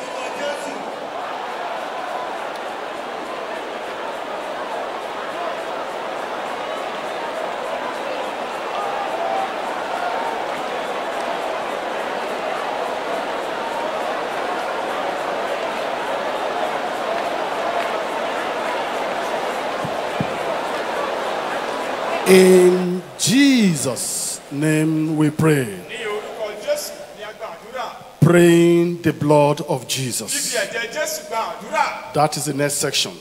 In Jesus' name we pray. Praying the blood of Jesus. That is the next section.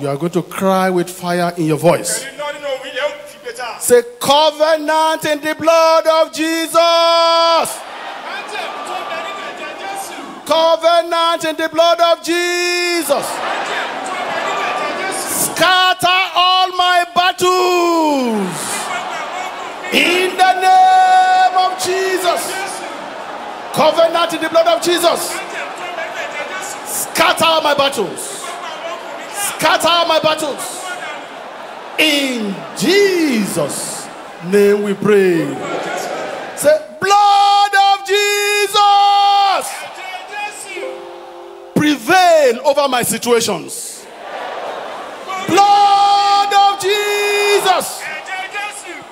You are going to cry with fire in your voice. Say, covenant in the blood of Jesus. Covenant in the blood of Jesus. Scatter all my battles. In the name of Jesus. Covenant in the blood of Jesus. Scatter my battles. Scatter my battles. In Jesus' name we pray. Say, blood of Jesus. Prevail over my situations. Blood Jesus,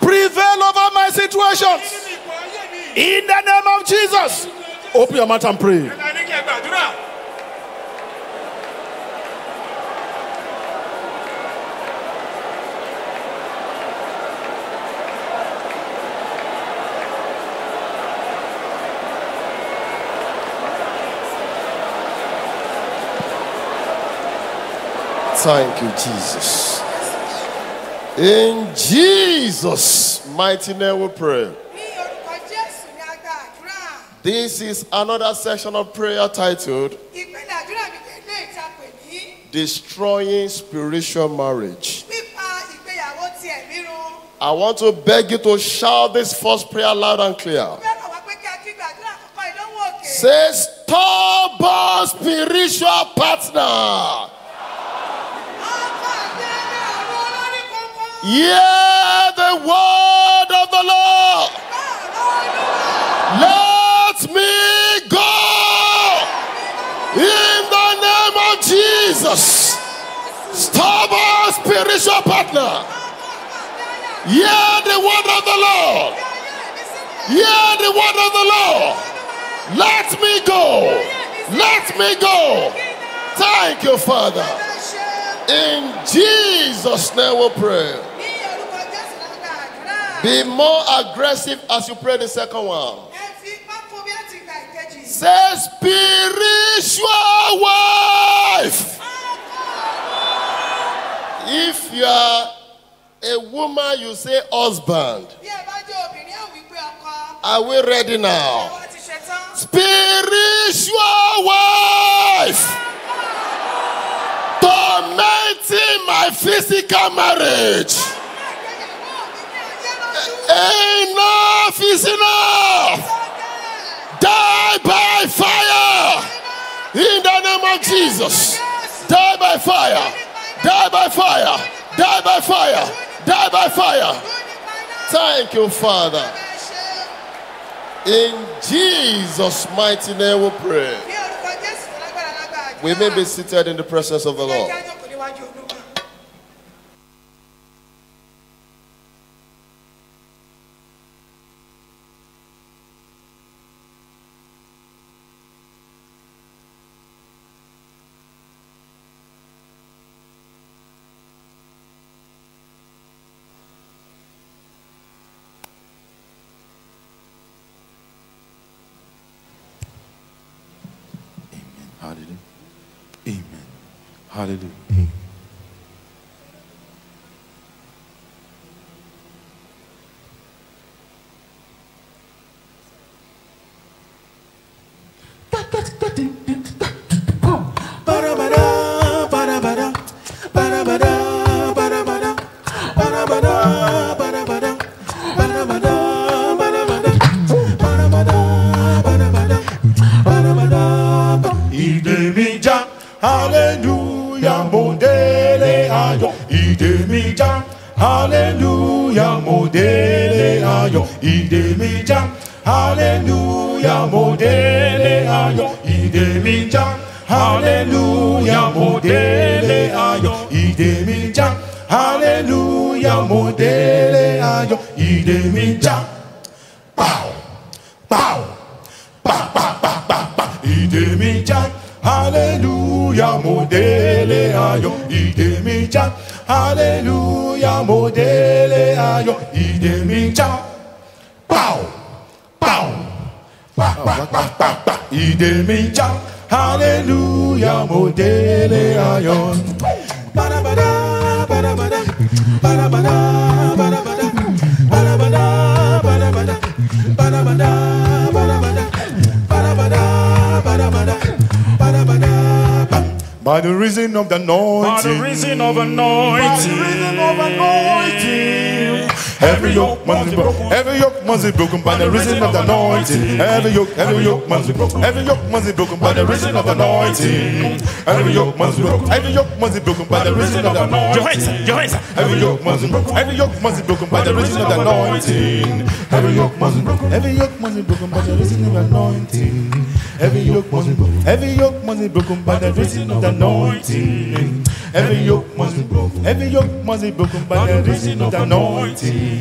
prevail over my situations. In the name of Jesus, open your mouth and pray. Thank you, Jesus. In Jesus' mighty name we pray. This is another session of prayer titled Destroying Spiritual Marriage. I want to beg you to shout this first prayer loud and clear. Say, stubborn spiritual partner. Yeah, the word of the Lord. Let me go in the name of Jesus. Stop our spiritual partner. Yeah, the word of the Lord. Yeah, the word of the Lord. Let me go. Let me go. Thank you, Father. In Jesus' name we pray. Be more aggressive as you pray the second one. Say spiritual wife. If you are a woman, you say husband. Are we ready now? Spiritual wife. Tormenting my physical marriage. Enough is enough. Die by fire. In the name of Jesus. Die by fire. Die by fire. Die by fire. Die by fire. Thank you, Father. In Jesus' mighty name we pray. We may be seated in the presence of the Lord. Hallelujah. Mm. Hallelujah. Idemija, hallelujah mo délé ayọ̀ ìdè hallelujah mo délé ayọ̀ ìdè hallelujah mo délé ayọ̀ ìdè hallelujah mo délé ayọ̀ ìdè mi já pow pow pa pa pa pa pa ìdè hallelujah mo délé ayọ̀ ìdè Hallelujah, modele ayo, ide mincha. Pow, pow, pa pa oh, pa pa pa, ide mincha. Hallelujah, modele ayo. Ba da ba da, ba da ba da, ba da ba da. By the reason of the anointing. By the reason of anointing. By the reason of anointing. Every yoke must be broken. Every yoke must be broken by the reason of the anointing. Every yoke, every yoke must be broken. Every yoke must be broken by the reason of the anointing. Every yoke must be broken. Every yoke must be broken by the reason of the anointing. Your hands, Every yoke must be broken. Every yoke must be broken by the reason of the anointing. Every yoke must be broken. Every yoke must be broken by the reason of the anointing. Every yoke must be broken. Every yoke must be broken by the reason of the anointing. Every yoke must be broken. Every yoke must be broken by the reason of the anointing.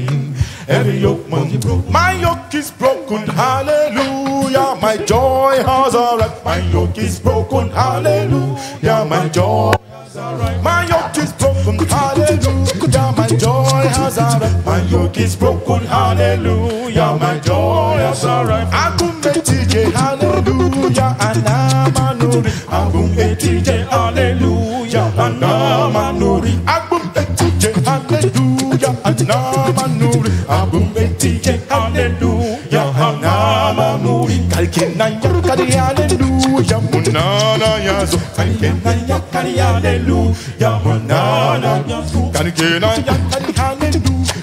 Every yoke must be broken. My yoke is broken. Hallelujah. My joy has arrived. My yoke is broken. Hallelujah. My joy has arrived. My yoke is broken. Hallelujah. My joy has arrived. My yoke is broken. Hallelujah. My joy has arrived. Akumetije. Hallelujah. Anamanori. Akumetije. Hallelujah. Anamanori. 하나만우리 아부메티게 할렐루야 하나만우리 갈게나야 까리 할렐루야 문나나야소 갈게나야 까리 할렐루야 문나나야소 갈게나야 까리 할렐루야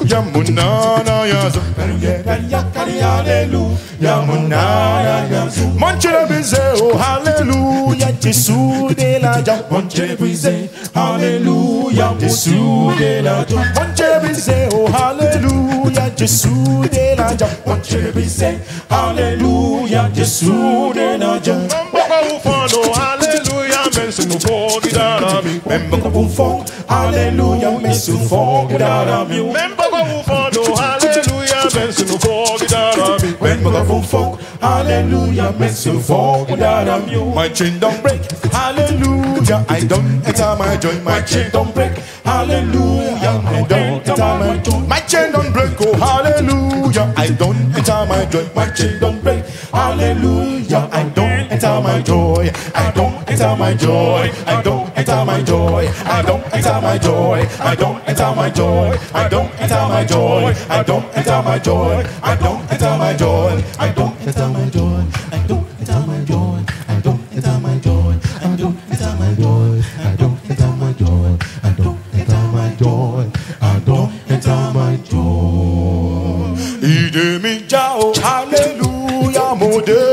Yamunana yazu Hallelujah Yamunana yazu Manchele bize oh hallelujah Tisou de la ja Manchele bize hallelujah Tisou de la ja Manchele bize oh hallelujah Tisou de la ja Manchele bize hallelujah Tisou de la ja Mbaka ufano hallelujah Mensumu kogi darami Mbaka ufano hallelujah Mensumu kogi darami Mbaka follow. Hallelujah, mensen you forget that i me. When we go for folk, hallelujah, mensen no forget that i you. My chain don't break, hallelujah. I don't enter my joy, My chain don't break, hallelujah. I don't enter my joy, My chain don't break, oh hallelujah. I don't enter my joy, My chain don't break, hallelujah. I don't it's all my joy. I don't It's all my joy. I don't It's all my joy. I don't It's all my joy. I don't It's all my joy. I don't It's all my joy. I don't It's all my joy. I don't It's all my joy. I don't It's all my joy. I don't It's all my joy. I don't It's all my joy. I don't It's all my joy. I don't It's all my joy. I don't It's all my joy. I don't It's all my joy. Ìdè mi já o, hallelujah, my dé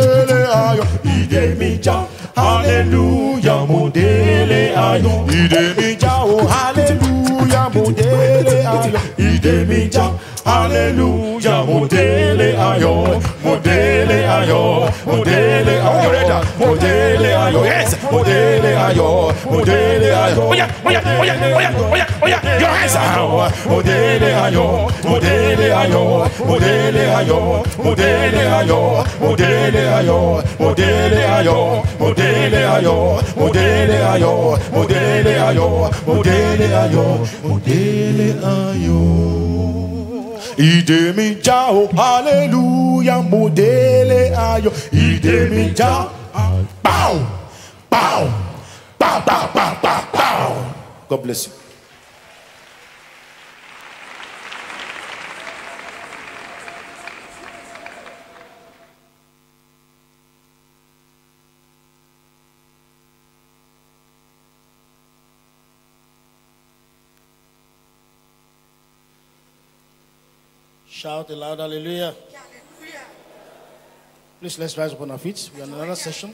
hallelujah mo délé ayọ̀ ìdè mi já o hallelujah mo délé ayọ̀ ìdè mi já o. Hallelujah, modele ayo, modele ayo, modele ayo, modele ayo, yes, modele ayo, modele ayo. Oya, oya, oya, oya, oya, oya, your hands are modele ayo, modele ayo, modele ayo, modele ayo, modele ayo, modele ayo, modele ayo, modele ayo, modele ayo, modele ayo, modele ayo. Ide mi já o, aleluia, mo dele ayọ̀. Ide mi já, pow, pow, pow, pow, pow, pow. God bless you. Shout aloud, hallelujah. Please let's rise upon our feet. We are in another session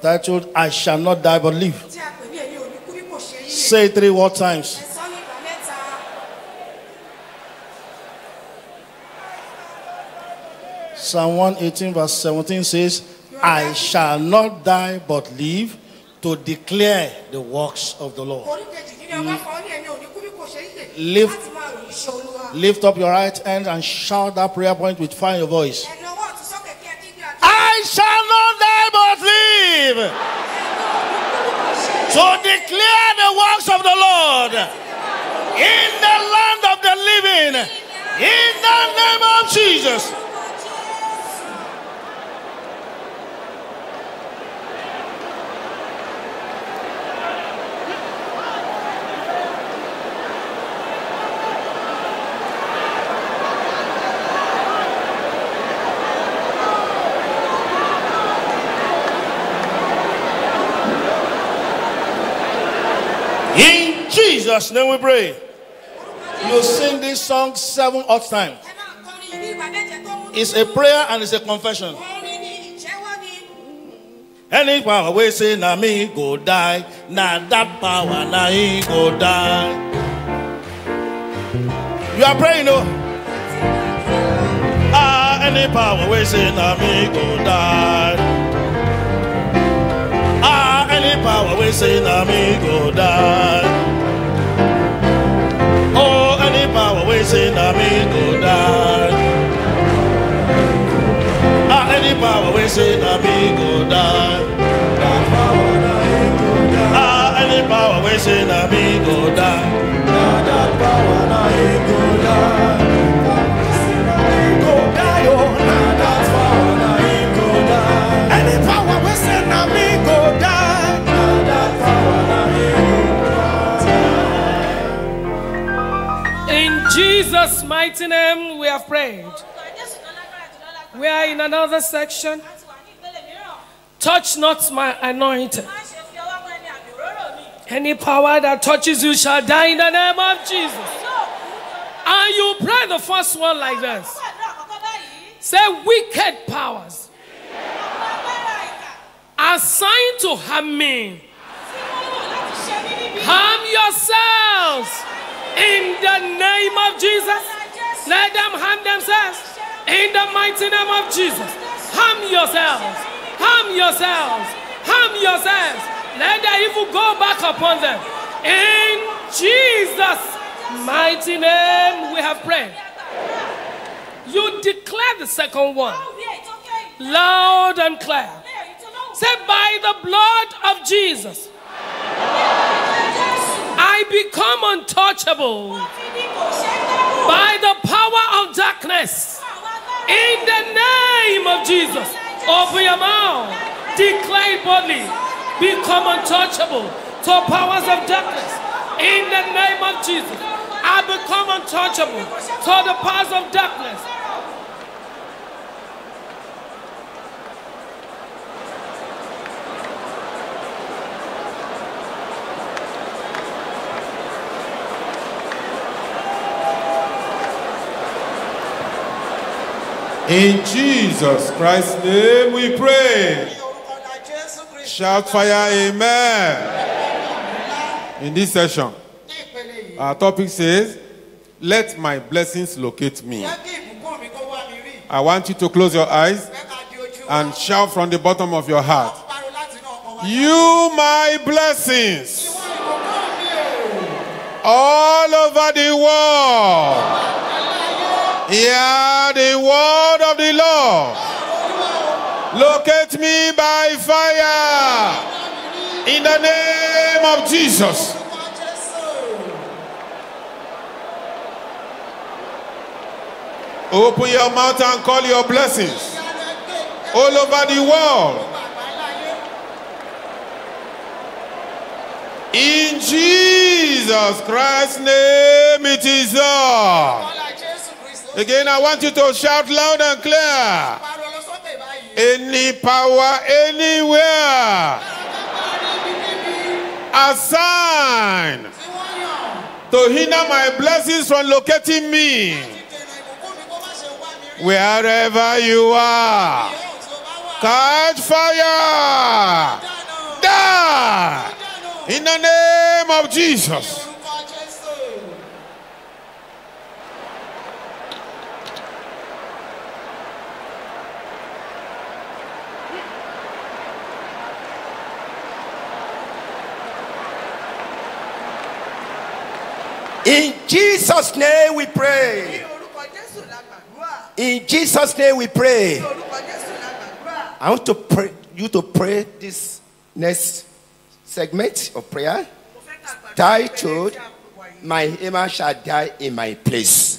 titled I Shall Not Die But Live. Say three more times. Psalm 118, verse 17 says, I shall not die but live to declare the works of the Lord. Mm lift lift up your right hand and shout that prayer point with fire in your voice. I shall not die but live to declare the works of the Lord in the land of the living in the name of Jesus. Jesus' name we pray. You sing this song seven odd times. It's a prayer and it's a confession. Any power we say na me go die, na that power na he go die. You are praying, no? Oh. Ah, any power we say na me go die. Ah, any power we say na me go die. sin na me Ah, any power we sin na me go die. Ah, any power we sin na me go die. power Go die, na go die. Any power. Jesus' mighty name, we have prayed. We are in another section. Touch not my anointed. Any power that touches you shall die in the name of Jesus. And you pray the first one like this. Say, wicked powers assigned to harm me. Harm yourselves. In the name of Jesus, let them harm themselves. In the mighty name of Jesus, harm yourselves. Harm yourselves. Harm yourselves. Let the evil go back upon them. In Jesus' mighty name, we have prayed. You declare the second one loud and clear. Say, by the blood of Jesus. I become untouchable by the power of darkness. In the name of Jesus, open your mouth, declare boldly, become untouchable to powers of darkness. In the name of Jesus, I become untouchable to the powers of darkness. In Jesus Christ's name we pray. Shout fire, amen. In this session, our topic says, Let my blessings locate me. I want you to close your eyes and shout from the bottom of your heart, You, my blessings, all over the world. Hear the word of the Lord. Locate me by fire. In the name of Jesus. Open your mouth and call your blessings all over the world. In Jesus Christ's name, it is all. Uh, Again, I want you to shout loud and clear. Any power anywhere sign to hinder my blessings from locating me, wherever you are, catch fire. Die in the name of Jesus. In Jesus' name we pray. In Jesus' name we pray. I want to pray you to pray this next segment of prayer titled My Emma shall die in my place.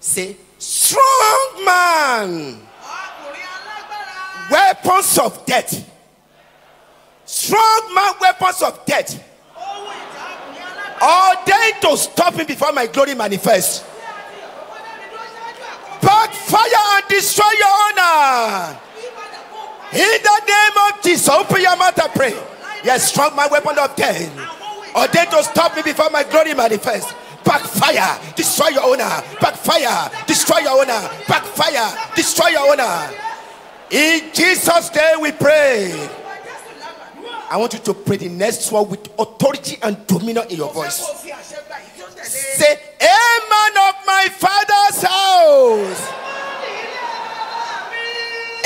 Say, strong man, weapons of death. Strong man, weapons of death ordained to stop him before my glory manifests. Backfire and destroy your honor. In the name of Jesus, open your mouth and pray. Yes, strong my weapon of death. Ordained to stop me before my glory manifests. Backfire, destroy your honor. Backfire, destroy your honor. Backfire, destroy your honor. In Jesus' name we pray. I want you to pray the next one with authority and dominion in your voice. Say, A man of my father's house,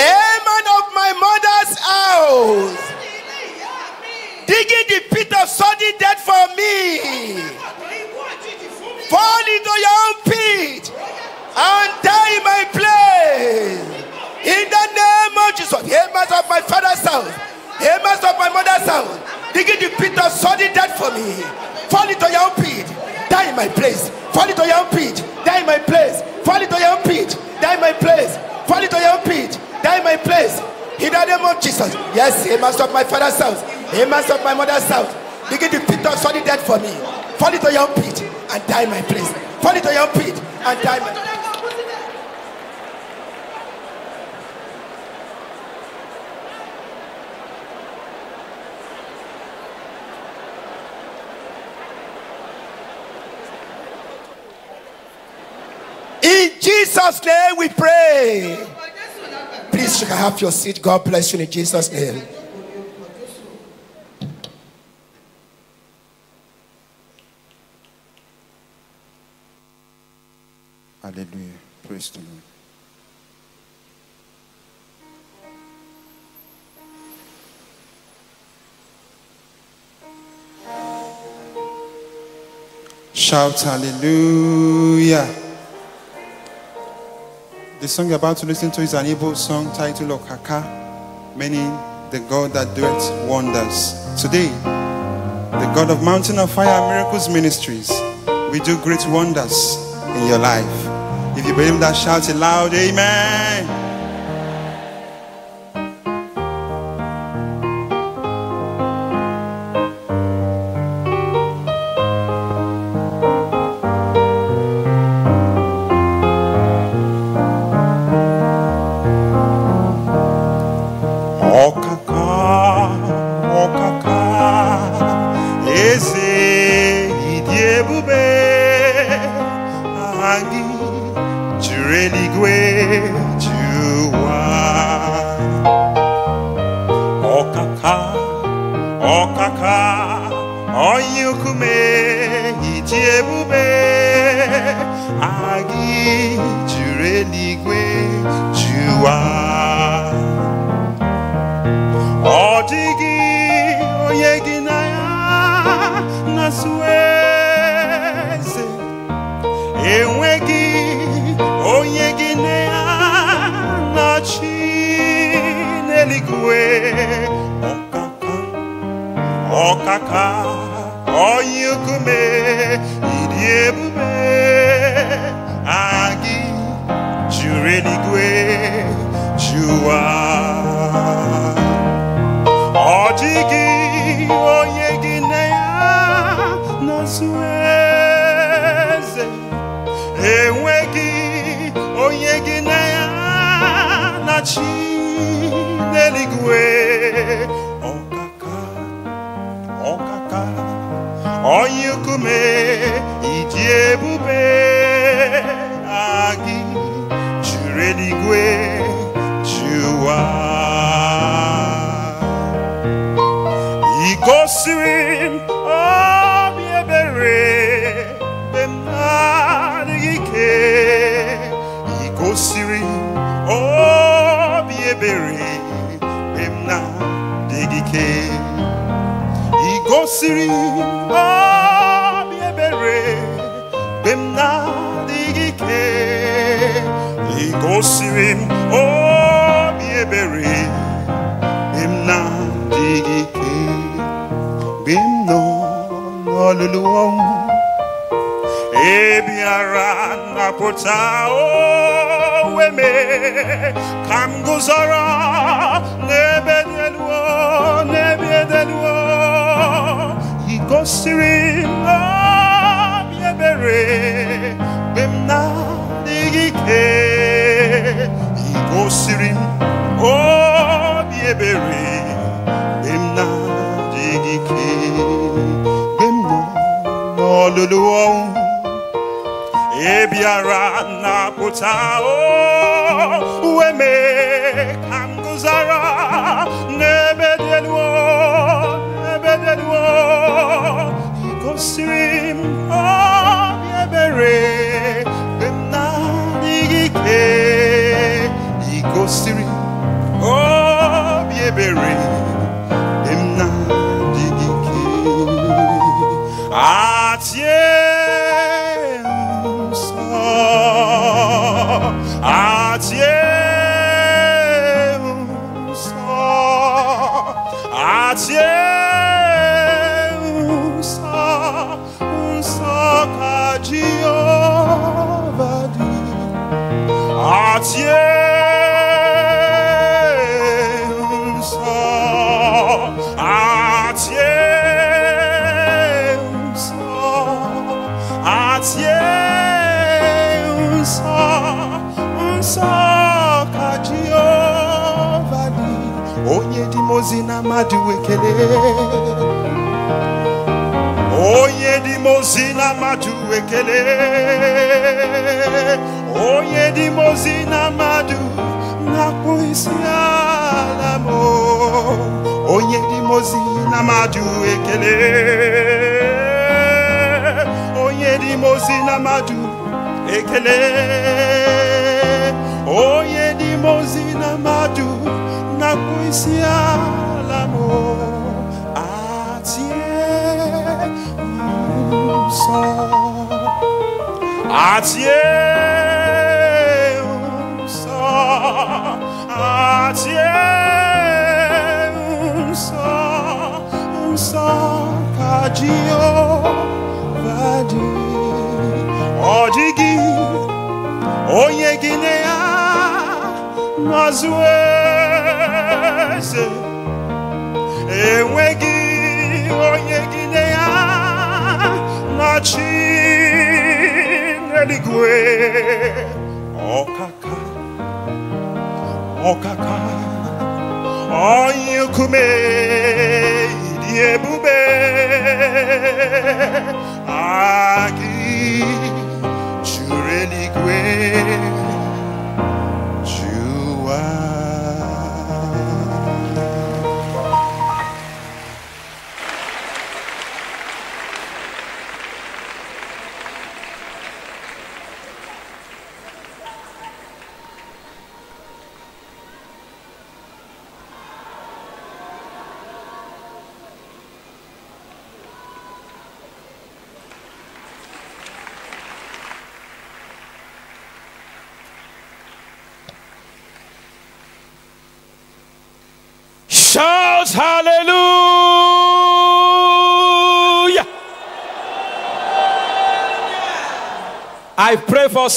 a man of my mother's house, digging the pit of sudden death for me. Fall into your own pit and die in my place. In the name of Jesus, a man of my father's house. Amen of my mother's house. Digging the pit of sudden death for me. Fall into your own pit. Die in my place. Fall into your own pit. Die in my place. Fall into your own pit. Die in my place. Fall into your own pit. Die in my place. In the name of Jesus. Yes, amen of my father's house. Amen of my mother's house. Digging the pit of sudden death for me. Fall into your own pit and die in my place. Fall into your own pit and die in my place. Jesus' name we pray. Please, you can have your seat. God bless you in Jesus' name. Hallelujah. Praise the Lord. Shout hallelujah. The song you're about to listen to is an Igbo song titled Okaka, meaning the God that doeth wonders. Today, the God of Mountain of Fire Miracles Ministries, we do great wonders in your life. If you believe that, shout it loud, Amen.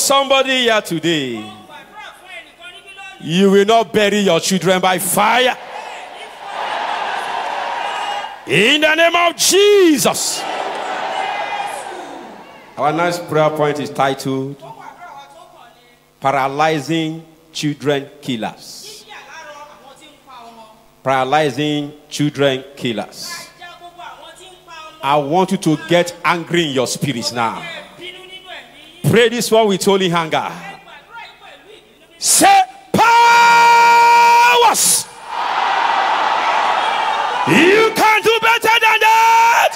somebody here today, you will not bury your children by fire. In the name of Jesus. Our next prayer point is titled Paralyzing Children Killers. Paralyzing Children Killers. I want you to get angry in your spirits now. Pray this one with holy hunger. Say, powers. You can do better than that.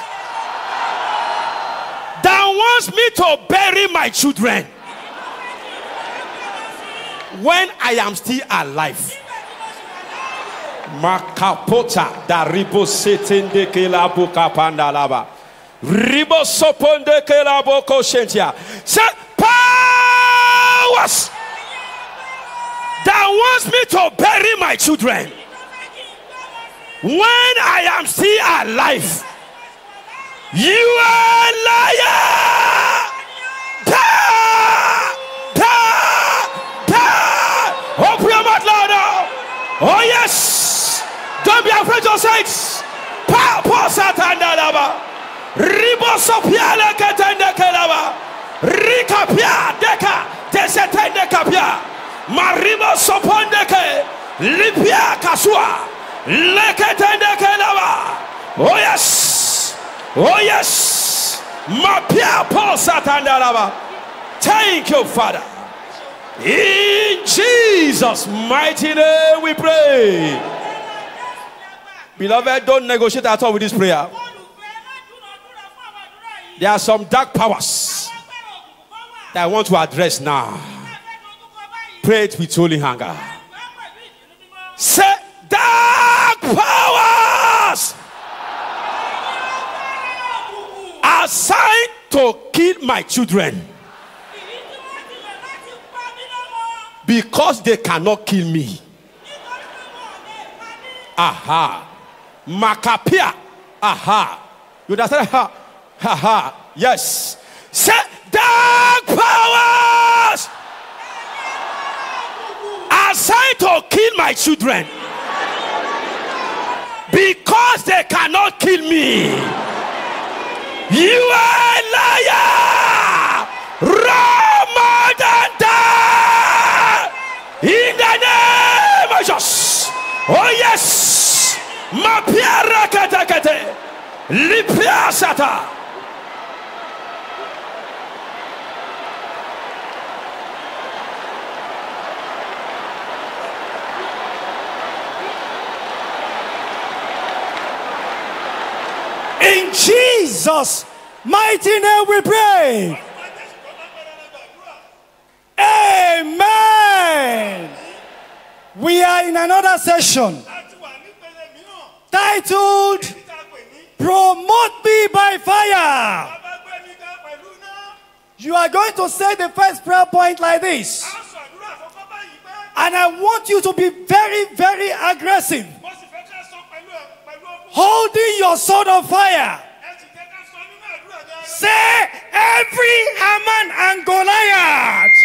That wants me to bury my children when I am still alive. Makapota da ribo kelabu kelabo kapandalaba. Ribo soponde kelabu koshentia. to bury my children when I am still alive. You are liar! Da! Da! Da! Open your mouth Oh yes! Don't be afraid of saints! Pa po satanda Ribosopia la katanda kalava! deka! kapia! tendeke lipia kasua leke tendeke lava oh yes oh yes mapia posa tandalava thank you father in jesus mighty name we pray beloved don't negotiate at all with this prayer there are some dark powers that I want to address now. Pray it with holy hunger. Say, dark powers assigned to kill my children because they cannot kill me. Aha. Macapia. Aha. You understand? Ha. Ha Yes. Say, dark powers. assigned to kill my children because they cannot kill me. You are a liar! Ramadanda! In the name of Jesus! Oh yes! Mapiara katakate! Lipiasata! In Jesus' mighty name we pray. Amen. We are in another session titled Promote Me by Fire. You are going to say the first prayer point like this. And I want you to be very, very aggressive holding your sword of fire. Say every Haman and Goliath.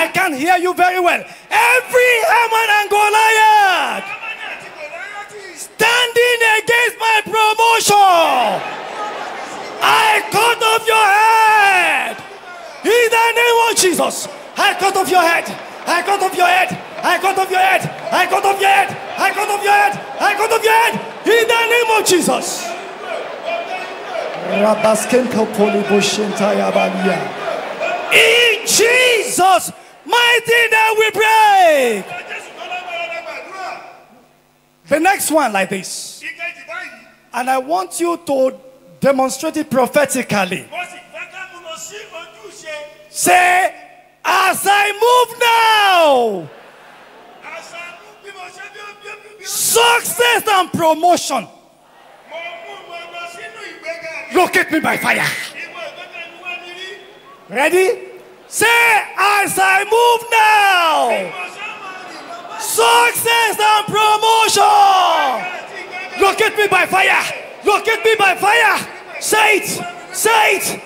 I can hear you very well. Every Haman and Goliath standing against my promotion. I cut off your head. In the name of Jesus, I cut off your head. I cut off your head. I cut off your head. I cut off your head. I cut off your head. I cut off your head. In the name of Jesus. In Jesus' mighty name we pray. The next one like this. And I want you to demonstrate it prophetically. Say, as I move now. Success and promotion. Locate me by fire. Ready? Say, as I move now, success and promotion. Locate me by fire. Locate me by fire. Say it. Say it.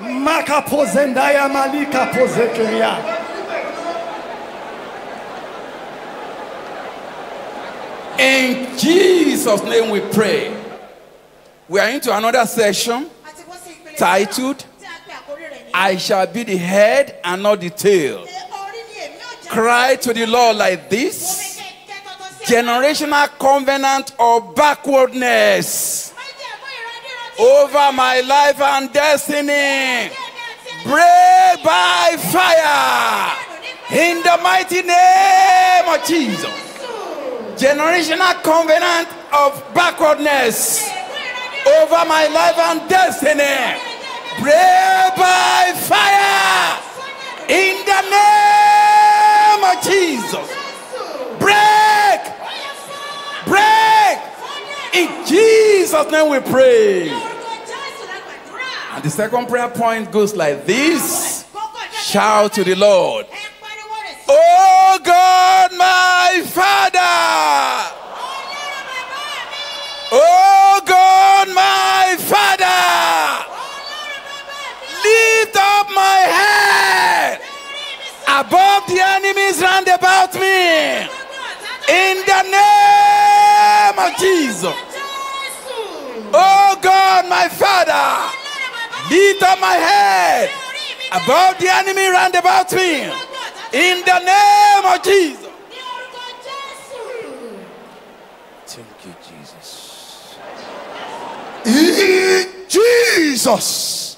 Maka pozendaya malika pozekeria. In Jesus' name we pray. We are into another session titled, I shall be the head and not the tail. Cry to the Lord like this generational covenant of backwardness over my life and destiny. Break by fire in the mighty name of Jesus generational covenant of backwardness over my life and destiny. Break by fire in the name of Jesus. Break! Break! In Jesus' name we pray. And the second prayer point goes like this Shout to the Lord. Oh God, my Father. Oh God, my Father. Lift up my head above the enemies round about me. In the name of Jesus. Oh God, my Father. Lift up my head above the enemy round about me. In the name of Jesus. Thank you, Jesus. In Jesus'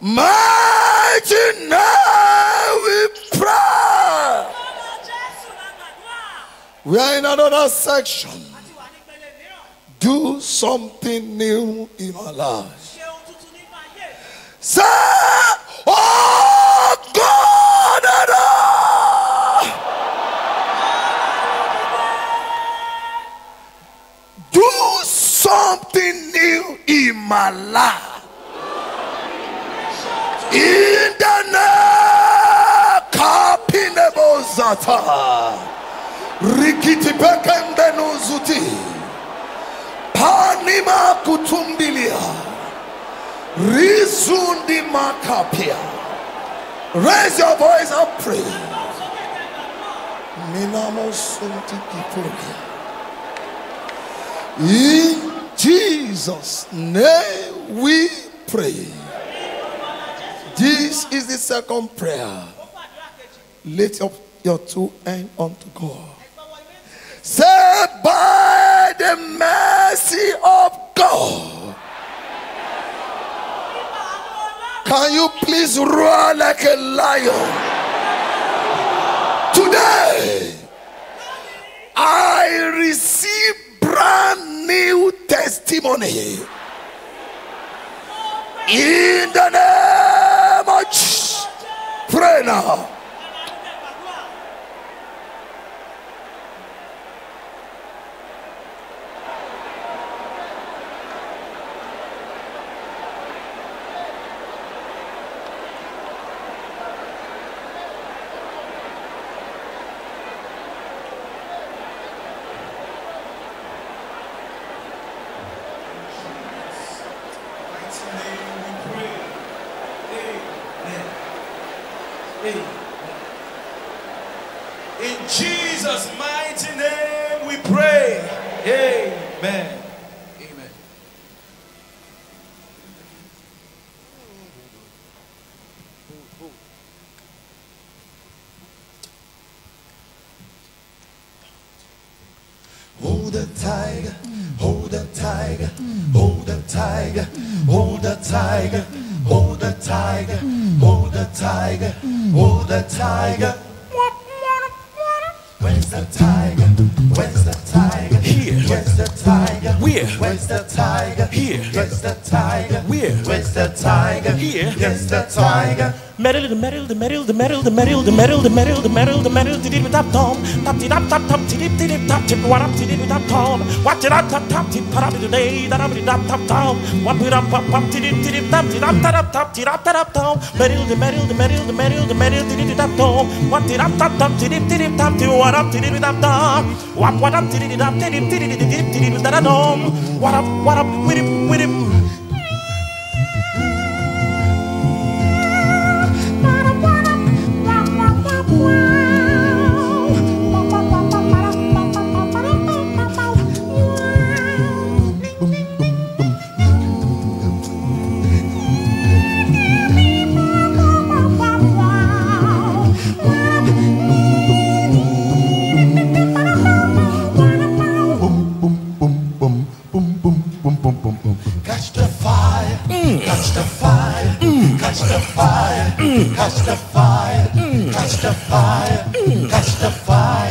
mighty name we pray. We are in another section. Do something new in our lives. Say, Oh God! something new in my life. In the name Rikiti pekembenu zuti Panima kutumbilia Rizundi makapia Raise your voice and pray Minamo sunti kipulia In Jesus' name we pray. This is the second prayer. Lift up your two hands unto God. Say, by the mercy of God. Can you please roar like a lion? Today, I receive brand new testimony. In the name of Jesus. Pray now. tiger, hold the tiger, hold the tiger, hold the tiger, hold the tiger. Where's the tiger? Where's the tiger? Here. Where's the tiger? Where? Where's the tiger? Here. Where's the tiger? Where? Where's the tiger? Here. Where's the tiger? Merrill, the Merrill, the Merrill, the Merrill, the Merrill, the Merrill, the Merrill, the Merrill, the Merrill, the dip top tom, top tip top top top tip tip top tip what up tip top tom, what it up top top tip put up today, that up the top top tom, what put up up up tip tip top tip up top top tip up top tom, metal, the metal, the metal, the metal, the metal, the dip top tom, what it up top top tip tip top tip what up tip top tom, what what up tip tip top tip tip tip tip tip tip top tom, what up what up with it with it Testify, testify, testify, testify,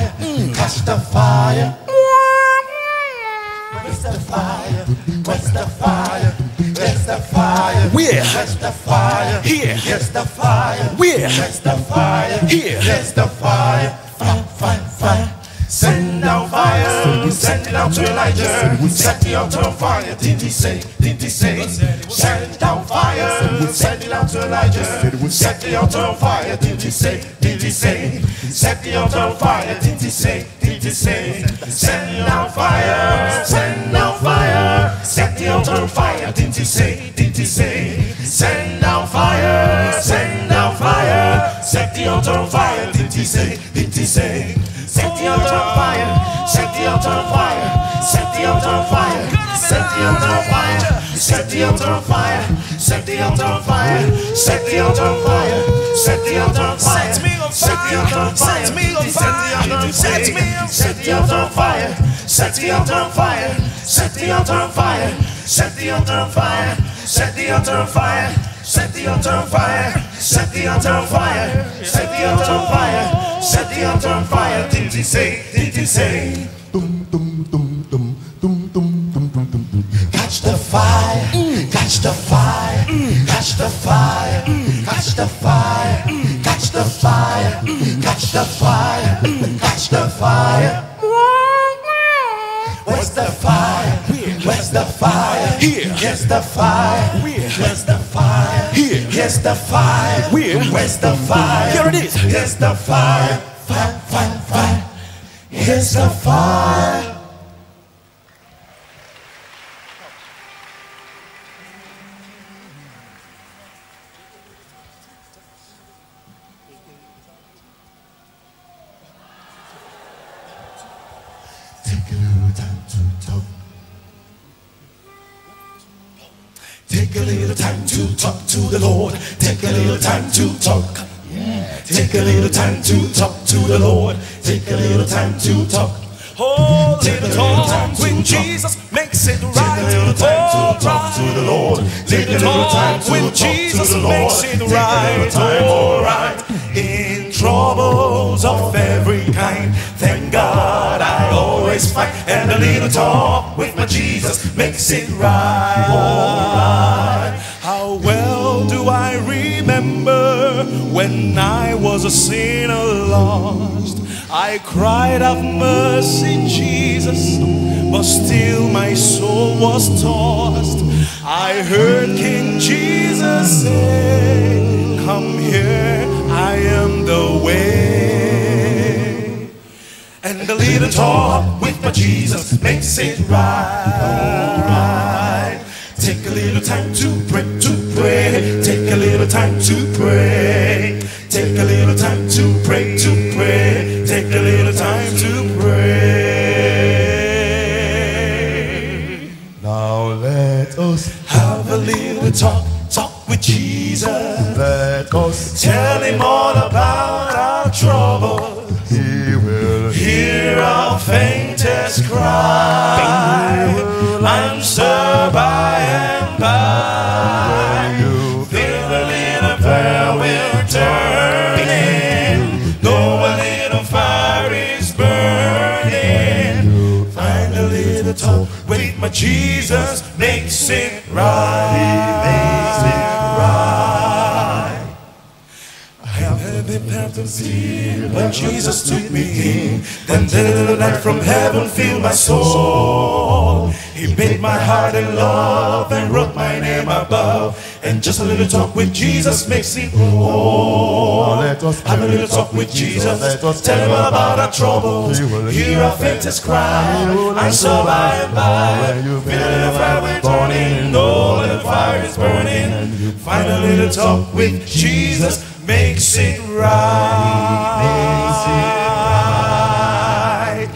testify. Where's the fire? Where's the fire? Where's the fire? Where? the fire? Here. Here's the fire. Where? Where's the fire? Here. Here's the fire. Fire, fire, fire. Send fire. Send it out to Elijah. Set the altar on fire. Did he say? Did he say? Send down fire. Send it out to Elijah. Set the altar on fire. Did he say? Did he say? Set the altar on fire. Did he say? Did he say? Send down fire. Send down fire. Set the altar on fire. Did he say? Did he say? Send down fire. Send down fire. Set the altar on fire. Did he say? Did he say? Set the altar on fire. Set the altar on fire. Set the altar on fire. Set the altar on fire. Set the altar on fire. Set the altar on fire. Set the altar on fire. Set the altar on fire. Set me on fire. Set me on on fire. Set the altar on fire. Set the altar on fire. Set the altar on fire. Set the altar on fire. Set the altar on fire. Set the altar on fire. Set the altar on fire. Set the altar on fire set the altar on fire. Did he say? Did he say? Dum dum dum dum dum dum dum dum dum. Catch the fire, catch the fire, catch the fire, catch the fire, catch the fire, catch the fire, catch the fire. Where's the fire? Where's the fire? Here. Here's the fire. Where? Where's the fire? Here. Here's the fire. Where? Where's the fire? Here it is. Here's the fire. Fire, fire, fire. Here's the fire. Take a little time Take a little time to talk to the Lord. Take a little time to talk. Yeah. Take a little time to talk to the Lord. Take a little time to talk. Oh, Take little, little talk when Jesus makes it right. Take a little time to talk to the Lord. Take, Take a little time to talk to the Lord. Take a little time, all right troubles of every kind. Thank God I always fight, and a little talk with my Jesus makes it right. Alright. How well do I remember when I was a sinner lost? I cried out, mercy, Jesus, but still my soul was tossed. I heard King Jesus say, Come here I am the way. And a little talk with my Jesus makes it right. Take a little time to pray, to pray. Take a little time to pray. Take a little time to pray, to pray. Take a little time to pray. Now let us have a little talk with Jesus. Let us tell him all about our trouble. He will hear our faintest cry. I'm by and by. Feel a little prayer will turn in. Though a little fire is burning. Find a little talk with my Jesus makes it right. to when Jesus took me in. Then did light from heaven fill my soul. He made my heart in love and wrote my name above. And just a little talk with Jesus makes it whole. Let us have a little talk with Jesus. Let us tell him about our troubles. Hear our faintest cry. And so by and by, feel the fire we're burning. Oh, the fire is burning. Find a little talk with Jesus makes it right.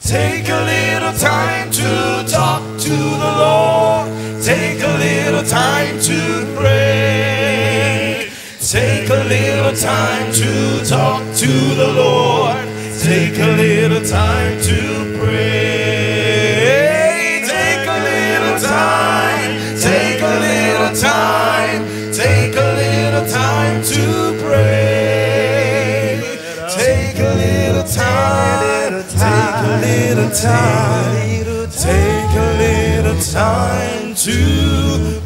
Take a little time to talk to the Lord. Take a little time to pray. Take a little time to talk to the Lord. Take a little time to pray. Take a little time. Take a little time. Take a little time to little time, take a little time to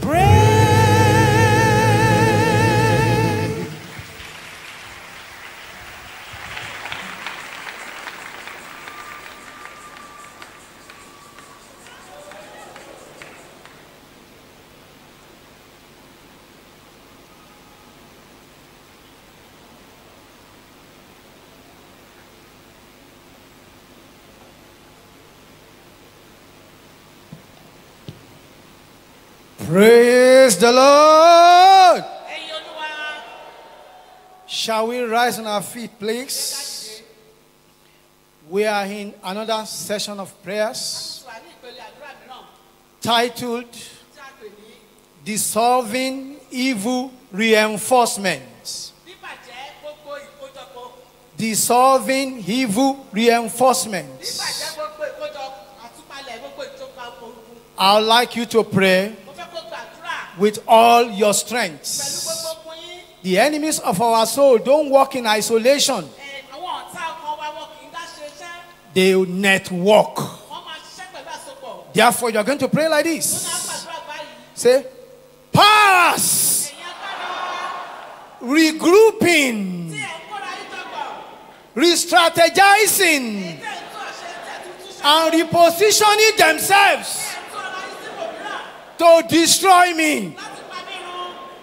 Praise the Lord. Shall we rise on our feet, please? We are in another session of prayers titled Dissolving Evil Reinforcements. Dissolving Evil Reinforcements. I'd like you to pray with all your strengths, The enemies of our soul don't walk in isolation, they network. Therefore, you're going to pray like this say, pass, regrouping, re strategizing, and repositioning themselves to destroy me.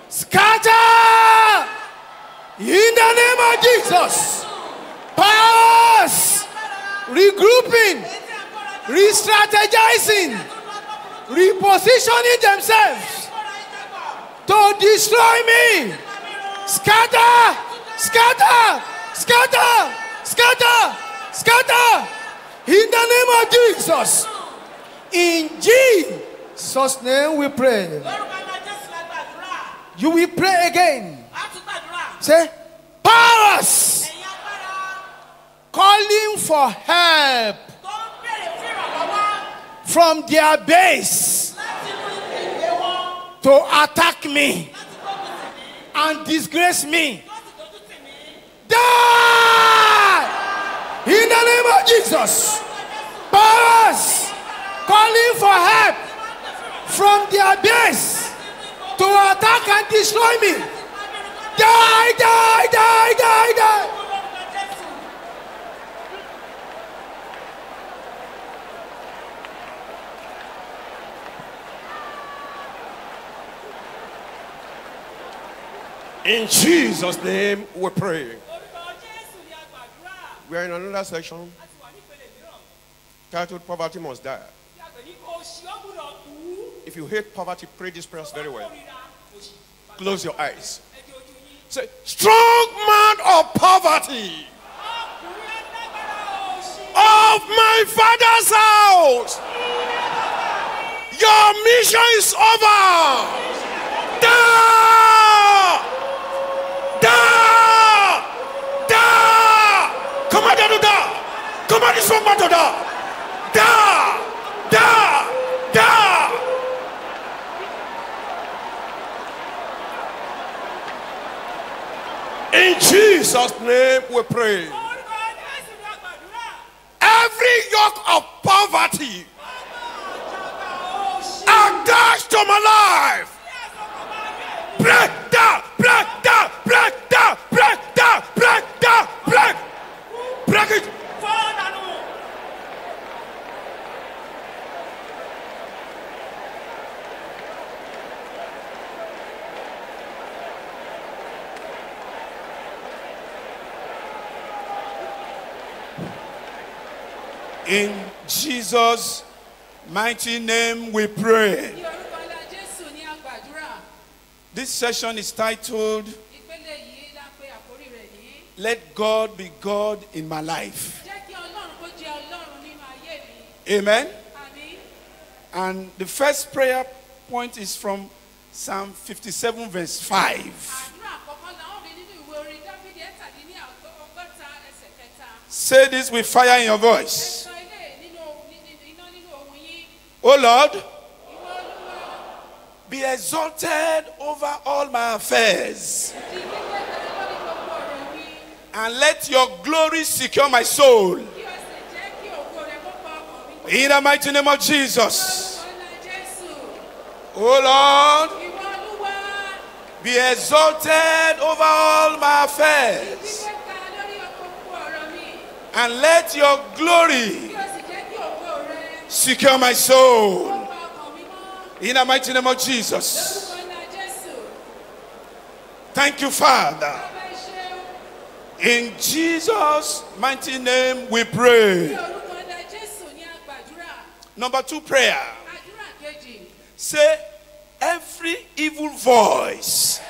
Scatter in the name of Jesus. Powers regrouping, re strategizing, repositioning themselves to destroy me. Scatter, scatter, scatter, scatter, scatter in the name of Jesus. In Jesus. Jesus' name we pray. You will pray again. Say, powers calling for help from their base to attack me and disgrace me. Die in the name of Jesus. Powers calling for help from their base to attack and destroy me. Die, die, die, die, die. In Jesus' name we pray. We are in another section titled Poverty Must Die. If you hate poverty, pray this prayer very well. Close your eyes. Say, strong man of poverty of my father's house. Your mission is over. Da! Da! Da! Command to da! Come on, this woman to da! Da! Da! Da! In Jesus' name we pray. Every yoke of poverty attached to my life, break down, break In Jesus' mighty name we pray. This session is titled Let God be God in my life. Amen. And the first prayer point is from Psalm 57, verse 5. Say this with fire in your voice. O oh, Lord, be exalted over all my affairs. And let your glory secure my soul. In the mighty name of Jesus. O oh, Lord, be exalted over all my affairs. And let your glory Secure my soul. In the mighty name of Jesus. Thank you, Father. In Jesus' mighty name we pray. Number two prayer. Say, every evil voice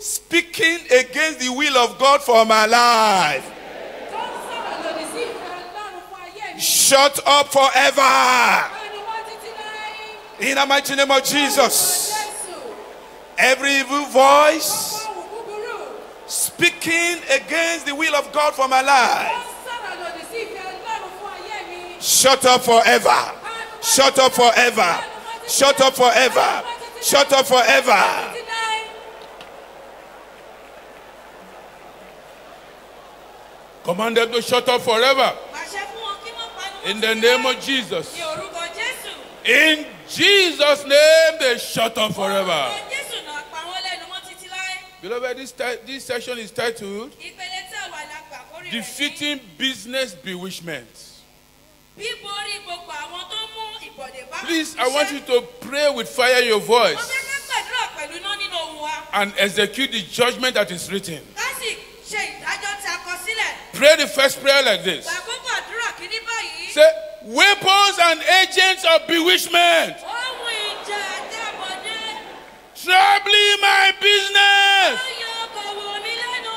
speaking against the will of God for my life shut up forever. In the mighty name of Jesus, every evil voice speaking against the will of God for my life, shut up forever. Shut up forever. Shut up forever. Shut up forever. Commanded to shut up forever. In the name of Jesus. In Jesus' name, they shut up forever. Beloved, this, this session is titled Defeating Business Bewitchment. Please, I want you to pray with fire your voice and execute the judgment that is written. Pray the first prayer like this. Say, weapons and agents of bewitchment. Troubling my business.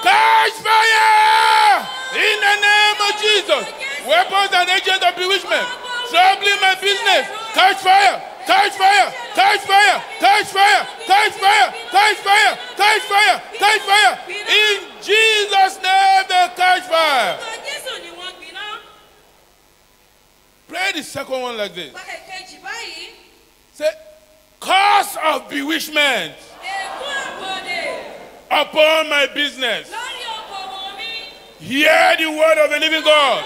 Catch fire in the name of Jesus. Weapons and agents of bewitchment. Troubling my business. Catch fire. Catch fire. Catch fire. Catch fire. Catch fire. Catch fire. Catch fire. Catch fire. In Jesus' name, the catch fire. Pray the second one like this. Say, cause of bewitchment upon my business. Hear the word of the living God.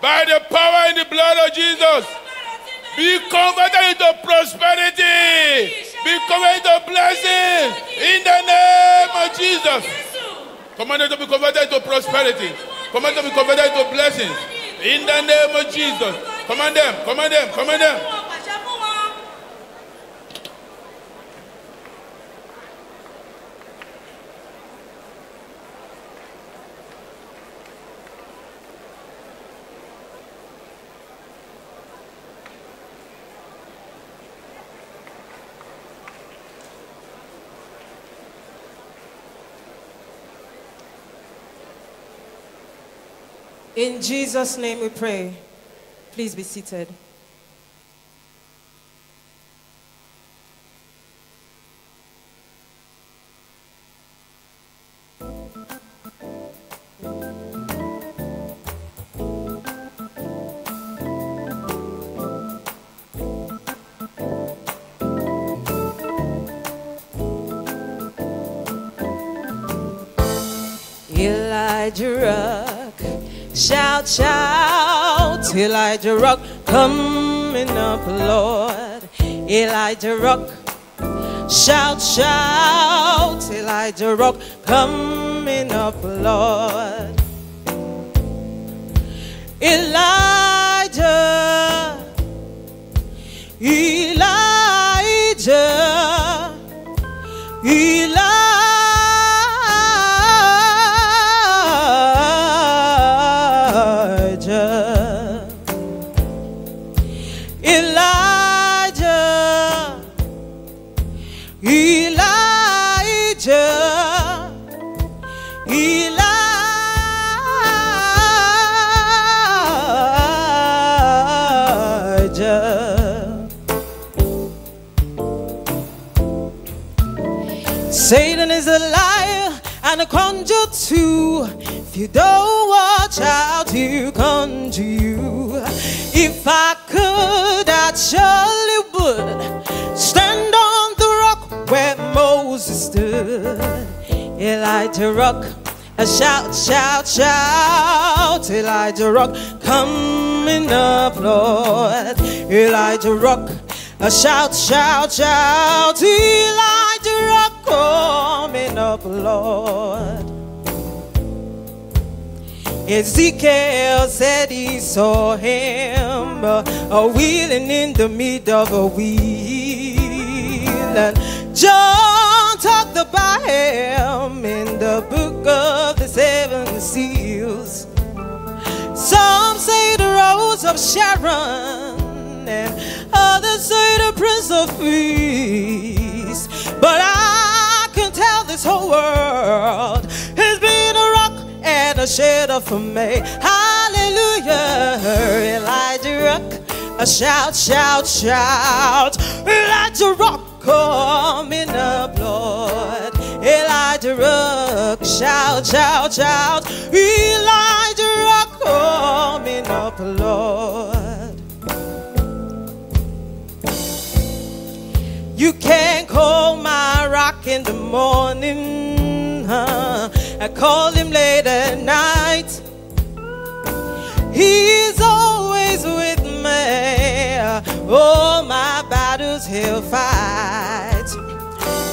By the power in the blood of Jesus, be converted into prosperity. Be converted into blessing. In the name of Jesus. Commanded to be converted into prosperity. Commanded to be converted into blessings. In the name of Jesus. Command them, command them, command them. In Jesus' name we pray. Please be seated. Elijah. Shout, shout, Elijah Rock coming up, Lord. Elijah Rock. Shout, shout, Elijah Rock coming up, Lord. Elijah, Elijah, Elijah. is a liar and a conjure too. If you don't watch out, he'll conjure you. If I could, I surely would stand on the rock where Moses stood. Elijah rock, a shout, shout, shout. Elijah rock, coming up, Lord. Elijah rock, a shout, shout, shout. Elijah coming up, Lord. Ezekiel said he saw him uh, a wheeling in the midst of a wheel. And John talked about him in the book of the seven seals. Some say the rose of Sharon and others say the Prince of Peace. But I can tell this whole world has been a rock and a shelter for me. Hallelujah, Elijah Rock. A shout, shout, shout. Elijah Rock, coming up, Lord! Elijah Rock, shout, shout, shout. Elijah Rock, coming up, Lord! You can call my rock in the morning. Huh? I call him late at night. He is always with me. All oh, my battles he'll fight.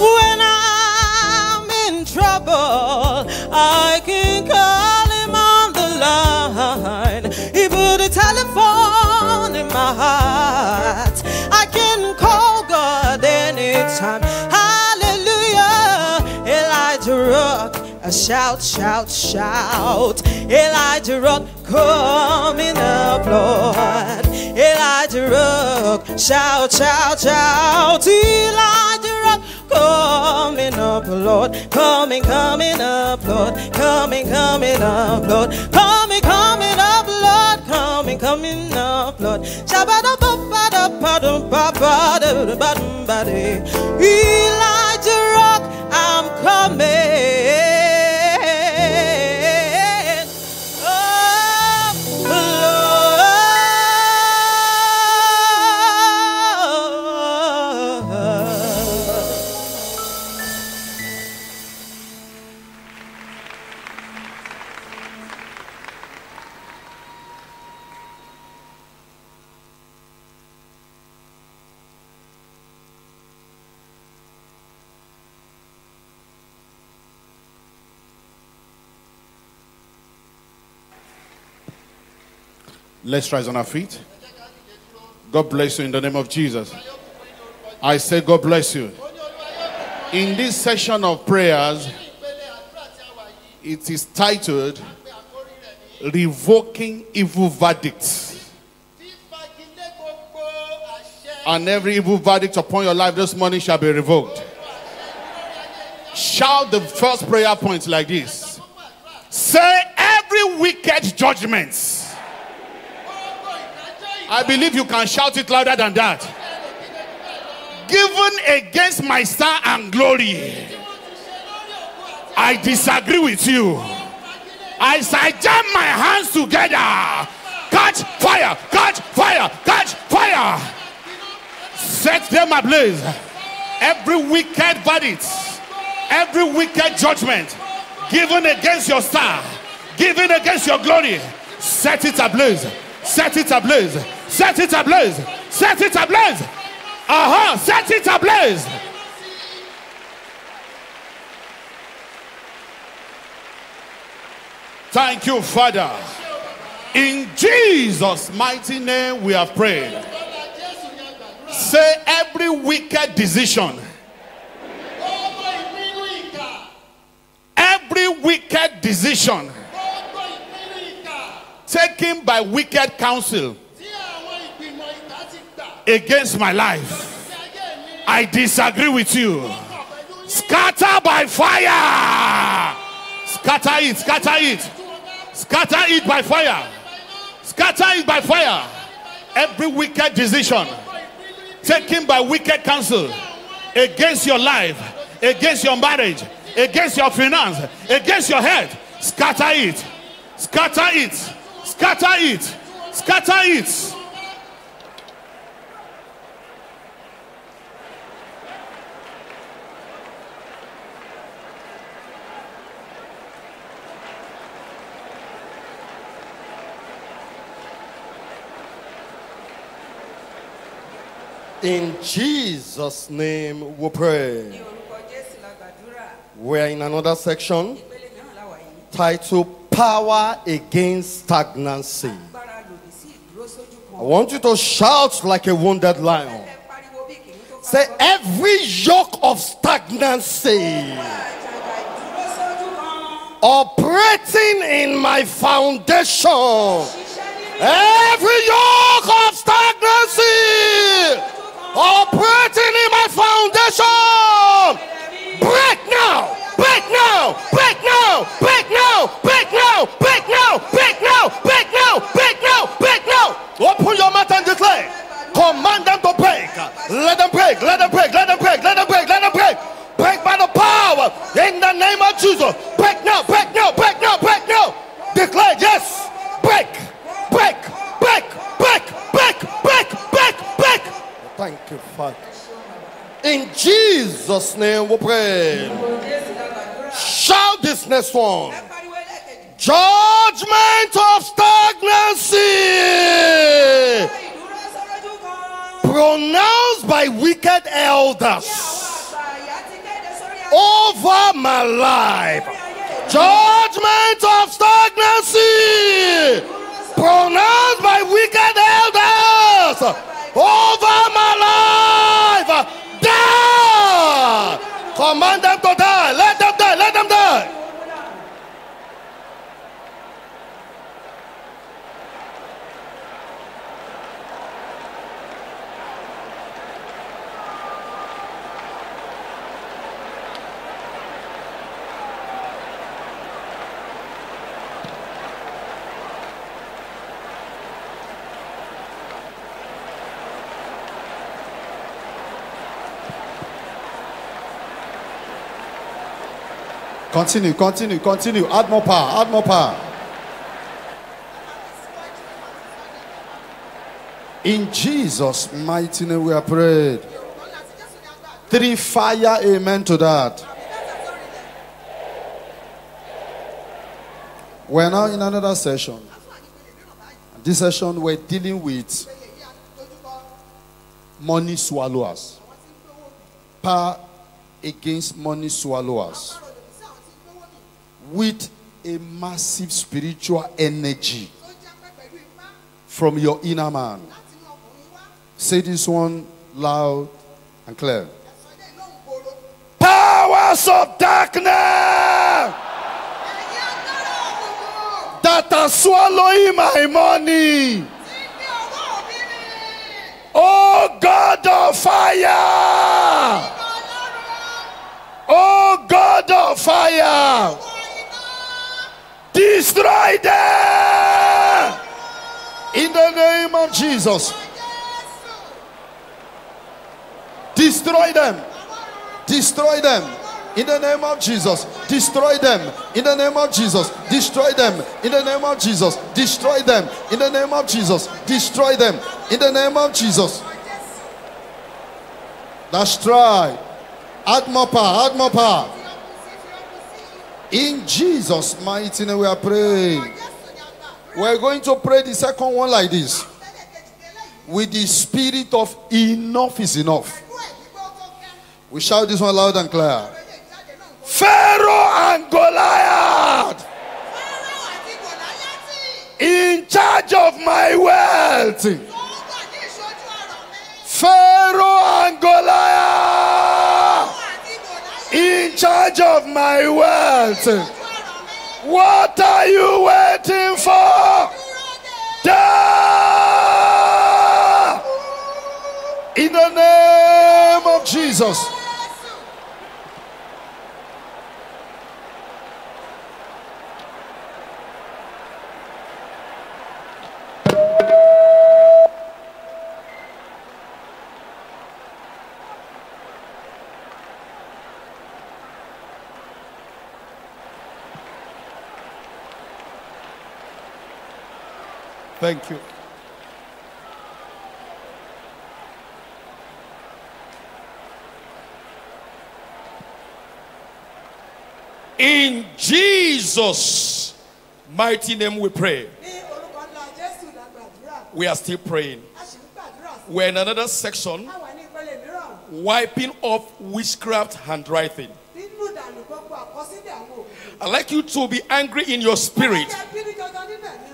When I'm in trouble, I can call him on the line. He put a telephone in my heart. I shout, shout, shout. Elijah Rock coming up, Lord. Elijah Rock, shout, shout, shout. Elijah Rock coming up, Lord. Coming, coming up, Lord. Coming, coming up, Lord. Coming, coming up, Lord. Coming, coming up, Lord. Shabada bada bada bada Elijah Rock, I'm coming. Let's rise on our feet. God bless you in the name of Jesus. I say, God bless you. In this session of prayers, it is titled Revoking Evil Verdicts. And every evil verdict upon your life this morning shall be revoked. Shout the first prayer point like this Say, every wicked judgment I believe you can shout it louder than that. Given against my star and glory. I disagree with you. As I jam my hands together, catch fire, catch fire, catch fire. Set them ablaze. Every wicked verdict, every wicked judgment given against your star, given against your glory, set it ablaze, set it ablaze. Set it ablaze. Set it ablaze. Aha, uh-huh. set it ablaze. Thank you, Father. In Jesus' mighty name, we have prayed. Say every wicked decision. Every wicked decision taken by wicked counsel against my life. I disagree with you. Scatter by fire. Scatter it, scatter it. Scatter it by fire. Scatter it by fire. Every wicked decision taken by wicked counsel against your life, against your marriage, against your finance, against your health, scatter it. Scatter it. Scatter it. Scatter it. Scatter it. In Jesus' name we pray. We are in another section titled Power Against Stagnancy. I want you to shout like a wounded lion. Say, every yoke of stagnancy operating in my foundation, every yoke of stagnancy operating in my foundation. Break now, break now, break now, break now, break now, break now, break now, break now, break now, break now. Open your mouth and declare. Command them to break. Let them break, let them break, let them break, let them break, let them break. Break by the power in the name of Jesus. Break now, break now, break now, break now. Declare yes. Break, break. Thank you, Father. In Jesus' name we pray. Shout this next one. Judgment of stagnancy pronounced by wicked elders over my life. Judgment of stagnancy pronounced by wicked Continue, continue, continue. Add more power, add more power. In Jesus' mighty name we are prayed. Three fire, amen to that. We're now in another session. This session we're dealing with money swallowers. Power against money swallowers with a massive spiritual energy from your inner man. Say this one loud and clear. Powers of darkness that are swallowing my money. Oh God of fire! Oh God of fire! Destroy them! In the name of Jesus. Destroy them. Destroy them. In the name of Jesus, destroy them. In the name of Jesus, destroy them. In the name of Jesus, destroy them. In the name of Jesus, destroy them. In the name of Jesus. That's Add more power. Add more power. In Jesus' mighty name, we are praying. We're going to pray the second one like this with the spirit of enough is enough. We shout this one loud and clear. Pharaoh and Goliath in charge of my wealth. Pharaoh and Goliath in charge of my wealth. What are you waiting for? In the name of Jesus. Thank you. In Jesus' mighty name we pray. We are still praying. We're in another section wiping off witchcraft handwriting. I'd like you to be angry in your spirit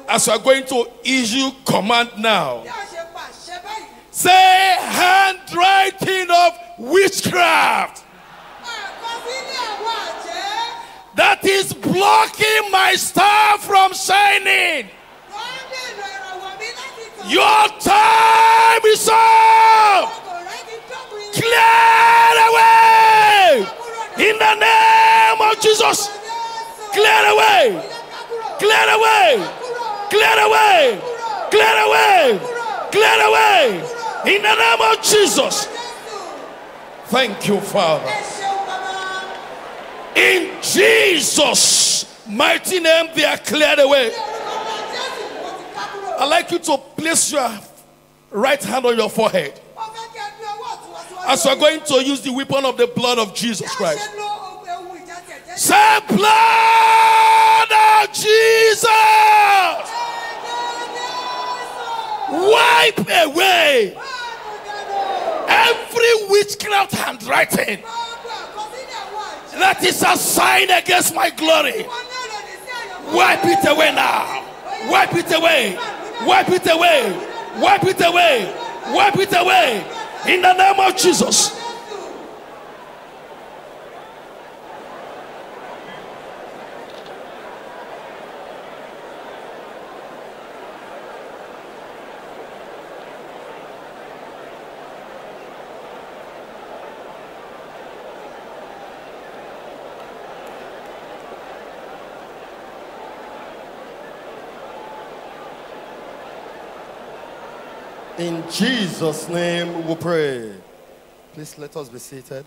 as we are going to issue command now, say handwriting of witchcraft that is blocking my star from shining. Your time is up. Clear away in the name of Jesus. Clear away. Clear away. Clear away! Clear away! Clear away! In the name of Jesus. Thank you, Father. In Jesus' mighty name, they are cleared away. I'd like you to place your right hand on your forehead. As we're going to use the weapon of the blood of Jesus Christ. Say blood! wipe away every witchcraft handwriting that is a sign against my glory. Wipe it away now. Wipe it away. Wipe it away. Wipe it away. Wipe it away. In the name of Jesus. In Jesus' name we pray. Please let us be seated.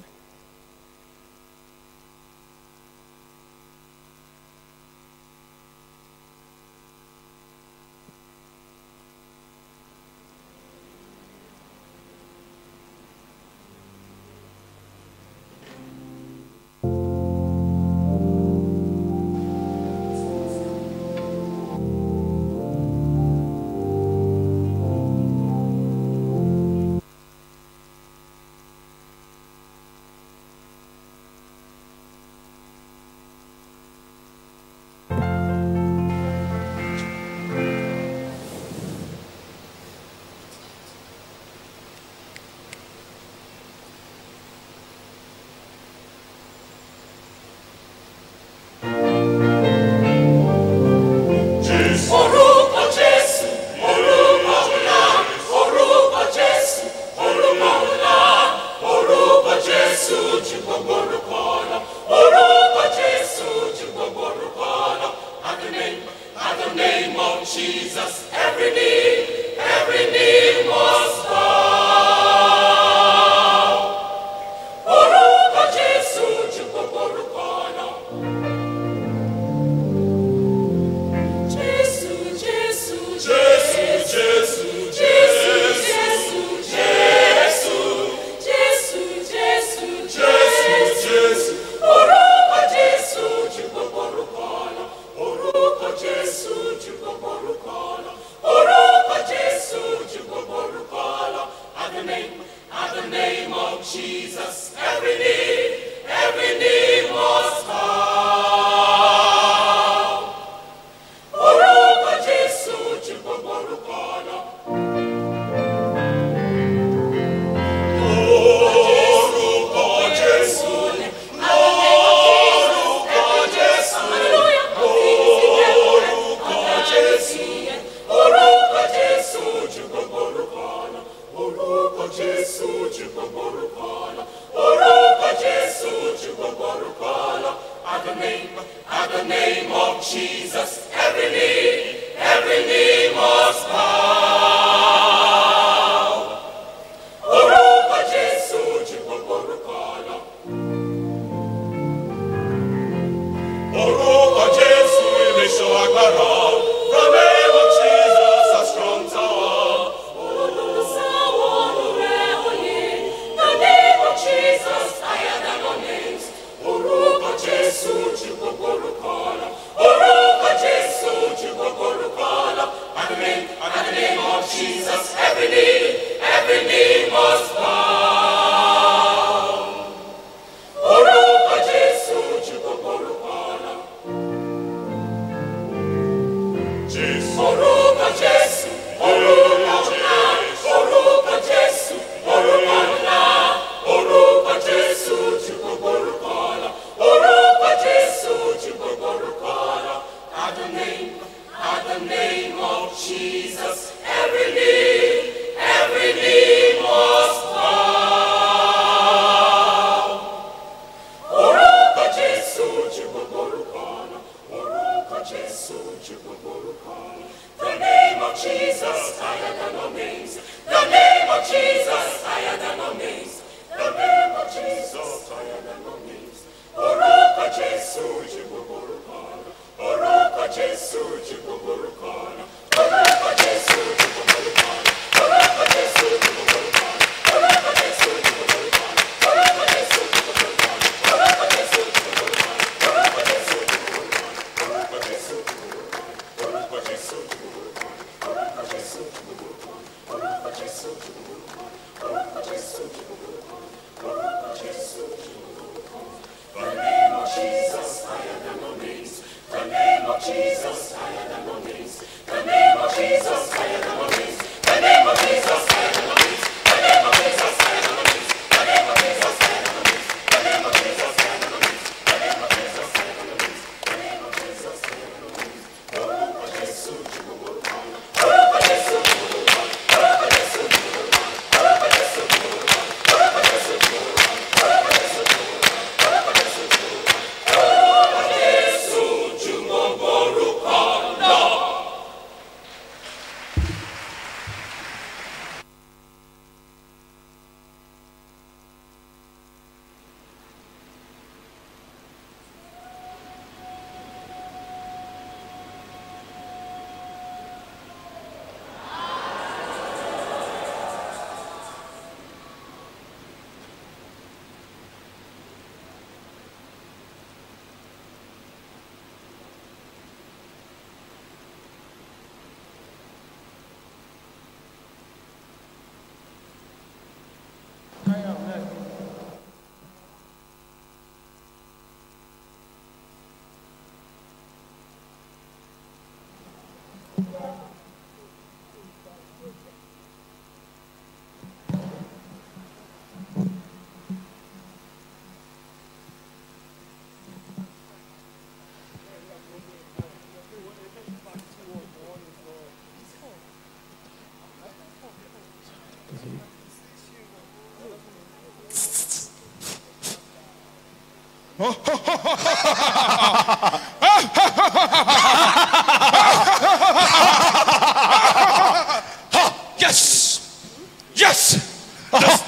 yes. Yes. The,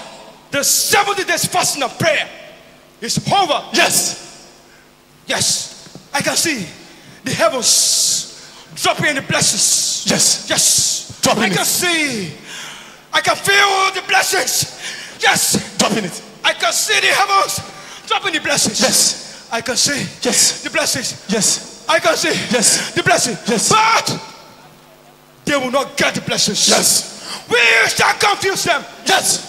the 70 days fasting of prayer is over. Yes. Yes. I can see the heavens dropping the blessings. Yes. Yes. Dropping I can it. see. I can feel the blessings. Yes. Dropping it. I can see the heavens open the blessings. Yes. I can see. Yes. The blessings. Yes. I can see. Yes. The blessings. Yes. But they will not get the blessings. Yes. We shall confuse them. Yes.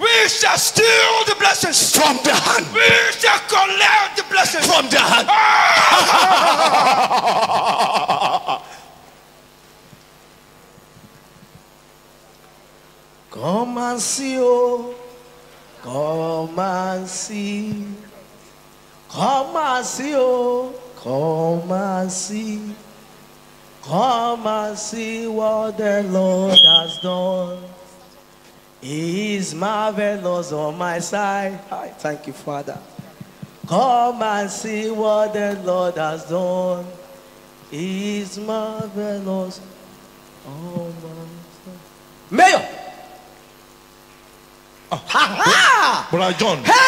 We shall steal the blessings from their hand. We shall collect the blessings from their hand. Ah! [LAUGHS] Come and see, oh, come and see máa sí o come and see, Come and see what the Lord has done. He is marvelous on my side. Hi, thank you, Father. Come and see what the Lord has done. He is marvelous on my side. Mayor! Oh, ah, ha ah, ha! Brother John. Hey!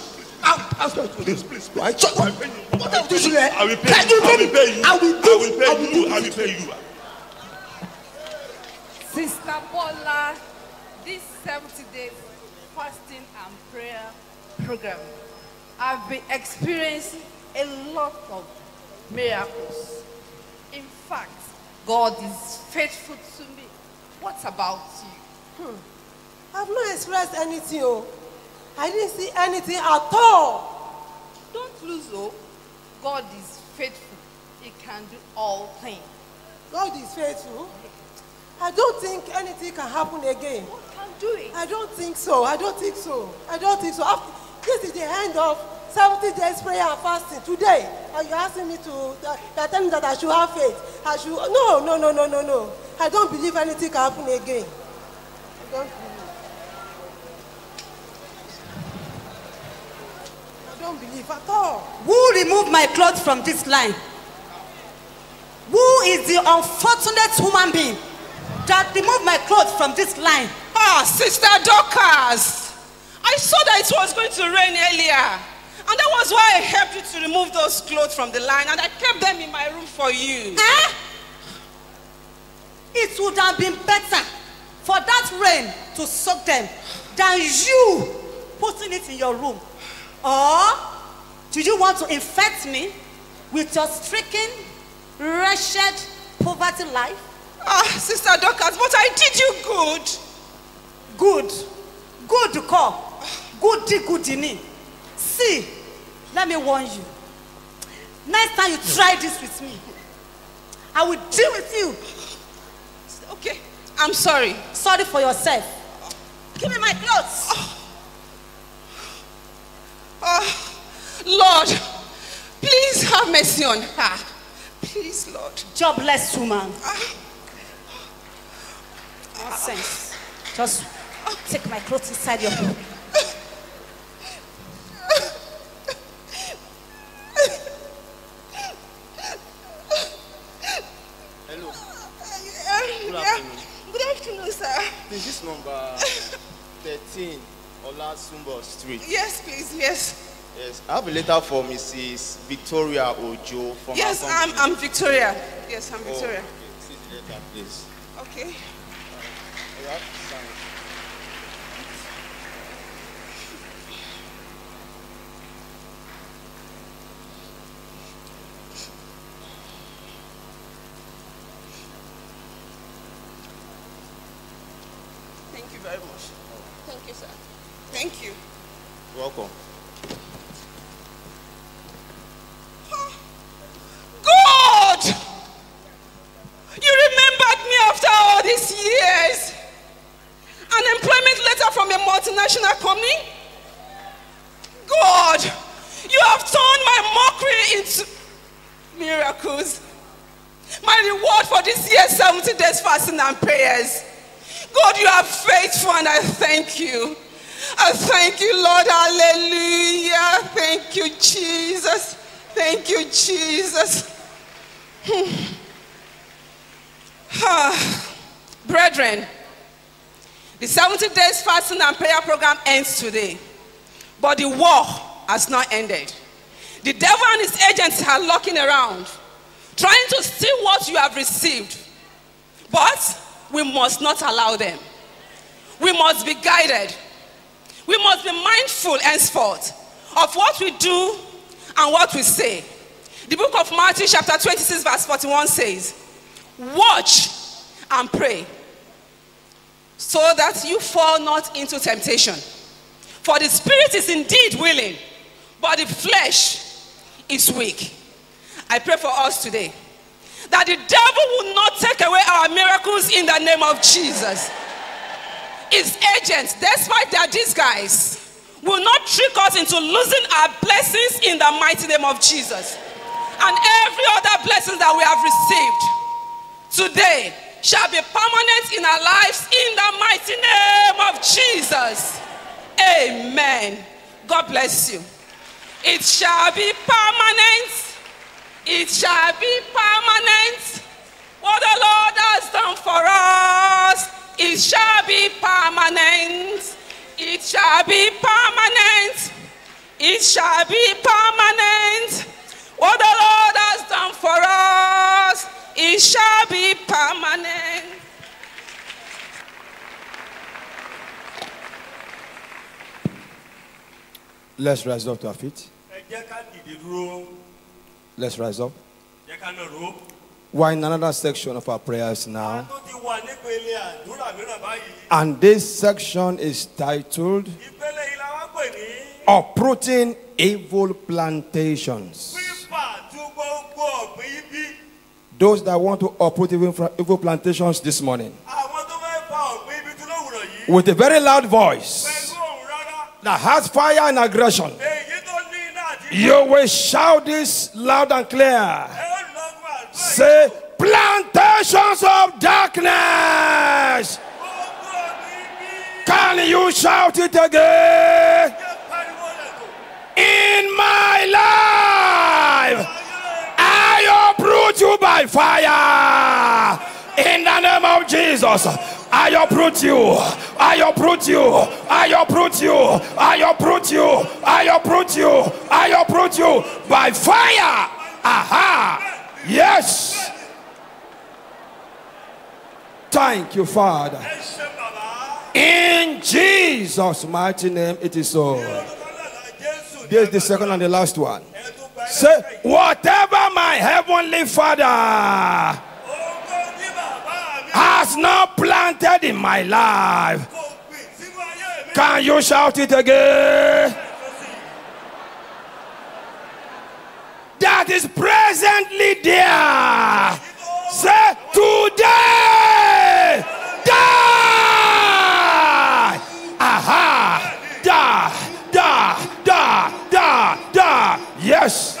out out this place. Why? So, what you I will pay you. I will pay you. I will pay you. I will pay you. Sister Paula, this 70 days fasting and prayer program, I've been experiencing a lot of miracles. In fact, God is faithful to me. What about you? Hmm. I've not experienced anything. Oh. I didn't see anything at all. Don't lose hope. God is faithful. He can do all things. God is faithful? I don't think anything can happen again. God can do it. I don't think so. I don't think so. I don't think so. After, this is the end of 70 days prayer and fasting today. Are you asking me to, uh, you're telling me that I should have faith. I should, no, no, no, no, no, no. I don't believe anything can happen again. I don't don't believe at all. Who removed my clothes from this line? Who is the unfortunate human being that removed my clothes from this line? Ah, Sister Dorcas, I saw that it was going to rain earlier. And that was why I helped you to remove those clothes from the line and I kept them in my room for you. Eh? It would have been better for that rain to soak them than you putting it in your room Or do you want to infect me with your stricken, wretched poverty life? Ah, Sister Dorcas, but I did you good. Good. Good call. Goody goody ni. See, let me warn you. Next time you try this with me, I will deal with you. Okay, I'm sorry. Sorry for yourself. Give me my clothes. Oh. Oh, Lord, please have mercy on her. Please, Lord. Jobless woman. Ah. No sense. Just take my clothes inside your room. Hello. Good afternoon. Good afternoon, sir. This is number 13. Olasumbo Street. Yes, please, yes. Yes, I have a letter for Mrs. Victoria Ojo. From yes, I'm, I'm Victoria. Yes, I'm oh, Victoria. Oh, okay. See the letter, please. Okay. Uh, brethren, the 70 days fasting and prayer program ends today, but the war has not ended. The devil and his agents are looking around, trying to steal what you have received. But we must not allow them. We must be guided. We must be mindful henceforth of what we do and what we say. The book of Matthew, chapter 26, verse 41 says, Watch and pray so that you fall not into temptation. For the spirit is indeed willing, but the flesh is weak. I pray for us today that the devil will not take away our miracles in the name of Jesus. His agents, despite their disguise, will not trick us into losing our blessings in the mighty name of Jesus. And every other blessing that we have received today shall be permanent in our lives in the mighty name of Jesus. Amen. God bless you. It shall be permanent. It shall be permanent. What the Lord has done for us, it shall be permanent. It shall be permanent. It shall be permanent. What the Lord has done for us, it shall be permanent. Let's rise up to our feet. Let's rise up. We're in another section of our prayers now. And this section is titled Uprooting Evil Plantations. Those that want to uproot even from evil plantations this morning. With a very loud voice that has fire and aggression. You will shout this loud and clear. Say, plantations of darkness. Can you shout it again? In my life, I put you by fire in the name of Jesus. I uproot you. I uproot you. I uproot you. I uproot you. I uproot you. I uproot you by fire. Aha. Yes. Thank you, Father. In Jesus' mighty name, it is so. This is the second and the last one. Say, whatever my heavenly father has not planted in my life, can you shout it again? That is presently there. Say, today. That Yes.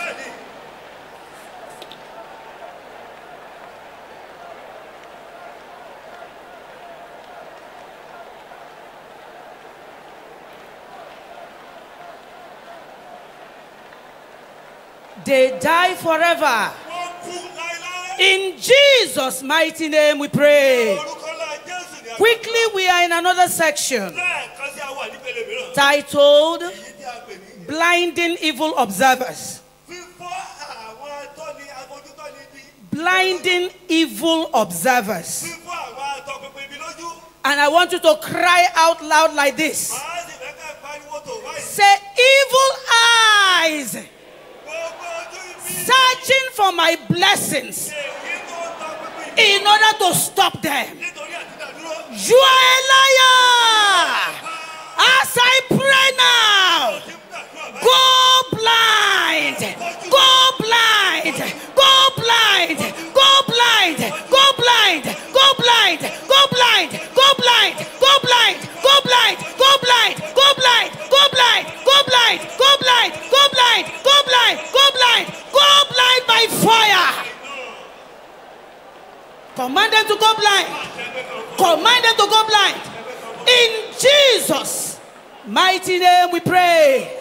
They die forever. In Jesus' mighty name we pray. Quickly, we are in another section titled blinding evil observers. Blinding evil observers. And I want you to cry out loud like this. Say, evil eyes searching for my blessings in order to stop them. You are a liar. As I pray now. Go blind. Go blind. Go blind. Go blind. Go blind. Go blind. Go blind. Go blind. Go blind. Go blind. Go blind. Go blind. Go blind. Go blind. Go blind. Go blind. Go blind. Go blind. Go blind by fire. Command them to go blind. Command them to go blind. In Jesus' mighty name we pray.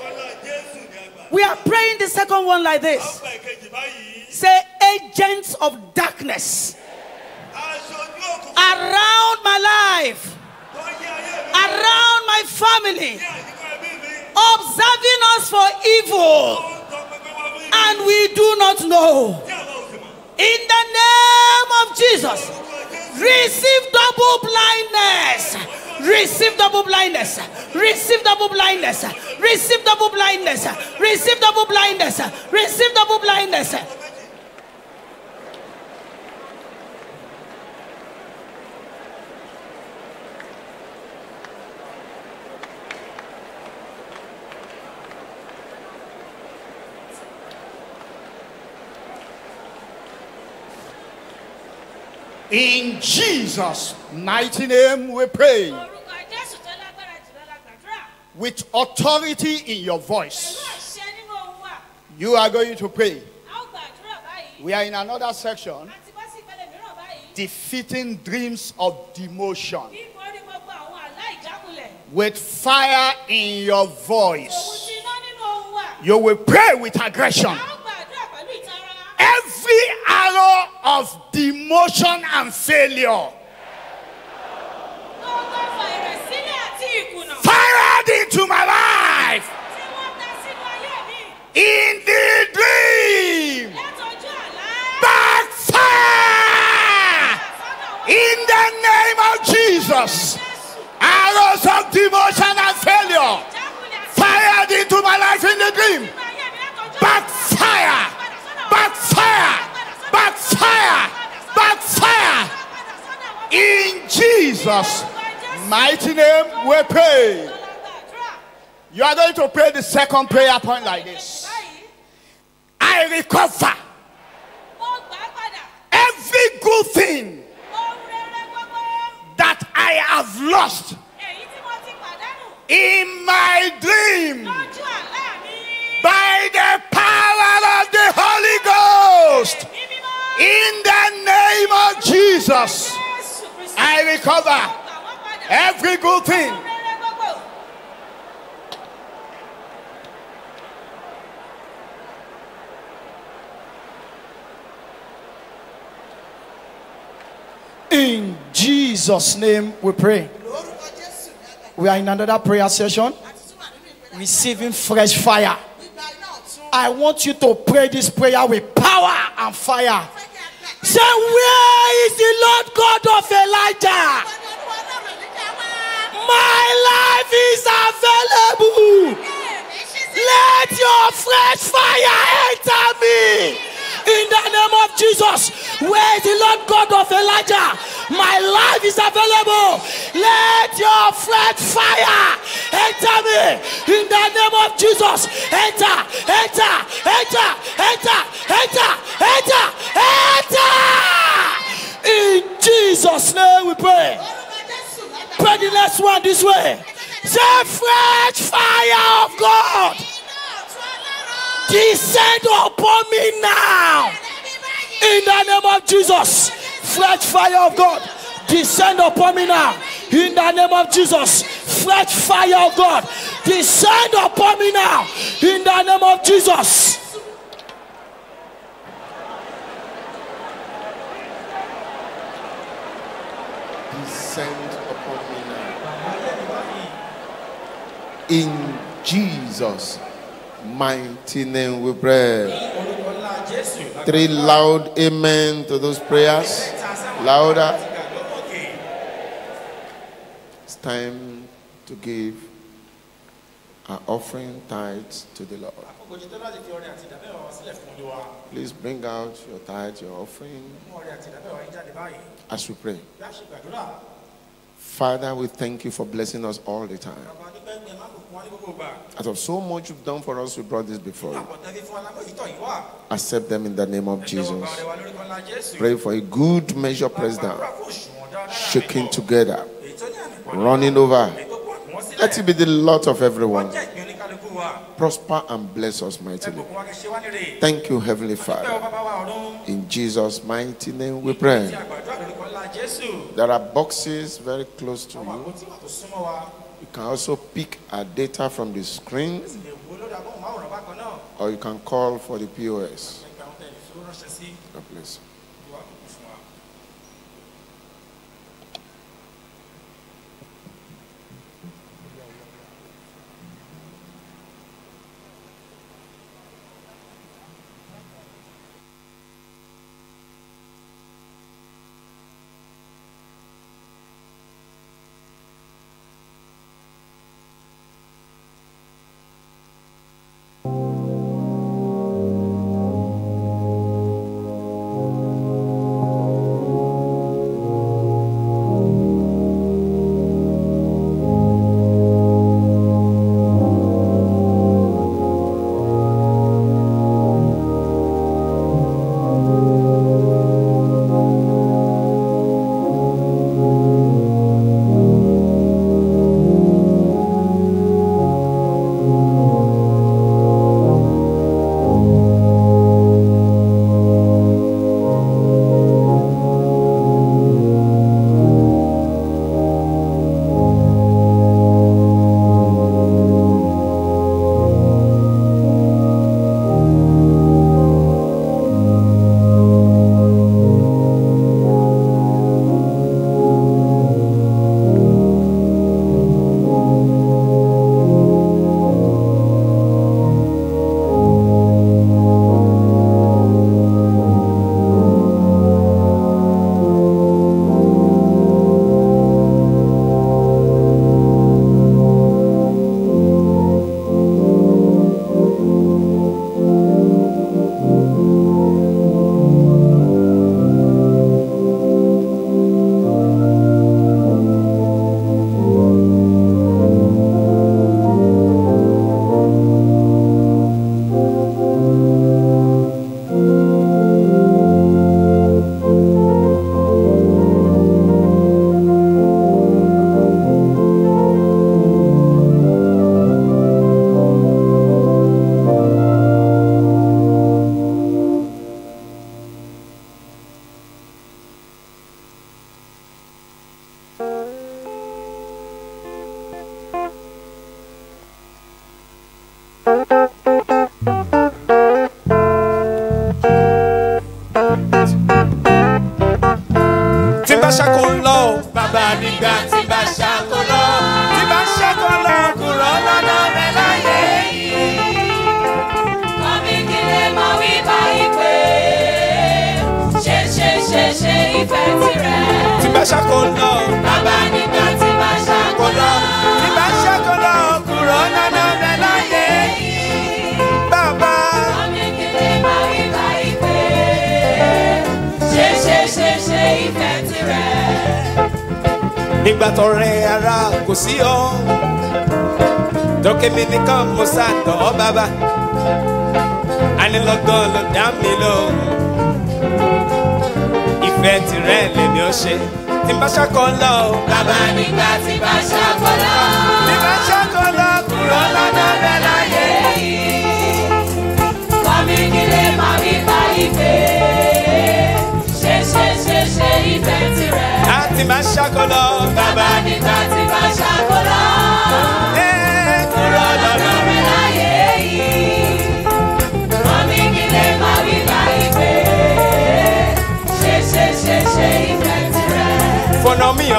We are praying the second one like this. Say, agents of darkness around my life, around my family, observing us for evil, and we do not know. In the name of Jesus, receive double blindness. Receive double blindness. Receive double blindness. Receive double blindness. Receive double blindness. Receive double blindness. In Jesus' mighty name we pray with authority in your voice. You are going to pray. We are in another section defeating dreams of demotion. With fire in your voice, you will pray with aggression. Every arrow of demotion and failure into my life in the dream. Backfire in the name of Jesus. Arrows of devotion and failure fired into my life in the dream. Backfire, backfire, backfire, backfire. In Jesus' mighty name we pray. You are going to pray the second prayer point like this I recover every good thing that I have lost in my dream by the power of the Holy Ghost. In the name of Jesus, I recover every good thing. In Jesus' name we pray. We are in another prayer session. Receiving fresh fire. I want you to pray this prayer with power and fire. Say, Where is the Lord God of Elijah? My life is available. Let your fresh fire enter me in the name of Jesus. Where is the Lord God of Elijah? My life is available. Let your fresh fire enter me in the name of Jesus. Enter, enter, enter, enter, enter, enter, enter. In Jesus' name we pray. Pray the next one this way. Say fresh fire of God. Descend upon me now. In the name of Jesus. Fresh fire of God. Descend upon me now. In the name of Jesus. Fresh fire of God. Descend upon me now. In the name of Jesus. Descend upon me now. In Jesus' mighty name we pray. Three loud amen to those prayers. Louder. It's time to give our offering tithes to the Lord. Please bring out your tithe, your offering, as we pray. Father, we thank you for blessing us all the time. As of so much you've done for us, we brought this before you. Accept them in the name of Jesus. Pray for a good measure President. down, shaking together, running over. Let it be the lot of everyone. Prosper and bless us mightily. Thank you, Heavenly Father. In Jesus' mighty name we pray. There are boxes very close to you. You can also pick a data from the screen or you can call for the POS. God bless you.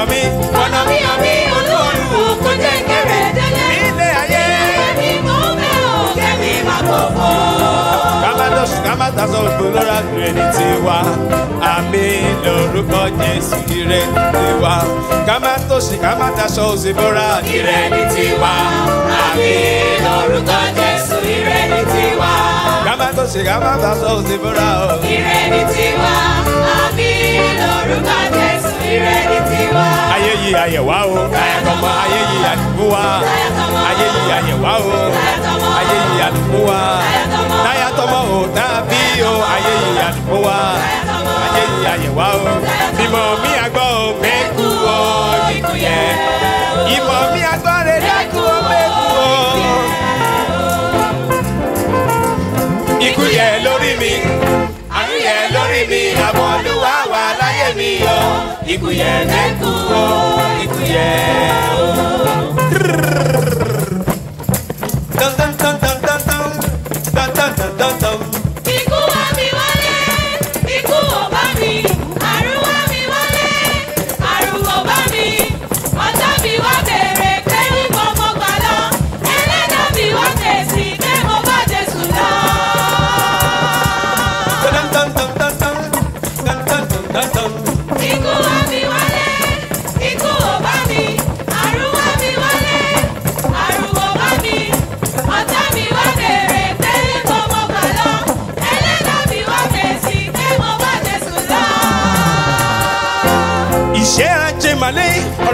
ọ̀nà mi. ọ̀nà mi ọ̀mí olúwolúwo kó jẹ́ kẹrẹ délé. ilé ayé. kẹ́mi mò ń bẹ̀ ọ́ kẹ́mi má gbogbo. kámátọ̀sù kámátàsọ ògbólóra rẹ ní tiwa àmì lórúkọ jésù ire ní tiwa kámátọ̀sù kámátàsọ òsèbóra ire ní tiwa àmì lórúkọ jésù ire ní tiwa. kámátọ̀sù kámátàsọ òsèbóra ire ní tiwa àmì lórúkọ jésù ire ní tiwa. ayé yìí àyẹ̀wá o ayé yìí àdúgbò wa ayé yìí àyẹ̀wá o ayé yìí àdúgbò wa táyà tọmọ o tàbí o ayé yìí àdúgbò wa ayé yìí àyẹ̀wá o bímọ mi àgbọ̀ o mẹ́kù o ikú yẹ ìmọ̀ mi àgbọ̀ rẹ̀ dákú o mẹ́kù o. ikú yẹ lórí mi àrùn yẹ lórí mi àbọ̀ o. mío mi o tú de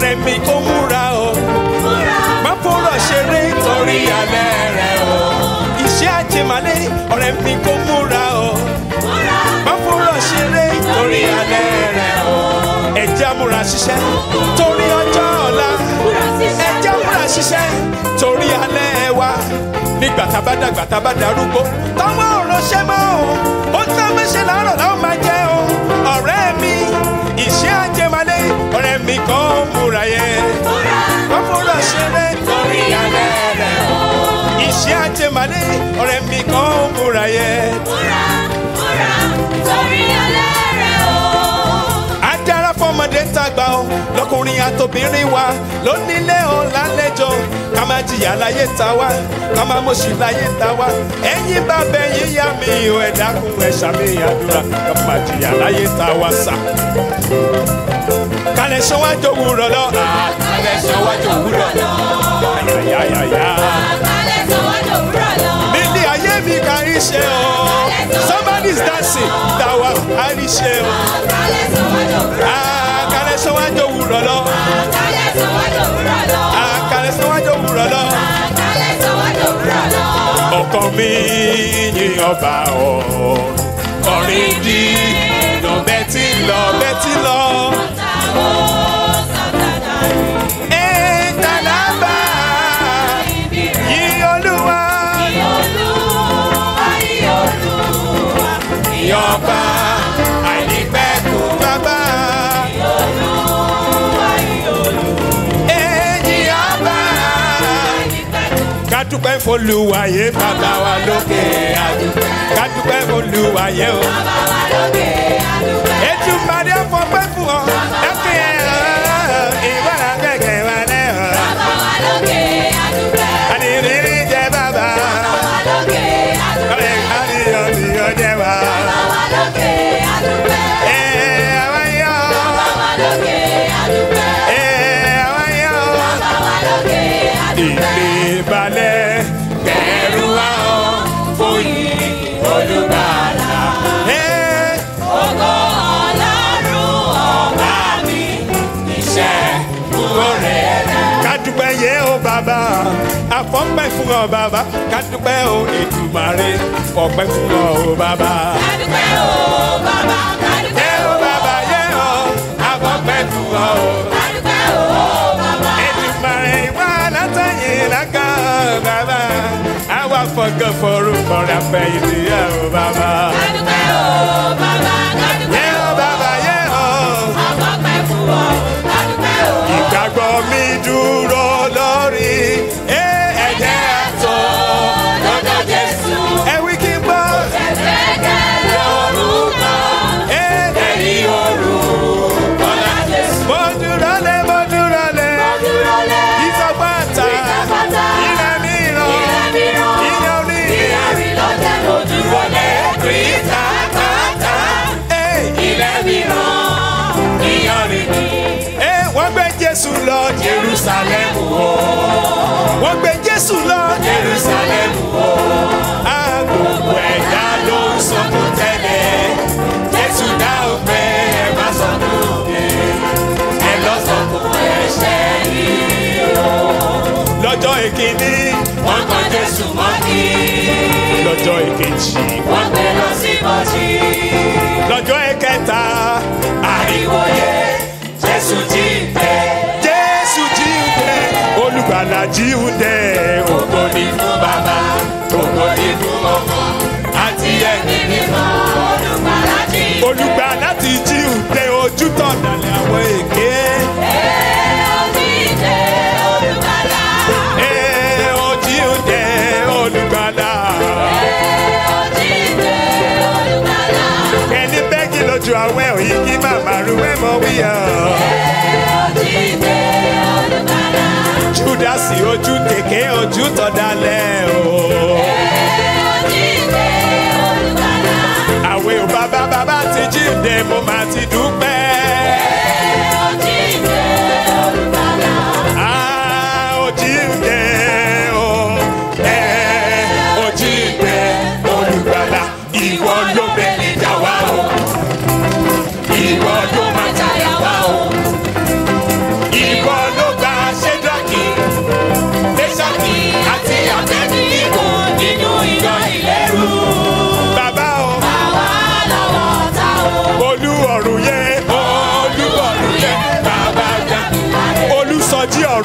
tèmi kó múra o má fọ̀rọ̀ ṣeré torí alẹ́ rẹ̀ o iṣẹ́ àjẹmálé ọ̀rẹ́ mi kó múra o má fọ̀rọ̀ ṣeré torí alẹ́ rẹ̀ o ẹ̀jẹ̀ amúra ṣiṣẹ́ torí ọjọ́ ọ̀la ẹ̀jẹ̀ amúra ṣiṣẹ́ torí alẹ́ wa nígbà tá a bá dàgbà tá a bá darúgbó tọ́wọ́ ọ̀rọ̀ ṣẹ́ mọ́ o ó tán mẹ́ṣẹ́ làárọ̀ làwọn máa jẹ́ o ọ̀rẹ́ mi iṣẹ́ àjẹmálé ọ̀rẹ́ mi kò múra yẹ. kò múra ṣeré torí alẹ́ rẹ̀ o. ìṣe àjẹmàdé ọ̀rẹ́ mi komura ye, komura, múra múra torí alẹ́ rẹ̀ o. adára fọmọdé tàgbà o lọkùnrin àtòbìnrin wa lónílé o lálejò ká má jìyà láyé ta wá ká má mọ̀ṣì láyé ta wá ẹ̀yin bá bẹ yíyá mi ò ẹ dákun ẹ ṣàmì àdúrà ká má jìyà láyé ta wá sá alẹ́ sọ wá jò wúrọ̀ lọ. alẹ́ sọ wá jò wúrọ̀ lọ. ayayaya. alẹ́ sọ wá jò wúrọ̀ lọ. nílé ayé mi kà í ṣe o. somebody is dancing tàwa á rí ṣe o. alẹ́ sọ wá jò wúrọ̀ lọ. Ah, alẹ́ sọ wá jò wúrọ̀ lọ. alẹ́ sọ wá jò wúrọ̀ lọ. Ah, alẹ́ sọ wá jò wúrọ̀ lọ. alẹ́ sọ wá jò wúrọ̀ lọ. ọkọ mi yìn ọba o. orin di lọ bẹ́ẹ̀ ti lọ bẹ́ẹ̀ ti lọ. ni ọba àìnípẹ̀kù bàbá. kádúpẹ́ f'Olúwayé bàbá wa lókè àdúpẹ́ kádúpẹ́ f'Olúwayé o bàbá wa lókè àdúpẹ́ ètùmọ̀dé fọpẹ́ fún ọ ẹ̀kẹ́ ẹ̀. ọ bàbá ká dúpẹ́ o Èdùmàrè ọpẹ́ fún ọ o baba, ká dúpẹ́ o bàbá ká dúpẹ́ o. yẹ o bàbá yẹ o abọ́pẹ́ fún ọ o. ká dúpẹ́ o bàbá. Èdùmàrè wà látàyè lága bàbá àwa fọgàn forúkọ rẹ àfẹ̀yìntì yẹ o bàbá. ká o bàbá ká o. yẹ o bàbá yẹ o abọ́pẹ́ fún ọ. ká o. ìgbàgbọ́ mi dùn. Jésù lọ Jerusalem wò. Wọ́n gbé Jésù lọ Jerusalem wò. Agbogbo ẹ̀dá ló ń sọkún tẹ́lẹ̀. Jésù dá òpè ẹ̀ má sọkún òkè. Ẹ lọ sọkún ẹ̀ṣẹ̀ yìí o. Lọ́jọ́ èkìní. Wọ́n kan Jésù mọ́ kí. Lọ́jọ́ èkejì. Wọ́n gbé lọ sí mọ́jì. Àlàjíùndé. Ògo ni fún bàbá, ògo ni fún ọmọ, àti ẹ̀mí mímọ́ olùgbàlà jí. Olùgbàlà ti jíùndé ojútọ̀ dàlẹ̀ àwọn èké. Ẹ ọdí ìdè olùgbàlà. Ẹ ọdí ìdè olùgbàlà. Ẹ ọdí ìdè olùgbàlà. Ẹni bẹ́ẹ̀gì lójú àwẹ̀ òyìnbí màmá rúwẹ́ mọ́ wíyà dásí ojú tèké ojú tọ̀dálẹ̀ o. àwẹ̀ ò bàbá bàbá ti jíǹde mo máa ti dúpẹ́.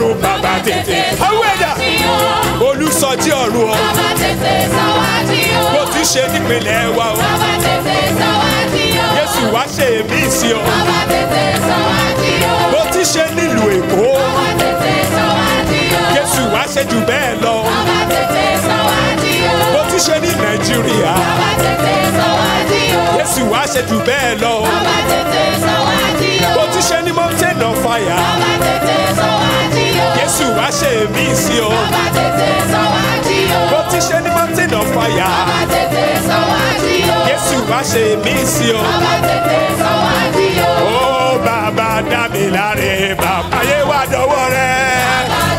ọ̀run bàbá tètè ọwọ́ ẹ̀dá olùsọjí ọ̀run ọ bàbá tètè sọwájú ọ kò tún ṣe nípìnlẹ̀ wa o bàbá tètè sọwájú ọ Jésù wá ṣe èmi sí ọ bàbá tètè sọwájú ọ kò tún ṣe nílùú Èkó bàbá tètè sọwájú ọ Jésù wá ṣe jù bẹ́ẹ̀ lọ bàbá tètè sọwájú ọ kò tún ṣe ní Nàìjíríà bàbá tètè sọwájú ọ Jésù wá ṣe jù bẹ́ẹ̀ lọ bàbá tètè sọwájú ọ kò tún ṣe ní mountain of fire bàbá tètè sọwájú ọ. Jésù wá ṣe mí sí o. Bàbá tètè sọ wá jí o. Bó ti ṣe ní mountain of fire. Bàbá tètè sọ wá jí o. Jésù wá ṣe mí sí o. Ó oh, bàbá dá mi láre bàbá yé wá dọwọ́ rẹ̀.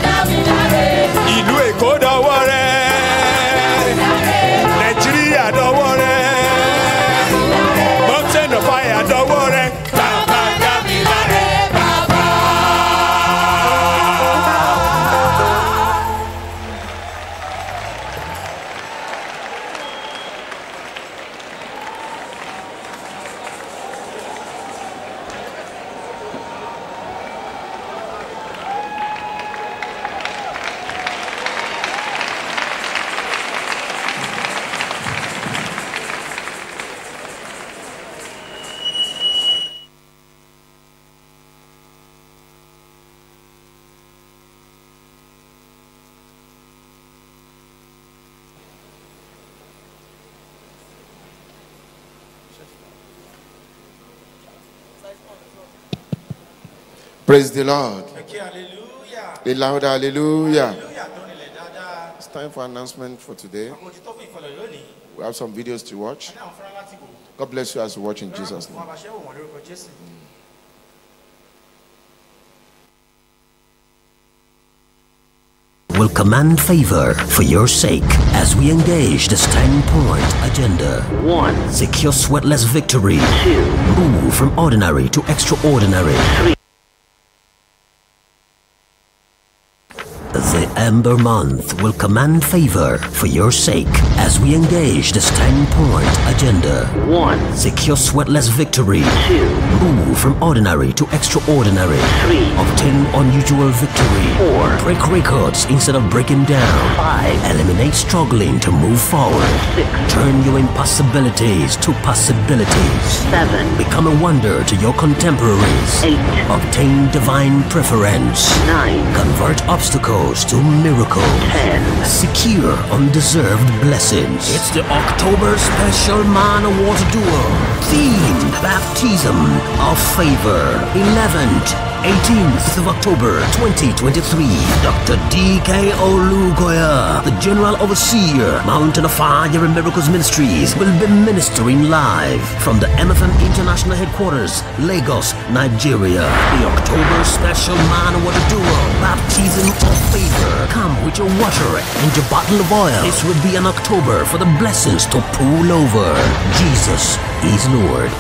Praise the Lord. A loud hallelujah. It's time for announcement for today. We have some videos to watch. God bless you as you watch in Jesus' name. will command favor for your sake as we engage this 10-point agenda. 1. Secure sweatless victory. 2. Move from ordinary to extraordinary. 3. November Month will command favor for your sake as we engage this 10-point agenda. 1. Secure sweatless victory. 2. Move from ordinary to extraordinary. 3. Obtain unusual victory. 4. Break records instead of breaking down. 5. Eliminate struggling to move forward. 6. Turn your impossibilities to possibilities. 7. Become a wonder to your contemporaries. 8. Obtain divine preference. 9. Convert obstacles to miracles. 10. Secure undeserved blessings. It's the October Special Man Award Duel. Themed Baptism of Favor. 11th 18th of October 2023, Dr. D.K. Olugoya, the General Overseer, Mountain of Fire and Miracles Ministries, will be ministering live from the MFM International Headquarters, Lagos, Nigeria. The October Special Man Water Duo, Baptism of Favor. Come with your water and your bottle of oil. This will be an October for the blessings to pool over. Jesus is Lord.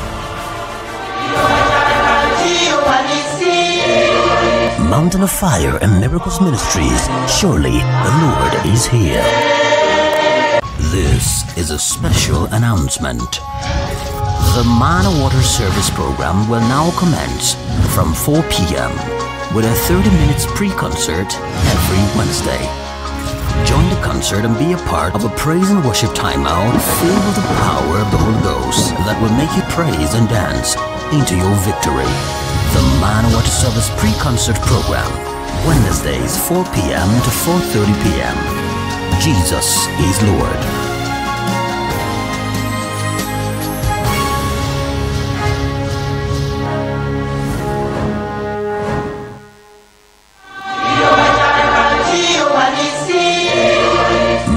Mountain of Fire and Miracles Ministries. Surely the Lord is here. This is a special announcement. The Mana Water Service Program will now commence from 4 p.m. with a 30 minutes pre-concert every Wednesday. Join the concert and be a part of a praise and worship timeout filled with the power of the Holy Ghost that will make you praise and dance into your victory the Man Water Service pre-concert program. Wednesdays 4 p.m. to 4.30 p.m. Jesus is Lord.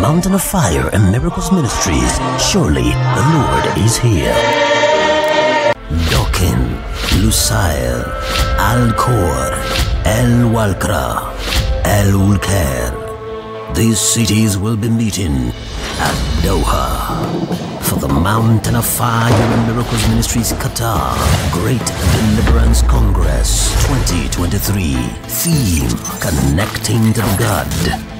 Mountain of Fire and Miracles Ministries. Surely the Lord is here. Lusail, Al-Khor, El-Walkra, El-Ulker. These cities will be meeting at Doha. For the Mountain of Fire and Miracles Ministries Qatar Great Deliverance Congress 2023 Theme Connecting to the God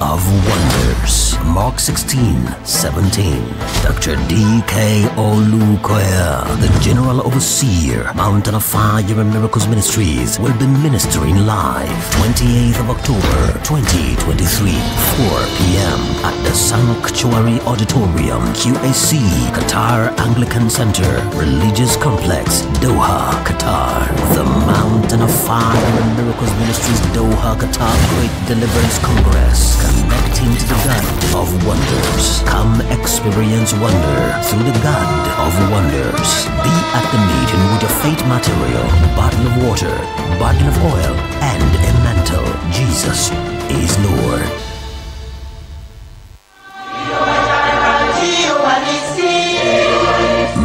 of Wonders Mark 16, 17 Dr. D.K. Olukoya The General Overseer Mountain of Fire and Miracles Ministries will be ministering live 28th of October 2023 4 p.m. at the Sanctuary Auditorium Auditorium, QAC, Qatar Anglican Center, Religious Complex, Doha, Qatar. The Mountain of Fire and Miracles Ministries, Doha, Qatar Great Deliverance Congress, connecting to the God of Wonders. Come experience wonder through the God of Wonders. Be at the meeting with your faith material, bottle of water, bottle of oil, and a mantle. Jesus is Lord.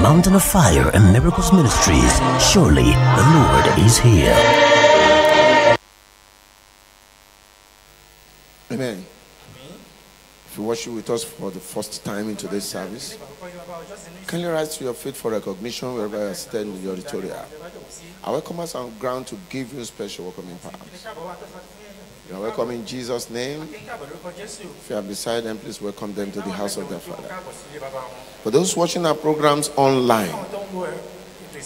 Mountain of Fire and Miracles Ministries. Surely the Lord is here. Amen. If you worship with us for the first time into this service, can you rise to your feet for recognition wherever you stand in the auditorium? I welcome us on ground to give you special welcoming powers. You are welcome in Jesus' name. If you are beside them, please welcome them to the house of their Father. For those watching our programs online,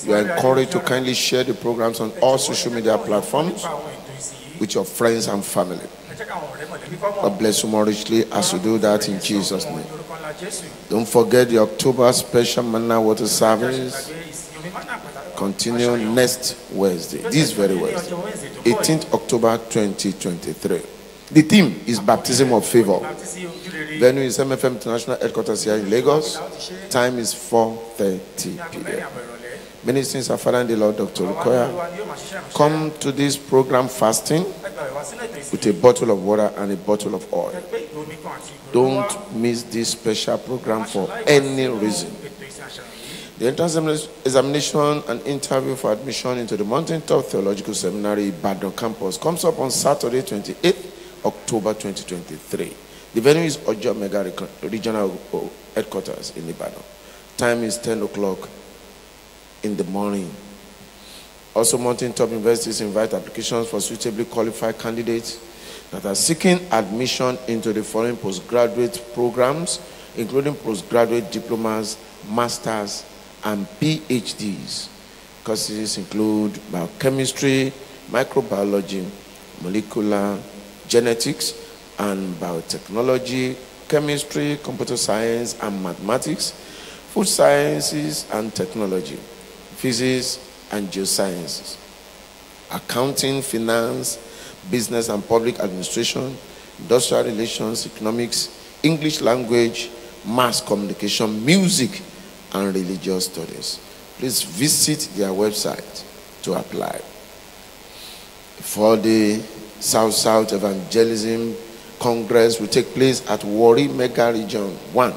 you are encouraged to kindly share the programs on all social media platforms with your friends and family. God bless you more richly as you do that in Jesus' name. Don't forget the October special manna water service continue next Wednesday, this very Wednesday, 18th October 2023. The theme is baptism of favor. Venue is MFM International Headquarters here in Lagos. Time is 4.30 p.m. Ministers are following the Lord, Dr. Koya. Come to this program fasting with a bottle of water and a bottle of oil. Don't miss this special program for any reason. The entrance examination and interview for admission into the Mountaintop Theological Seminary Ibadan campus comes up on Saturday, 28th October 2023. The venue is Ojo Mega Regional Headquarters in Ibadan. Time is 10 o'clock in the morning. Also, Mountaintop universities invite applications for suitably qualified candidates that are seeking admission into the following postgraduate programs, including postgraduate diplomas, masters, and PhDs. Courses include biochemistry, microbiology, molecular genetics, and biotechnology, chemistry, computer science and mathematics, food sciences and technology, physics and geosciences, accounting, finance, business and public administration, industrial relations, economics, English language, mass communication, music, and religious studies. Please visit their website to apply. For the South South Evangelism Congress will take place at Wari Mega Region 1, uh,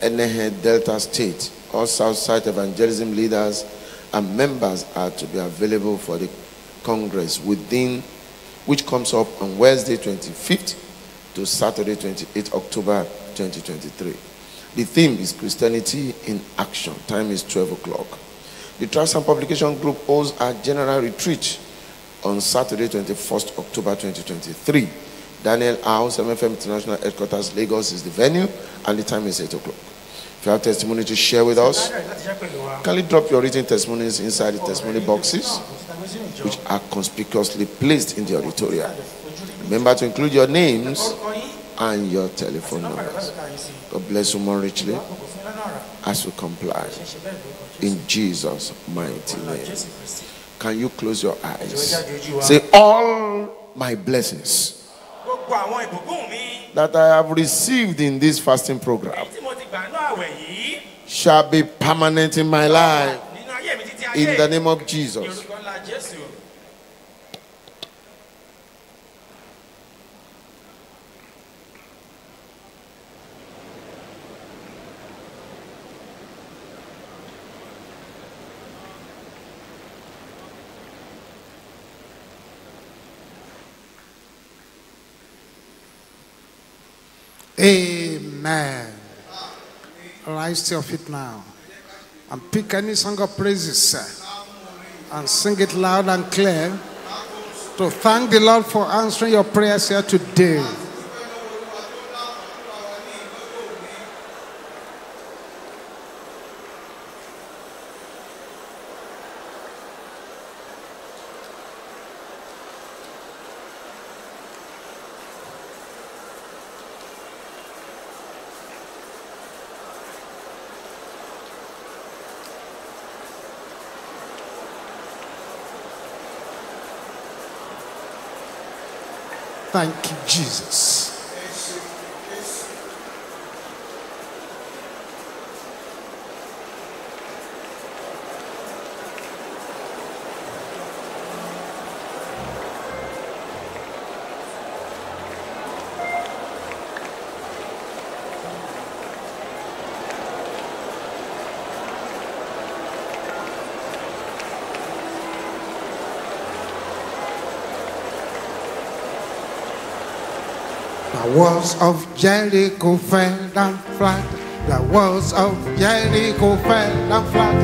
Enehe Delta State. All South South Evangelism leaders and members are to be available for the Congress within which comes up on Wednesday 25th to Saturday 28th October 2023. The theme is Christianity in Action. Time is 12 o'clock. The Trust and Publication Group holds a general retreat on Saturday, 21st October 2023. Daniel House, MFM International Headquarters, Lagos is the venue, and the time is 8 o'clock. If you have testimony to share with us, kindly drop your written testimonies inside the testimony boxes, which are conspicuously placed in the auditorium. Remember to include your names and your telephone numbers. God bless you more richly as you comply. In Jesus' mighty name. Can you close your eyes? Say, All my blessings that I have received in this fasting program shall be permanent in my life. In the name of Jesus. Amen. Rise to your feet now and pick any song of praises and sing it loud and clear to thank the Lord for answering your prayers here today. Thank you, Jesus. walls of Jericho fell down flat. The walls of Jericho fell down flat.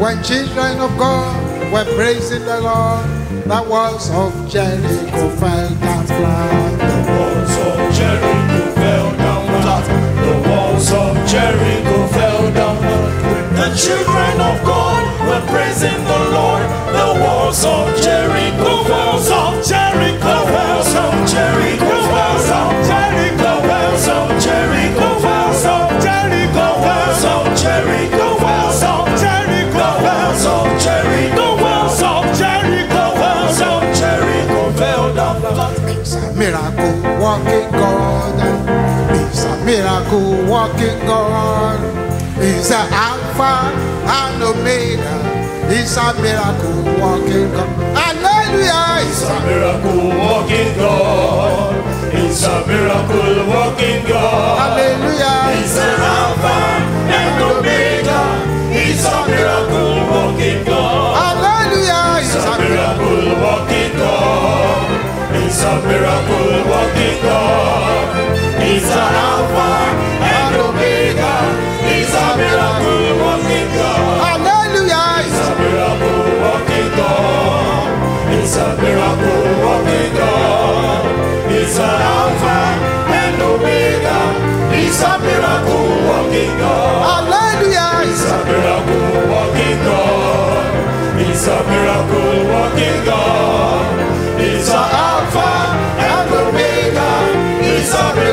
When children of God were praising the Lord, the walls of Jericho fell down flat. The walls of Jericho fell down flat. The walls of Jericho fell down flat. When the children of God were praising the Lord, the walls of Jericho, the walls of Jericho, the walls of Jericho. walk God. He's a miracle walking God. He's an Alpha and Omega. He's a miracle walking God. Hallelujah! He's a miracle walking God. He's a miracle walking God. Hallelujah! He's an Alpha and Omega. He's a miracle walking God. Hallelujah! He's a miracle walking He's a miracle working God. He's an Alpha and Omega. He's a miracle working God. Hallelujah. He's a miracle working God. He's a miracle working God. He's an Alpha and Omega. He's a miracle working God. Hallelujah. He's a miracle working God. He's a miracle working God. It's a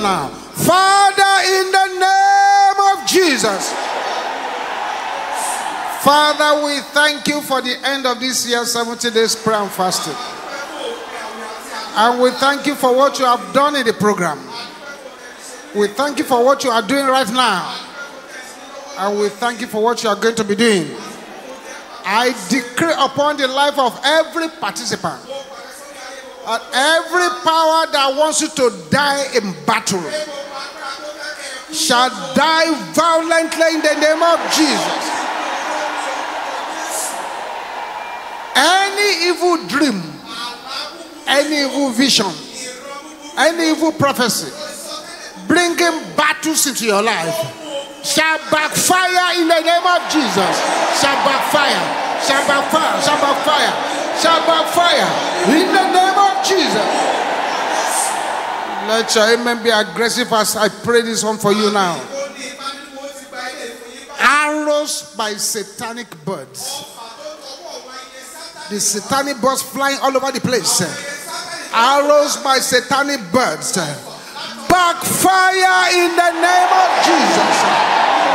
now. Father, in the name of Jesus. Father, we thank you for the end of this year, 70 days prayer and fasting. And we thank you for what you have done in the program. We thank you for what you are doing right now. And we thank you for what you are going to be doing. I decree upon the life of every participant at every power that wants you to die in battle shall die violently in the name of Jesus. Any evil dream, any evil vision, any evil prophecy bringing battles into your life shall backfire in the name of Jesus. Shall backfire, shall backfire, shall backfire, shall backfire in the name let your amen be aggressive as I pray this one for you now. Arrows by satanic birds. The satanic birds flying all over the place. Arrows by satanic birds. Backfire in the name of Jesus.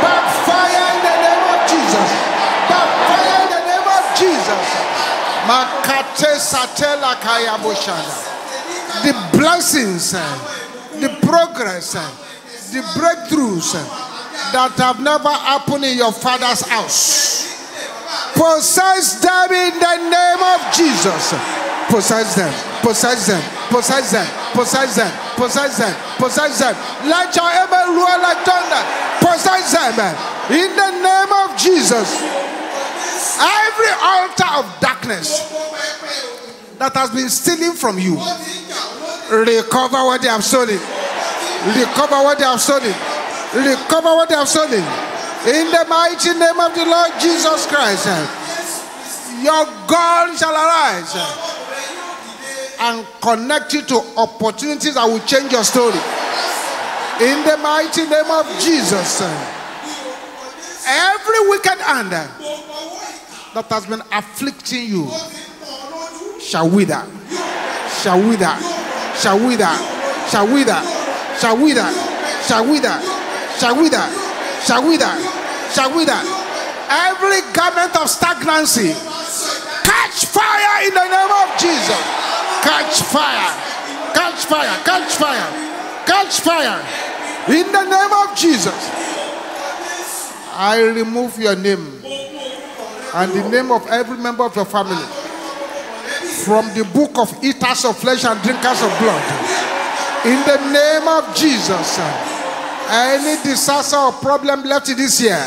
Backfire in the name of Jesus. Backfire in the name of Jesus. Makate satela kaya boshana the blessings, the progress, the breakthroughs that have never happened in your father's house. Possess them in the name of Jesus. Possess them, possess them, possess them, possess them, possess them, possess them. Let your ever rule like thunder. Possess them eh, in the name of Jesus. Every altar of darkness that has been stealing from you. Recover what they have stolen. Recover what they have stolen. Recover what they have stolen. In the mighty name of the Lord Jesus Christ, eh, your God shall arise eh, and connect you to opportunities that will change your story. In the mighty name of Jesus, eh, every wicked hand that has been afflicting you shall wither, shall wither, shall wither, shall wither, shall wither, shall wither, shall wither, shall wither, shall wither. Every garment of stagnancy, catch fire in the name of Jesus. Catch fire, catch fire, catch fire, catch fire in the name of Jesus. I remove your name and the name of every member of your family from the book of eaters of flesh and drinkers of blood. In the name of Jesus, any disaster or problem left this year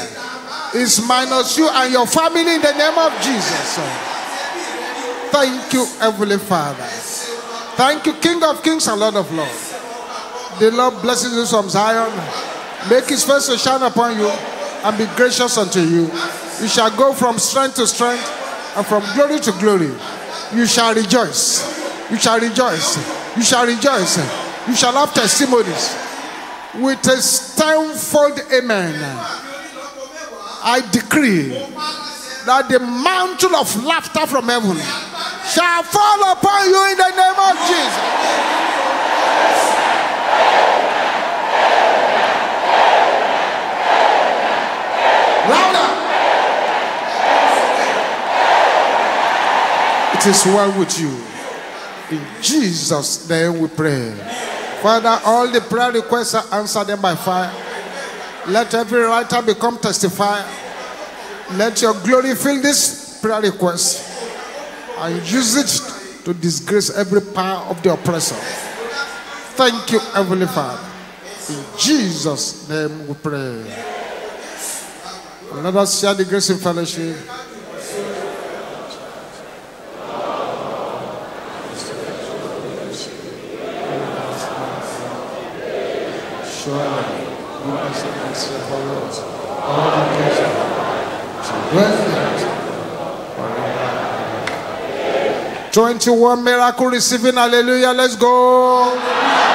is minus you and your family in the name of Jesus. Thank you, Heavenly Father. Thank you, King of Kings and Lord of Lords. The Lord blesses you from Zion, make his face to shine upon you, and be gracious unto you. You shall go from strength to strength and from glory to glory. You shall rejoice. You shall rejoice. You shall rejoice. You shall have testimonies. With a tenfold amen, I decree that the mantle of laughter from heaven shall fall upon you in the name of Jesus. Louder. Is well with you. In Jesus' name we pray. Father, all the prayer requests are answered them by fire. Let every writer become testifier. Let your glory fill this prayer request and use it to disgrace every power of the oppressor. Thank you, Heavenly Father. In Jesus' name we pray. Let us share the grace in fellowship. shrine, all together, to Twenty-one miracle receiving, hallelujah, let's go.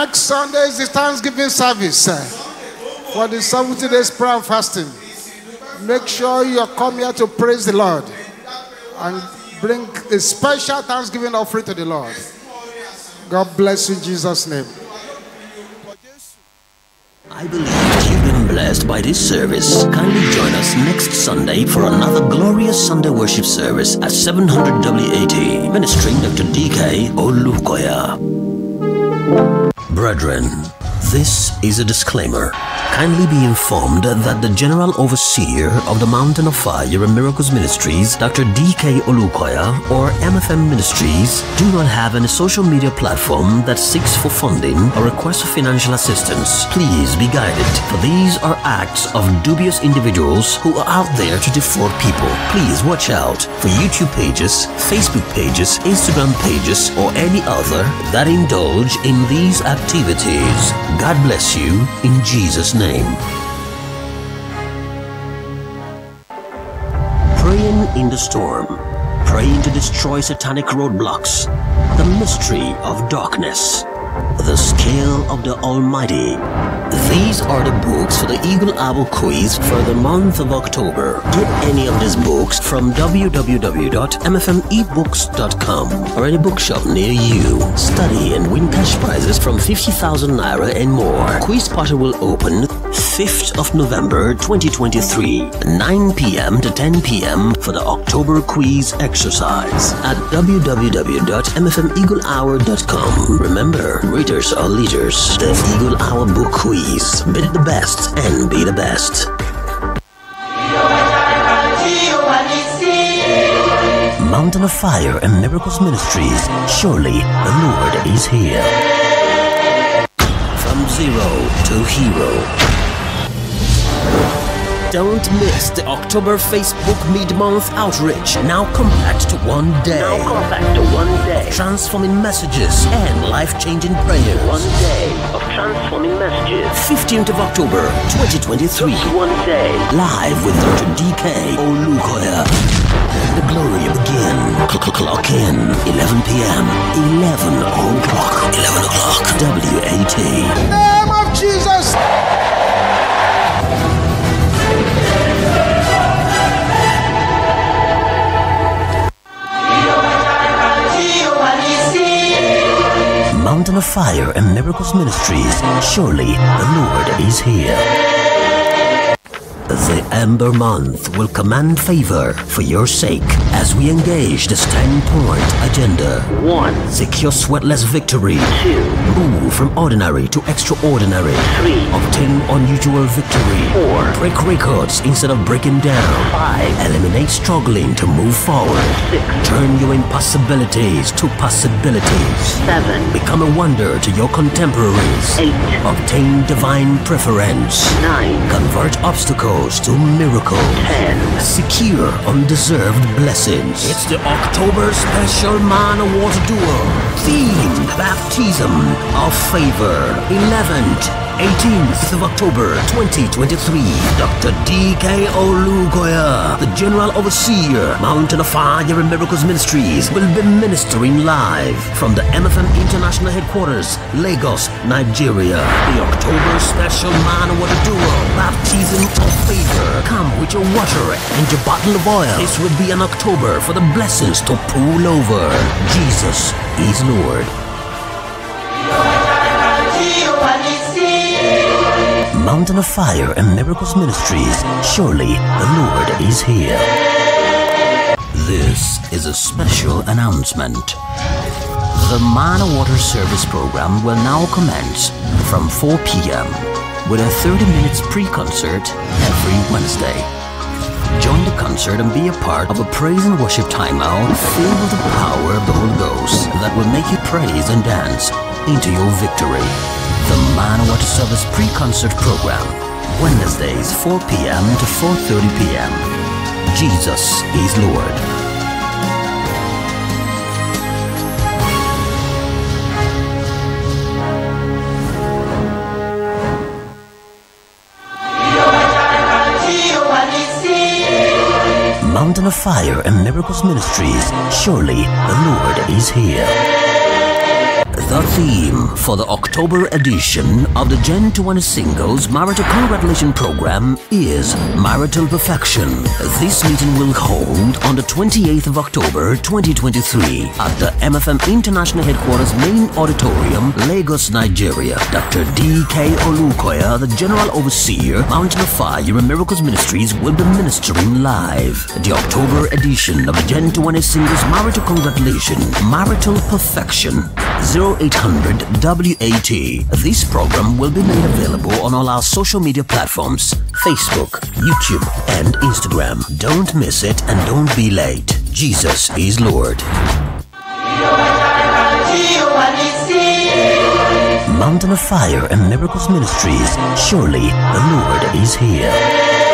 Next Sunday is the Thanksgiving service for the 70 days prayer and fasting. Make sure you come here to praise the Lord and bring a special Thanksgiving offering to the Lord. God bless you in Jesus' name. I believe you've been blessed by this service. Kindly join us next Sunday for another glorious Sunday worship service at 700 WAT, ministering Dr. DK Olukoya. Brethren, this is a disclaimer. Kindly be informed that the General Overseer of the Mountain of Fire and Miracles Ministries, Dr. D.K. Olukoya, or MFM Ministries, do not have any social media platform that seeks for funding or requests for financial assistance. Please be guided, for these are acts of dubious individuals who are out there to defraud people. Please watch out for YouTube pages, Facebook pages, Instagram pages, or any other that indulge in these activities. God bless you in Jesus' Jesus' name. Praying in the storm, praying to destroy satanic roadblocks, the mystery of darkness. The Scale of the Almighty. These are the books for the Eagle Owl Quiz for the month of October. Get any of these books from www.mfmebooks.com or any bookshop near you. Study and win cash prizes from 50,000 Naira and more. Quiz Potter will open 5th of November 2023, 9 p.m. to 10 p.m. for the October quiz exercise at www.mfmeaglehour.com. Remember, readers are leaders. The Eagle Hour Book Quiz. Bid the best and be the best. Mountain of Fire and Miracles Ministries. Surely the Lord is here. From zero to hero. Don't miss the October Facebook mid-month outreach, now compact to one day. Now compact to one day. Of transforming messages and life-changing prayers. One day of transforming messages. 15th of October, 2023. Just one day. Live with Dr. DK Olukoya. The glory begin. Clock in. 11 p.m. 11 o'clock. 11 o'clock. WAT. In the name of Jesus. Mountain of Fire and Miracles Ministries. Surely the Lord is here the Amber Month will command favor for your sake as we engage this 10-point agenda. 1. Secure sweatless victory. 2. Move from ordinary to extraordinary. 3. Obtain unusual victory. 4. Break records instead of breaking down. 5. Eliminate struggling to move forward. 6. Turn your impossibilities to possibilities. 7. Become a wonder to your contemporaries. 8. Obtain divine preference. 9. Convert obstacles to miracles. 10. Secure undeserved blessings. It's the October Special Man Award Duel. Theme: Baptism of Favor. 11th 18th of October 2023, Dr. D.K. Olugoya, the General Overseer, Mountain of Fire and Miracles Ministries, will be ministering live from the MFM International Headquarters, Lagos, Nigeria. The October Special Man Water Duo, Baptism of Favor. Come with your water and your bottle of oil. This will be an October for the blessings to pool over. Jesus is Lord. Mountain of Fire and Miracles Ministries. Surely the Lord is here. This is a special announcement. The Mana Water Service Program will now commence from 4 p.m. with a 30 minutes pre-concert every Wednesday. Join the concert and be a part of a praise and worship timeout filled with the power of the Holy Ghost that will make you praise and dance into your victory the Manawatu Service pre-concert program. Wednesdays 4 p.m. to 4.30 p.m. Jesus is Lord. Mountain of Fire and Miracles Ministries. Surely the Lord is here the theme for the October edition of the Gen 21 Singles Marital Congratulation Program is Marital Perfection. This meeting will hold on the 28th of October 2023 at the MFM International Headquarters Main Auditorium, Lagos, Nigeria. Dr. D.K. Olukoya, the General Overseer, Mountain of Fire and Miracles Ministries will be ministering live. The October edition of the Gen 21 Singles Marital Congratulation Marital Perfection. Zero 0800 WAT. This program will be made available on all our social media platforms Facebook, YouTube, and Instagram. Don't miss it and don't be late. Jesus is Lord. Mountain of Fire and Miracles Ministries. Surely the Lord is here.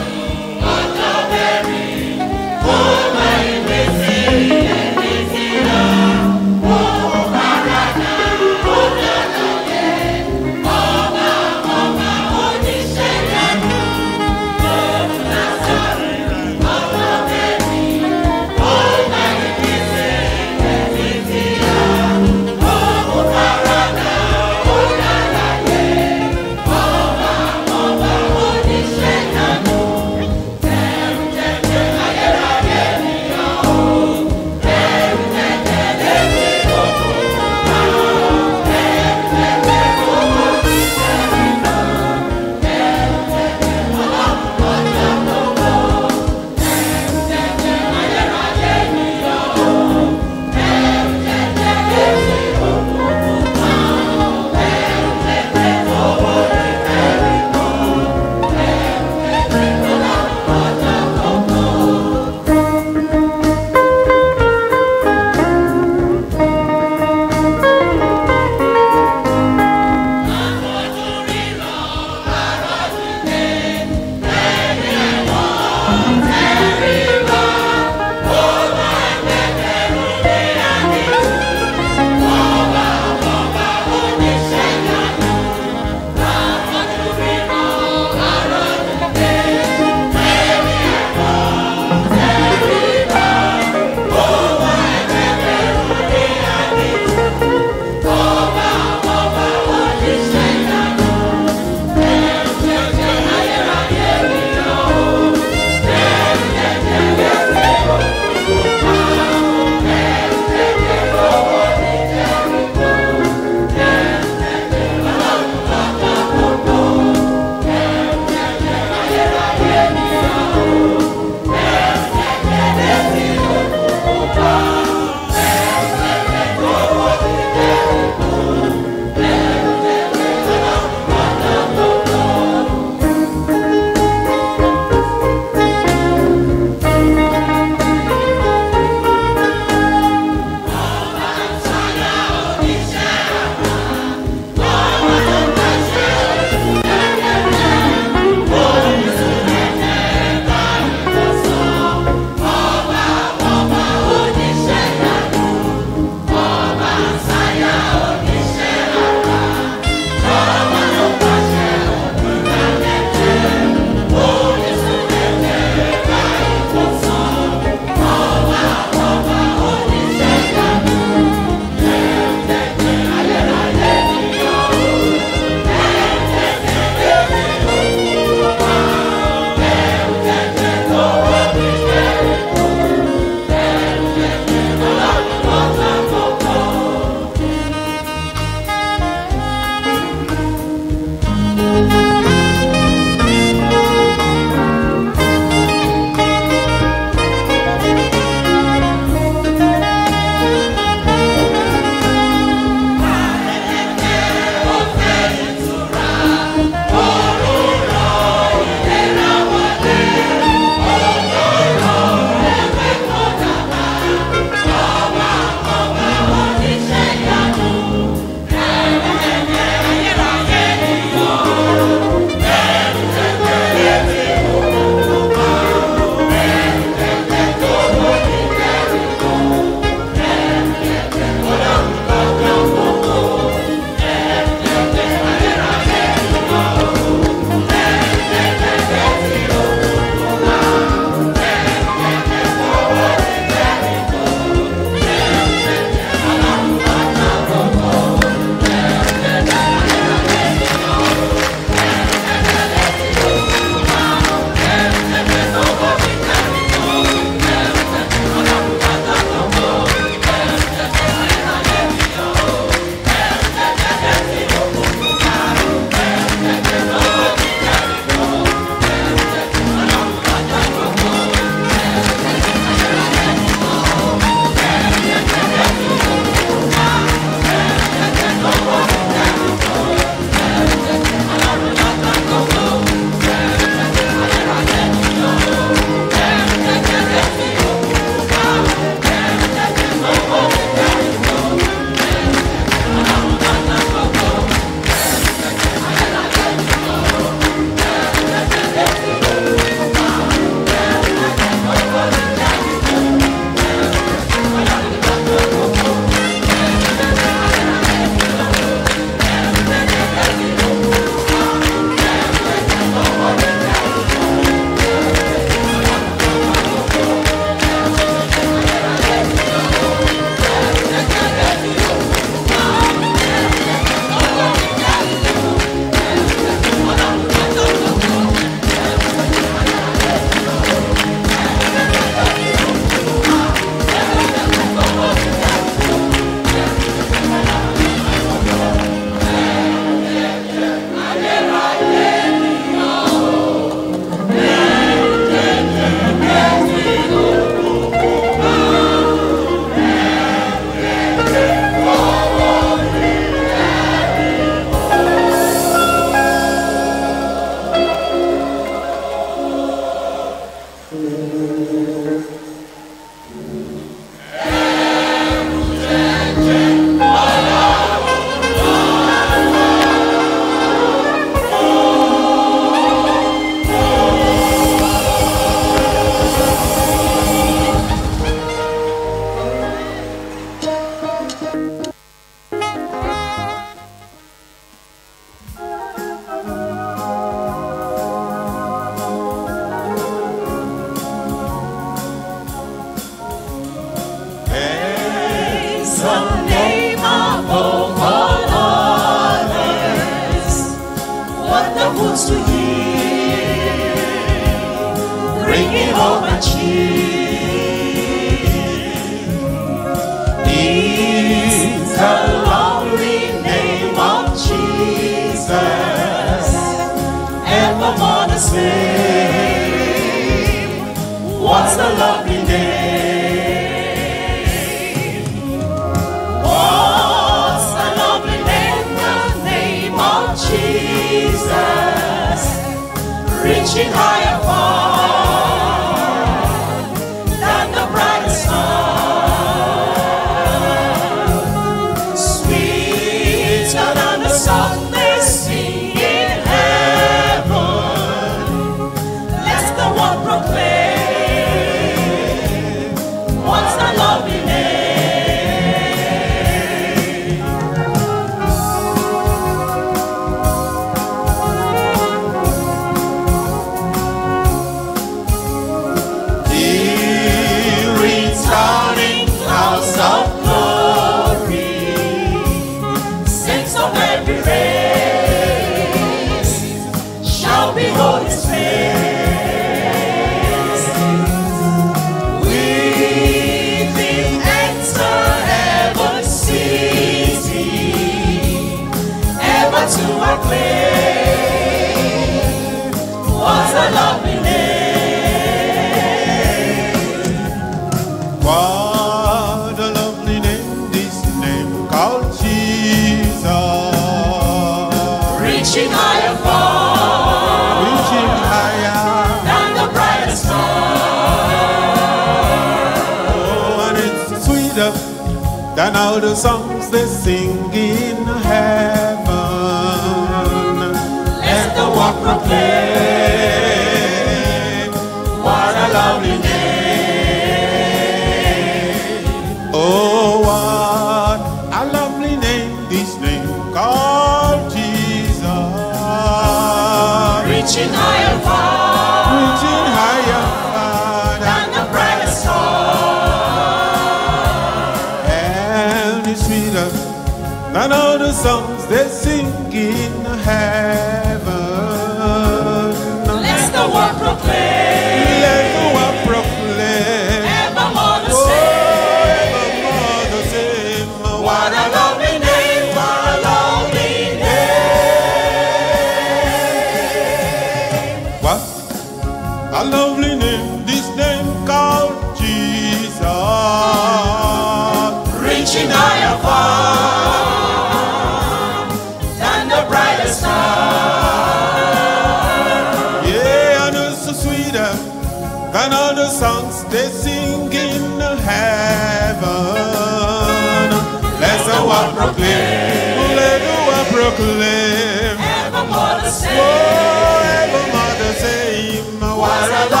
I proclaim. Let who I proclaim. Evermore the same. Oh, evermore the same. What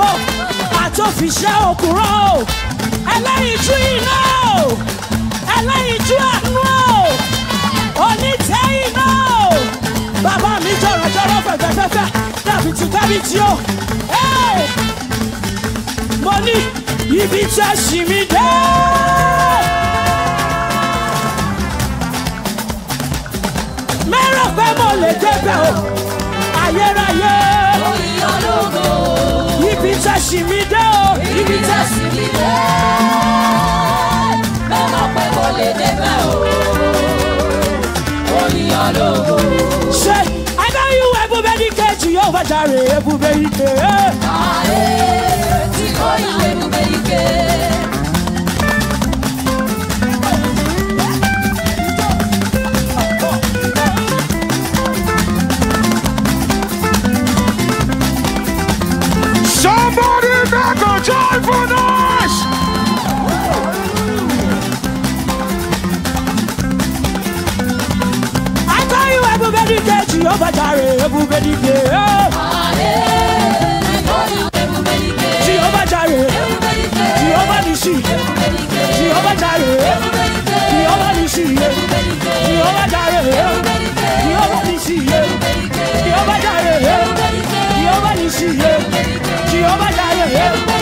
àgbò àtòfiṣẹ́ òkúrọ́ o ẹlẹ́yinjú iná o ẹlẹ́yinjú àánú o onítẹ̀ iná o bàbá mi jọ̀rọ̀jọ̀rọ̀ fẹ̀fẹ̀fẹ̀fẹ̀ dàbí ti kábíyèsí o mo ní ibi tí a ṣì mí dé. mẹ́rọ̀ pé mo lè débẹ̀ o ayérayé. orí ológo ibi tẹ̀sí mi dé o. ibi tẹ̀sí mi dé ká má pẹ́ lè débẹ̀ o. oníyàn lógo. ṣe adáyíwọ ebube dike jù yóò bá jàre ebube ike. ààrẹ tí kò yí ebube ike. Jehova jàre ebube dìde. Jehova jàre Jehova nisi Jehova jàre Jehova nisi Jehova jàre Jehova nisi Jehova jàre Jehova nisi Jehova jàre.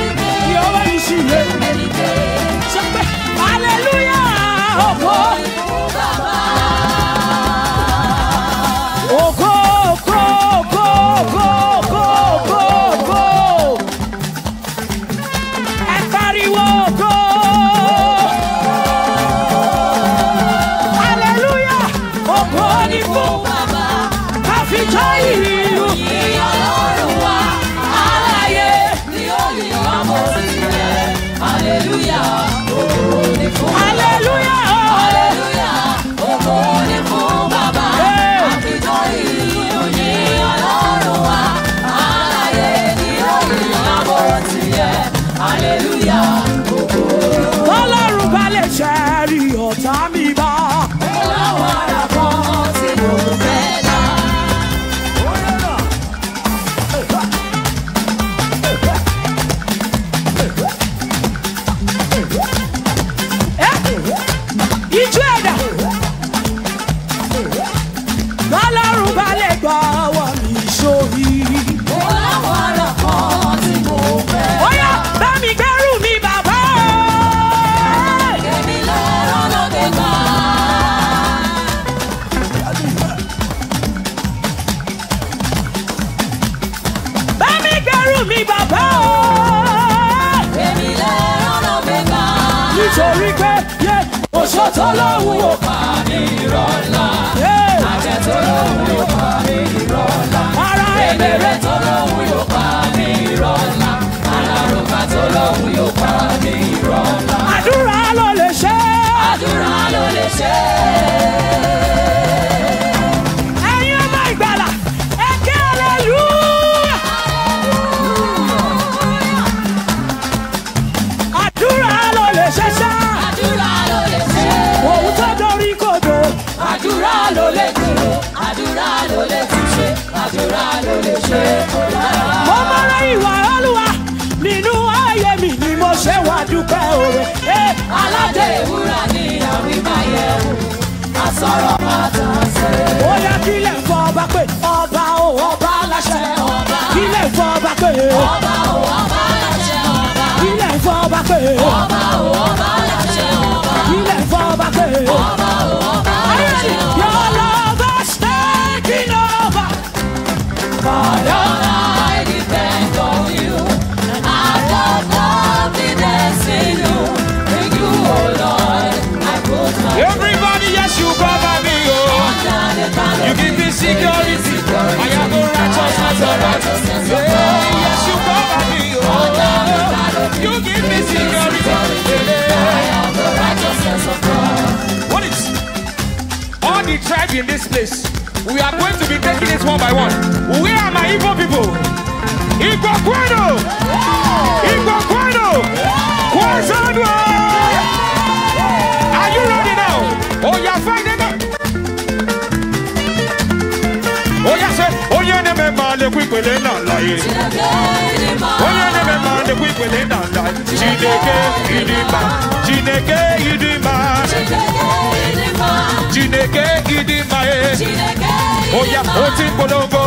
àdúrà ló lè ṣe. àdúrà ló lè ṣe. ẹ̀yin ọmọ ìgbàlà ẹ ké alelu. àdúrà ló lè ṣe ṣá. àdúrà ló lè ṣe. òun tó dorí kodò. àdúrà ló lè dúró. àdúrà ló lè tún ṣe. àdúrà ló lè ṣe. mo mọ rẹ ìwà rẹ dúpẹ́ òwe. Eh, aládé ìwúra ni àwímáyẹ̀ wò àsọ̀rọ̀ máa tàn ṣe. ó yá kílẹ̀ fọ ọba pé ọba ò ọba aláṣẹ ọba. kílẹ̀ fọ ọba pé ọba ò ọba aláṣẹ ọba. kílẹ̀ fọ ọba pé ọba ò ọba aláṣẹ ọba. kílẹ̀ fọ ọba pé ọba ò ọba aláṣẹ ọba. your love is taking over. Fire. Everybody, yes, you cover me, oh. You give me security. I am the righteousness of God. What is? All the tribe in this place, we are going to be taking it one by one. Where are my evil people? Igbo Kwano! Igbo Kwano! Are you ready now? Oh, yeah, find them. Oh, yes, oh, yeah, the member, the quick will Oh, yeah, the member, the quick will end on life. Chineke, mma Chineke ịdị mma oya o ti polongo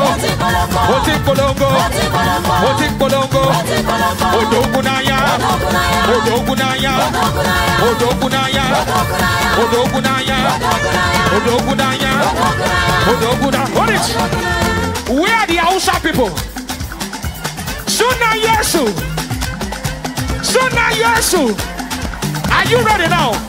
o polongo o polongo odogwu n'anya odogwu n'anya odogwu n'anya odogwu n'anya odogwu n'anya odogwu na hold it where the Hausa people suna yesu suna yesu are you ready now.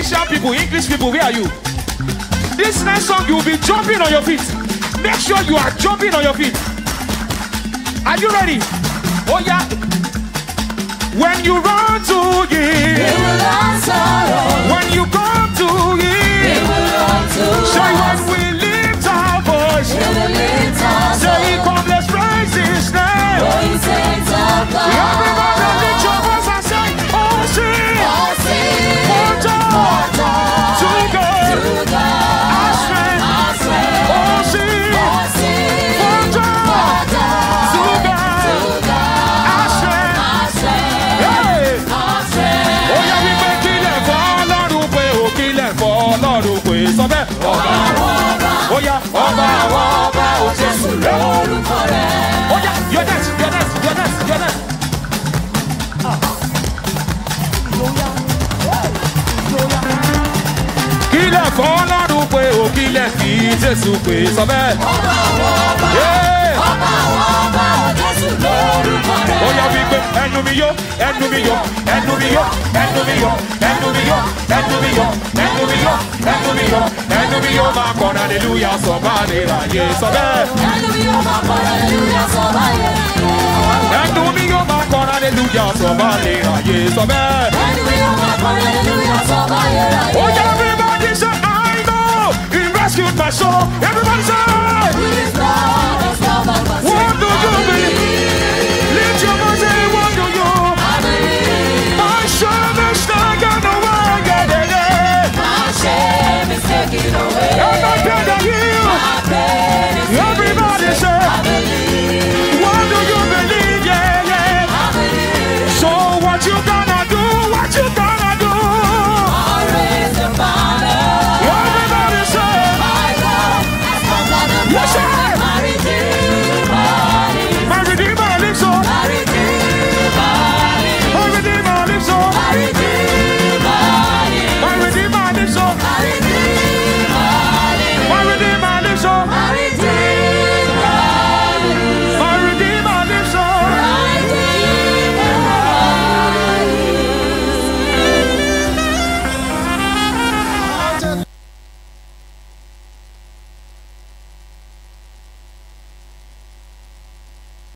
Asian people, English people, where are you? This next song, you'll be jumping on your feet. Make sure you are jumping on your feet. Are you ready? Oh, yeah. When you run to Him, they will answer. When you come to Him, they will run to So when we lift our voice, we will lift our voice. Say, Come, let's praise His name. Oh, He takes our power. Everybody lift your voice Jésù pè sọ bẹ́ẹ̀. ọba àwọn ọba ọba àwọn ọba Jésù lórúkọ rẹ̀. ó yọ wípé ẹnu mi yó ẹnu mi yó ẹnu mi yó ẹnu mi yó ẹnu mi yó ẹnu mi yó ẹnu mi yó ẹnu mi yó ẹnu mi yó máa kọ́ na aleluya sọ bá lè ráyè sọ bẹ́ẹ̀. ẹnu mi yó máa kọ́ na aleluya sọ bá lè ráyè. ẹnu mi yó máa kọ́ na aleluya sọ bá lè ráyè sọ bẹ́ẹ̀. ẹnu mi yó máa kọ́ na aleluya sọ bá lè ráyè. ó yẹ fún mi. rescued my soul. Everybody say, His What do you believe? Lift your voice and what do you? I believe. Hashem is taking My shame is taken away. And my pain and you. My pain is Everybody say, I believe.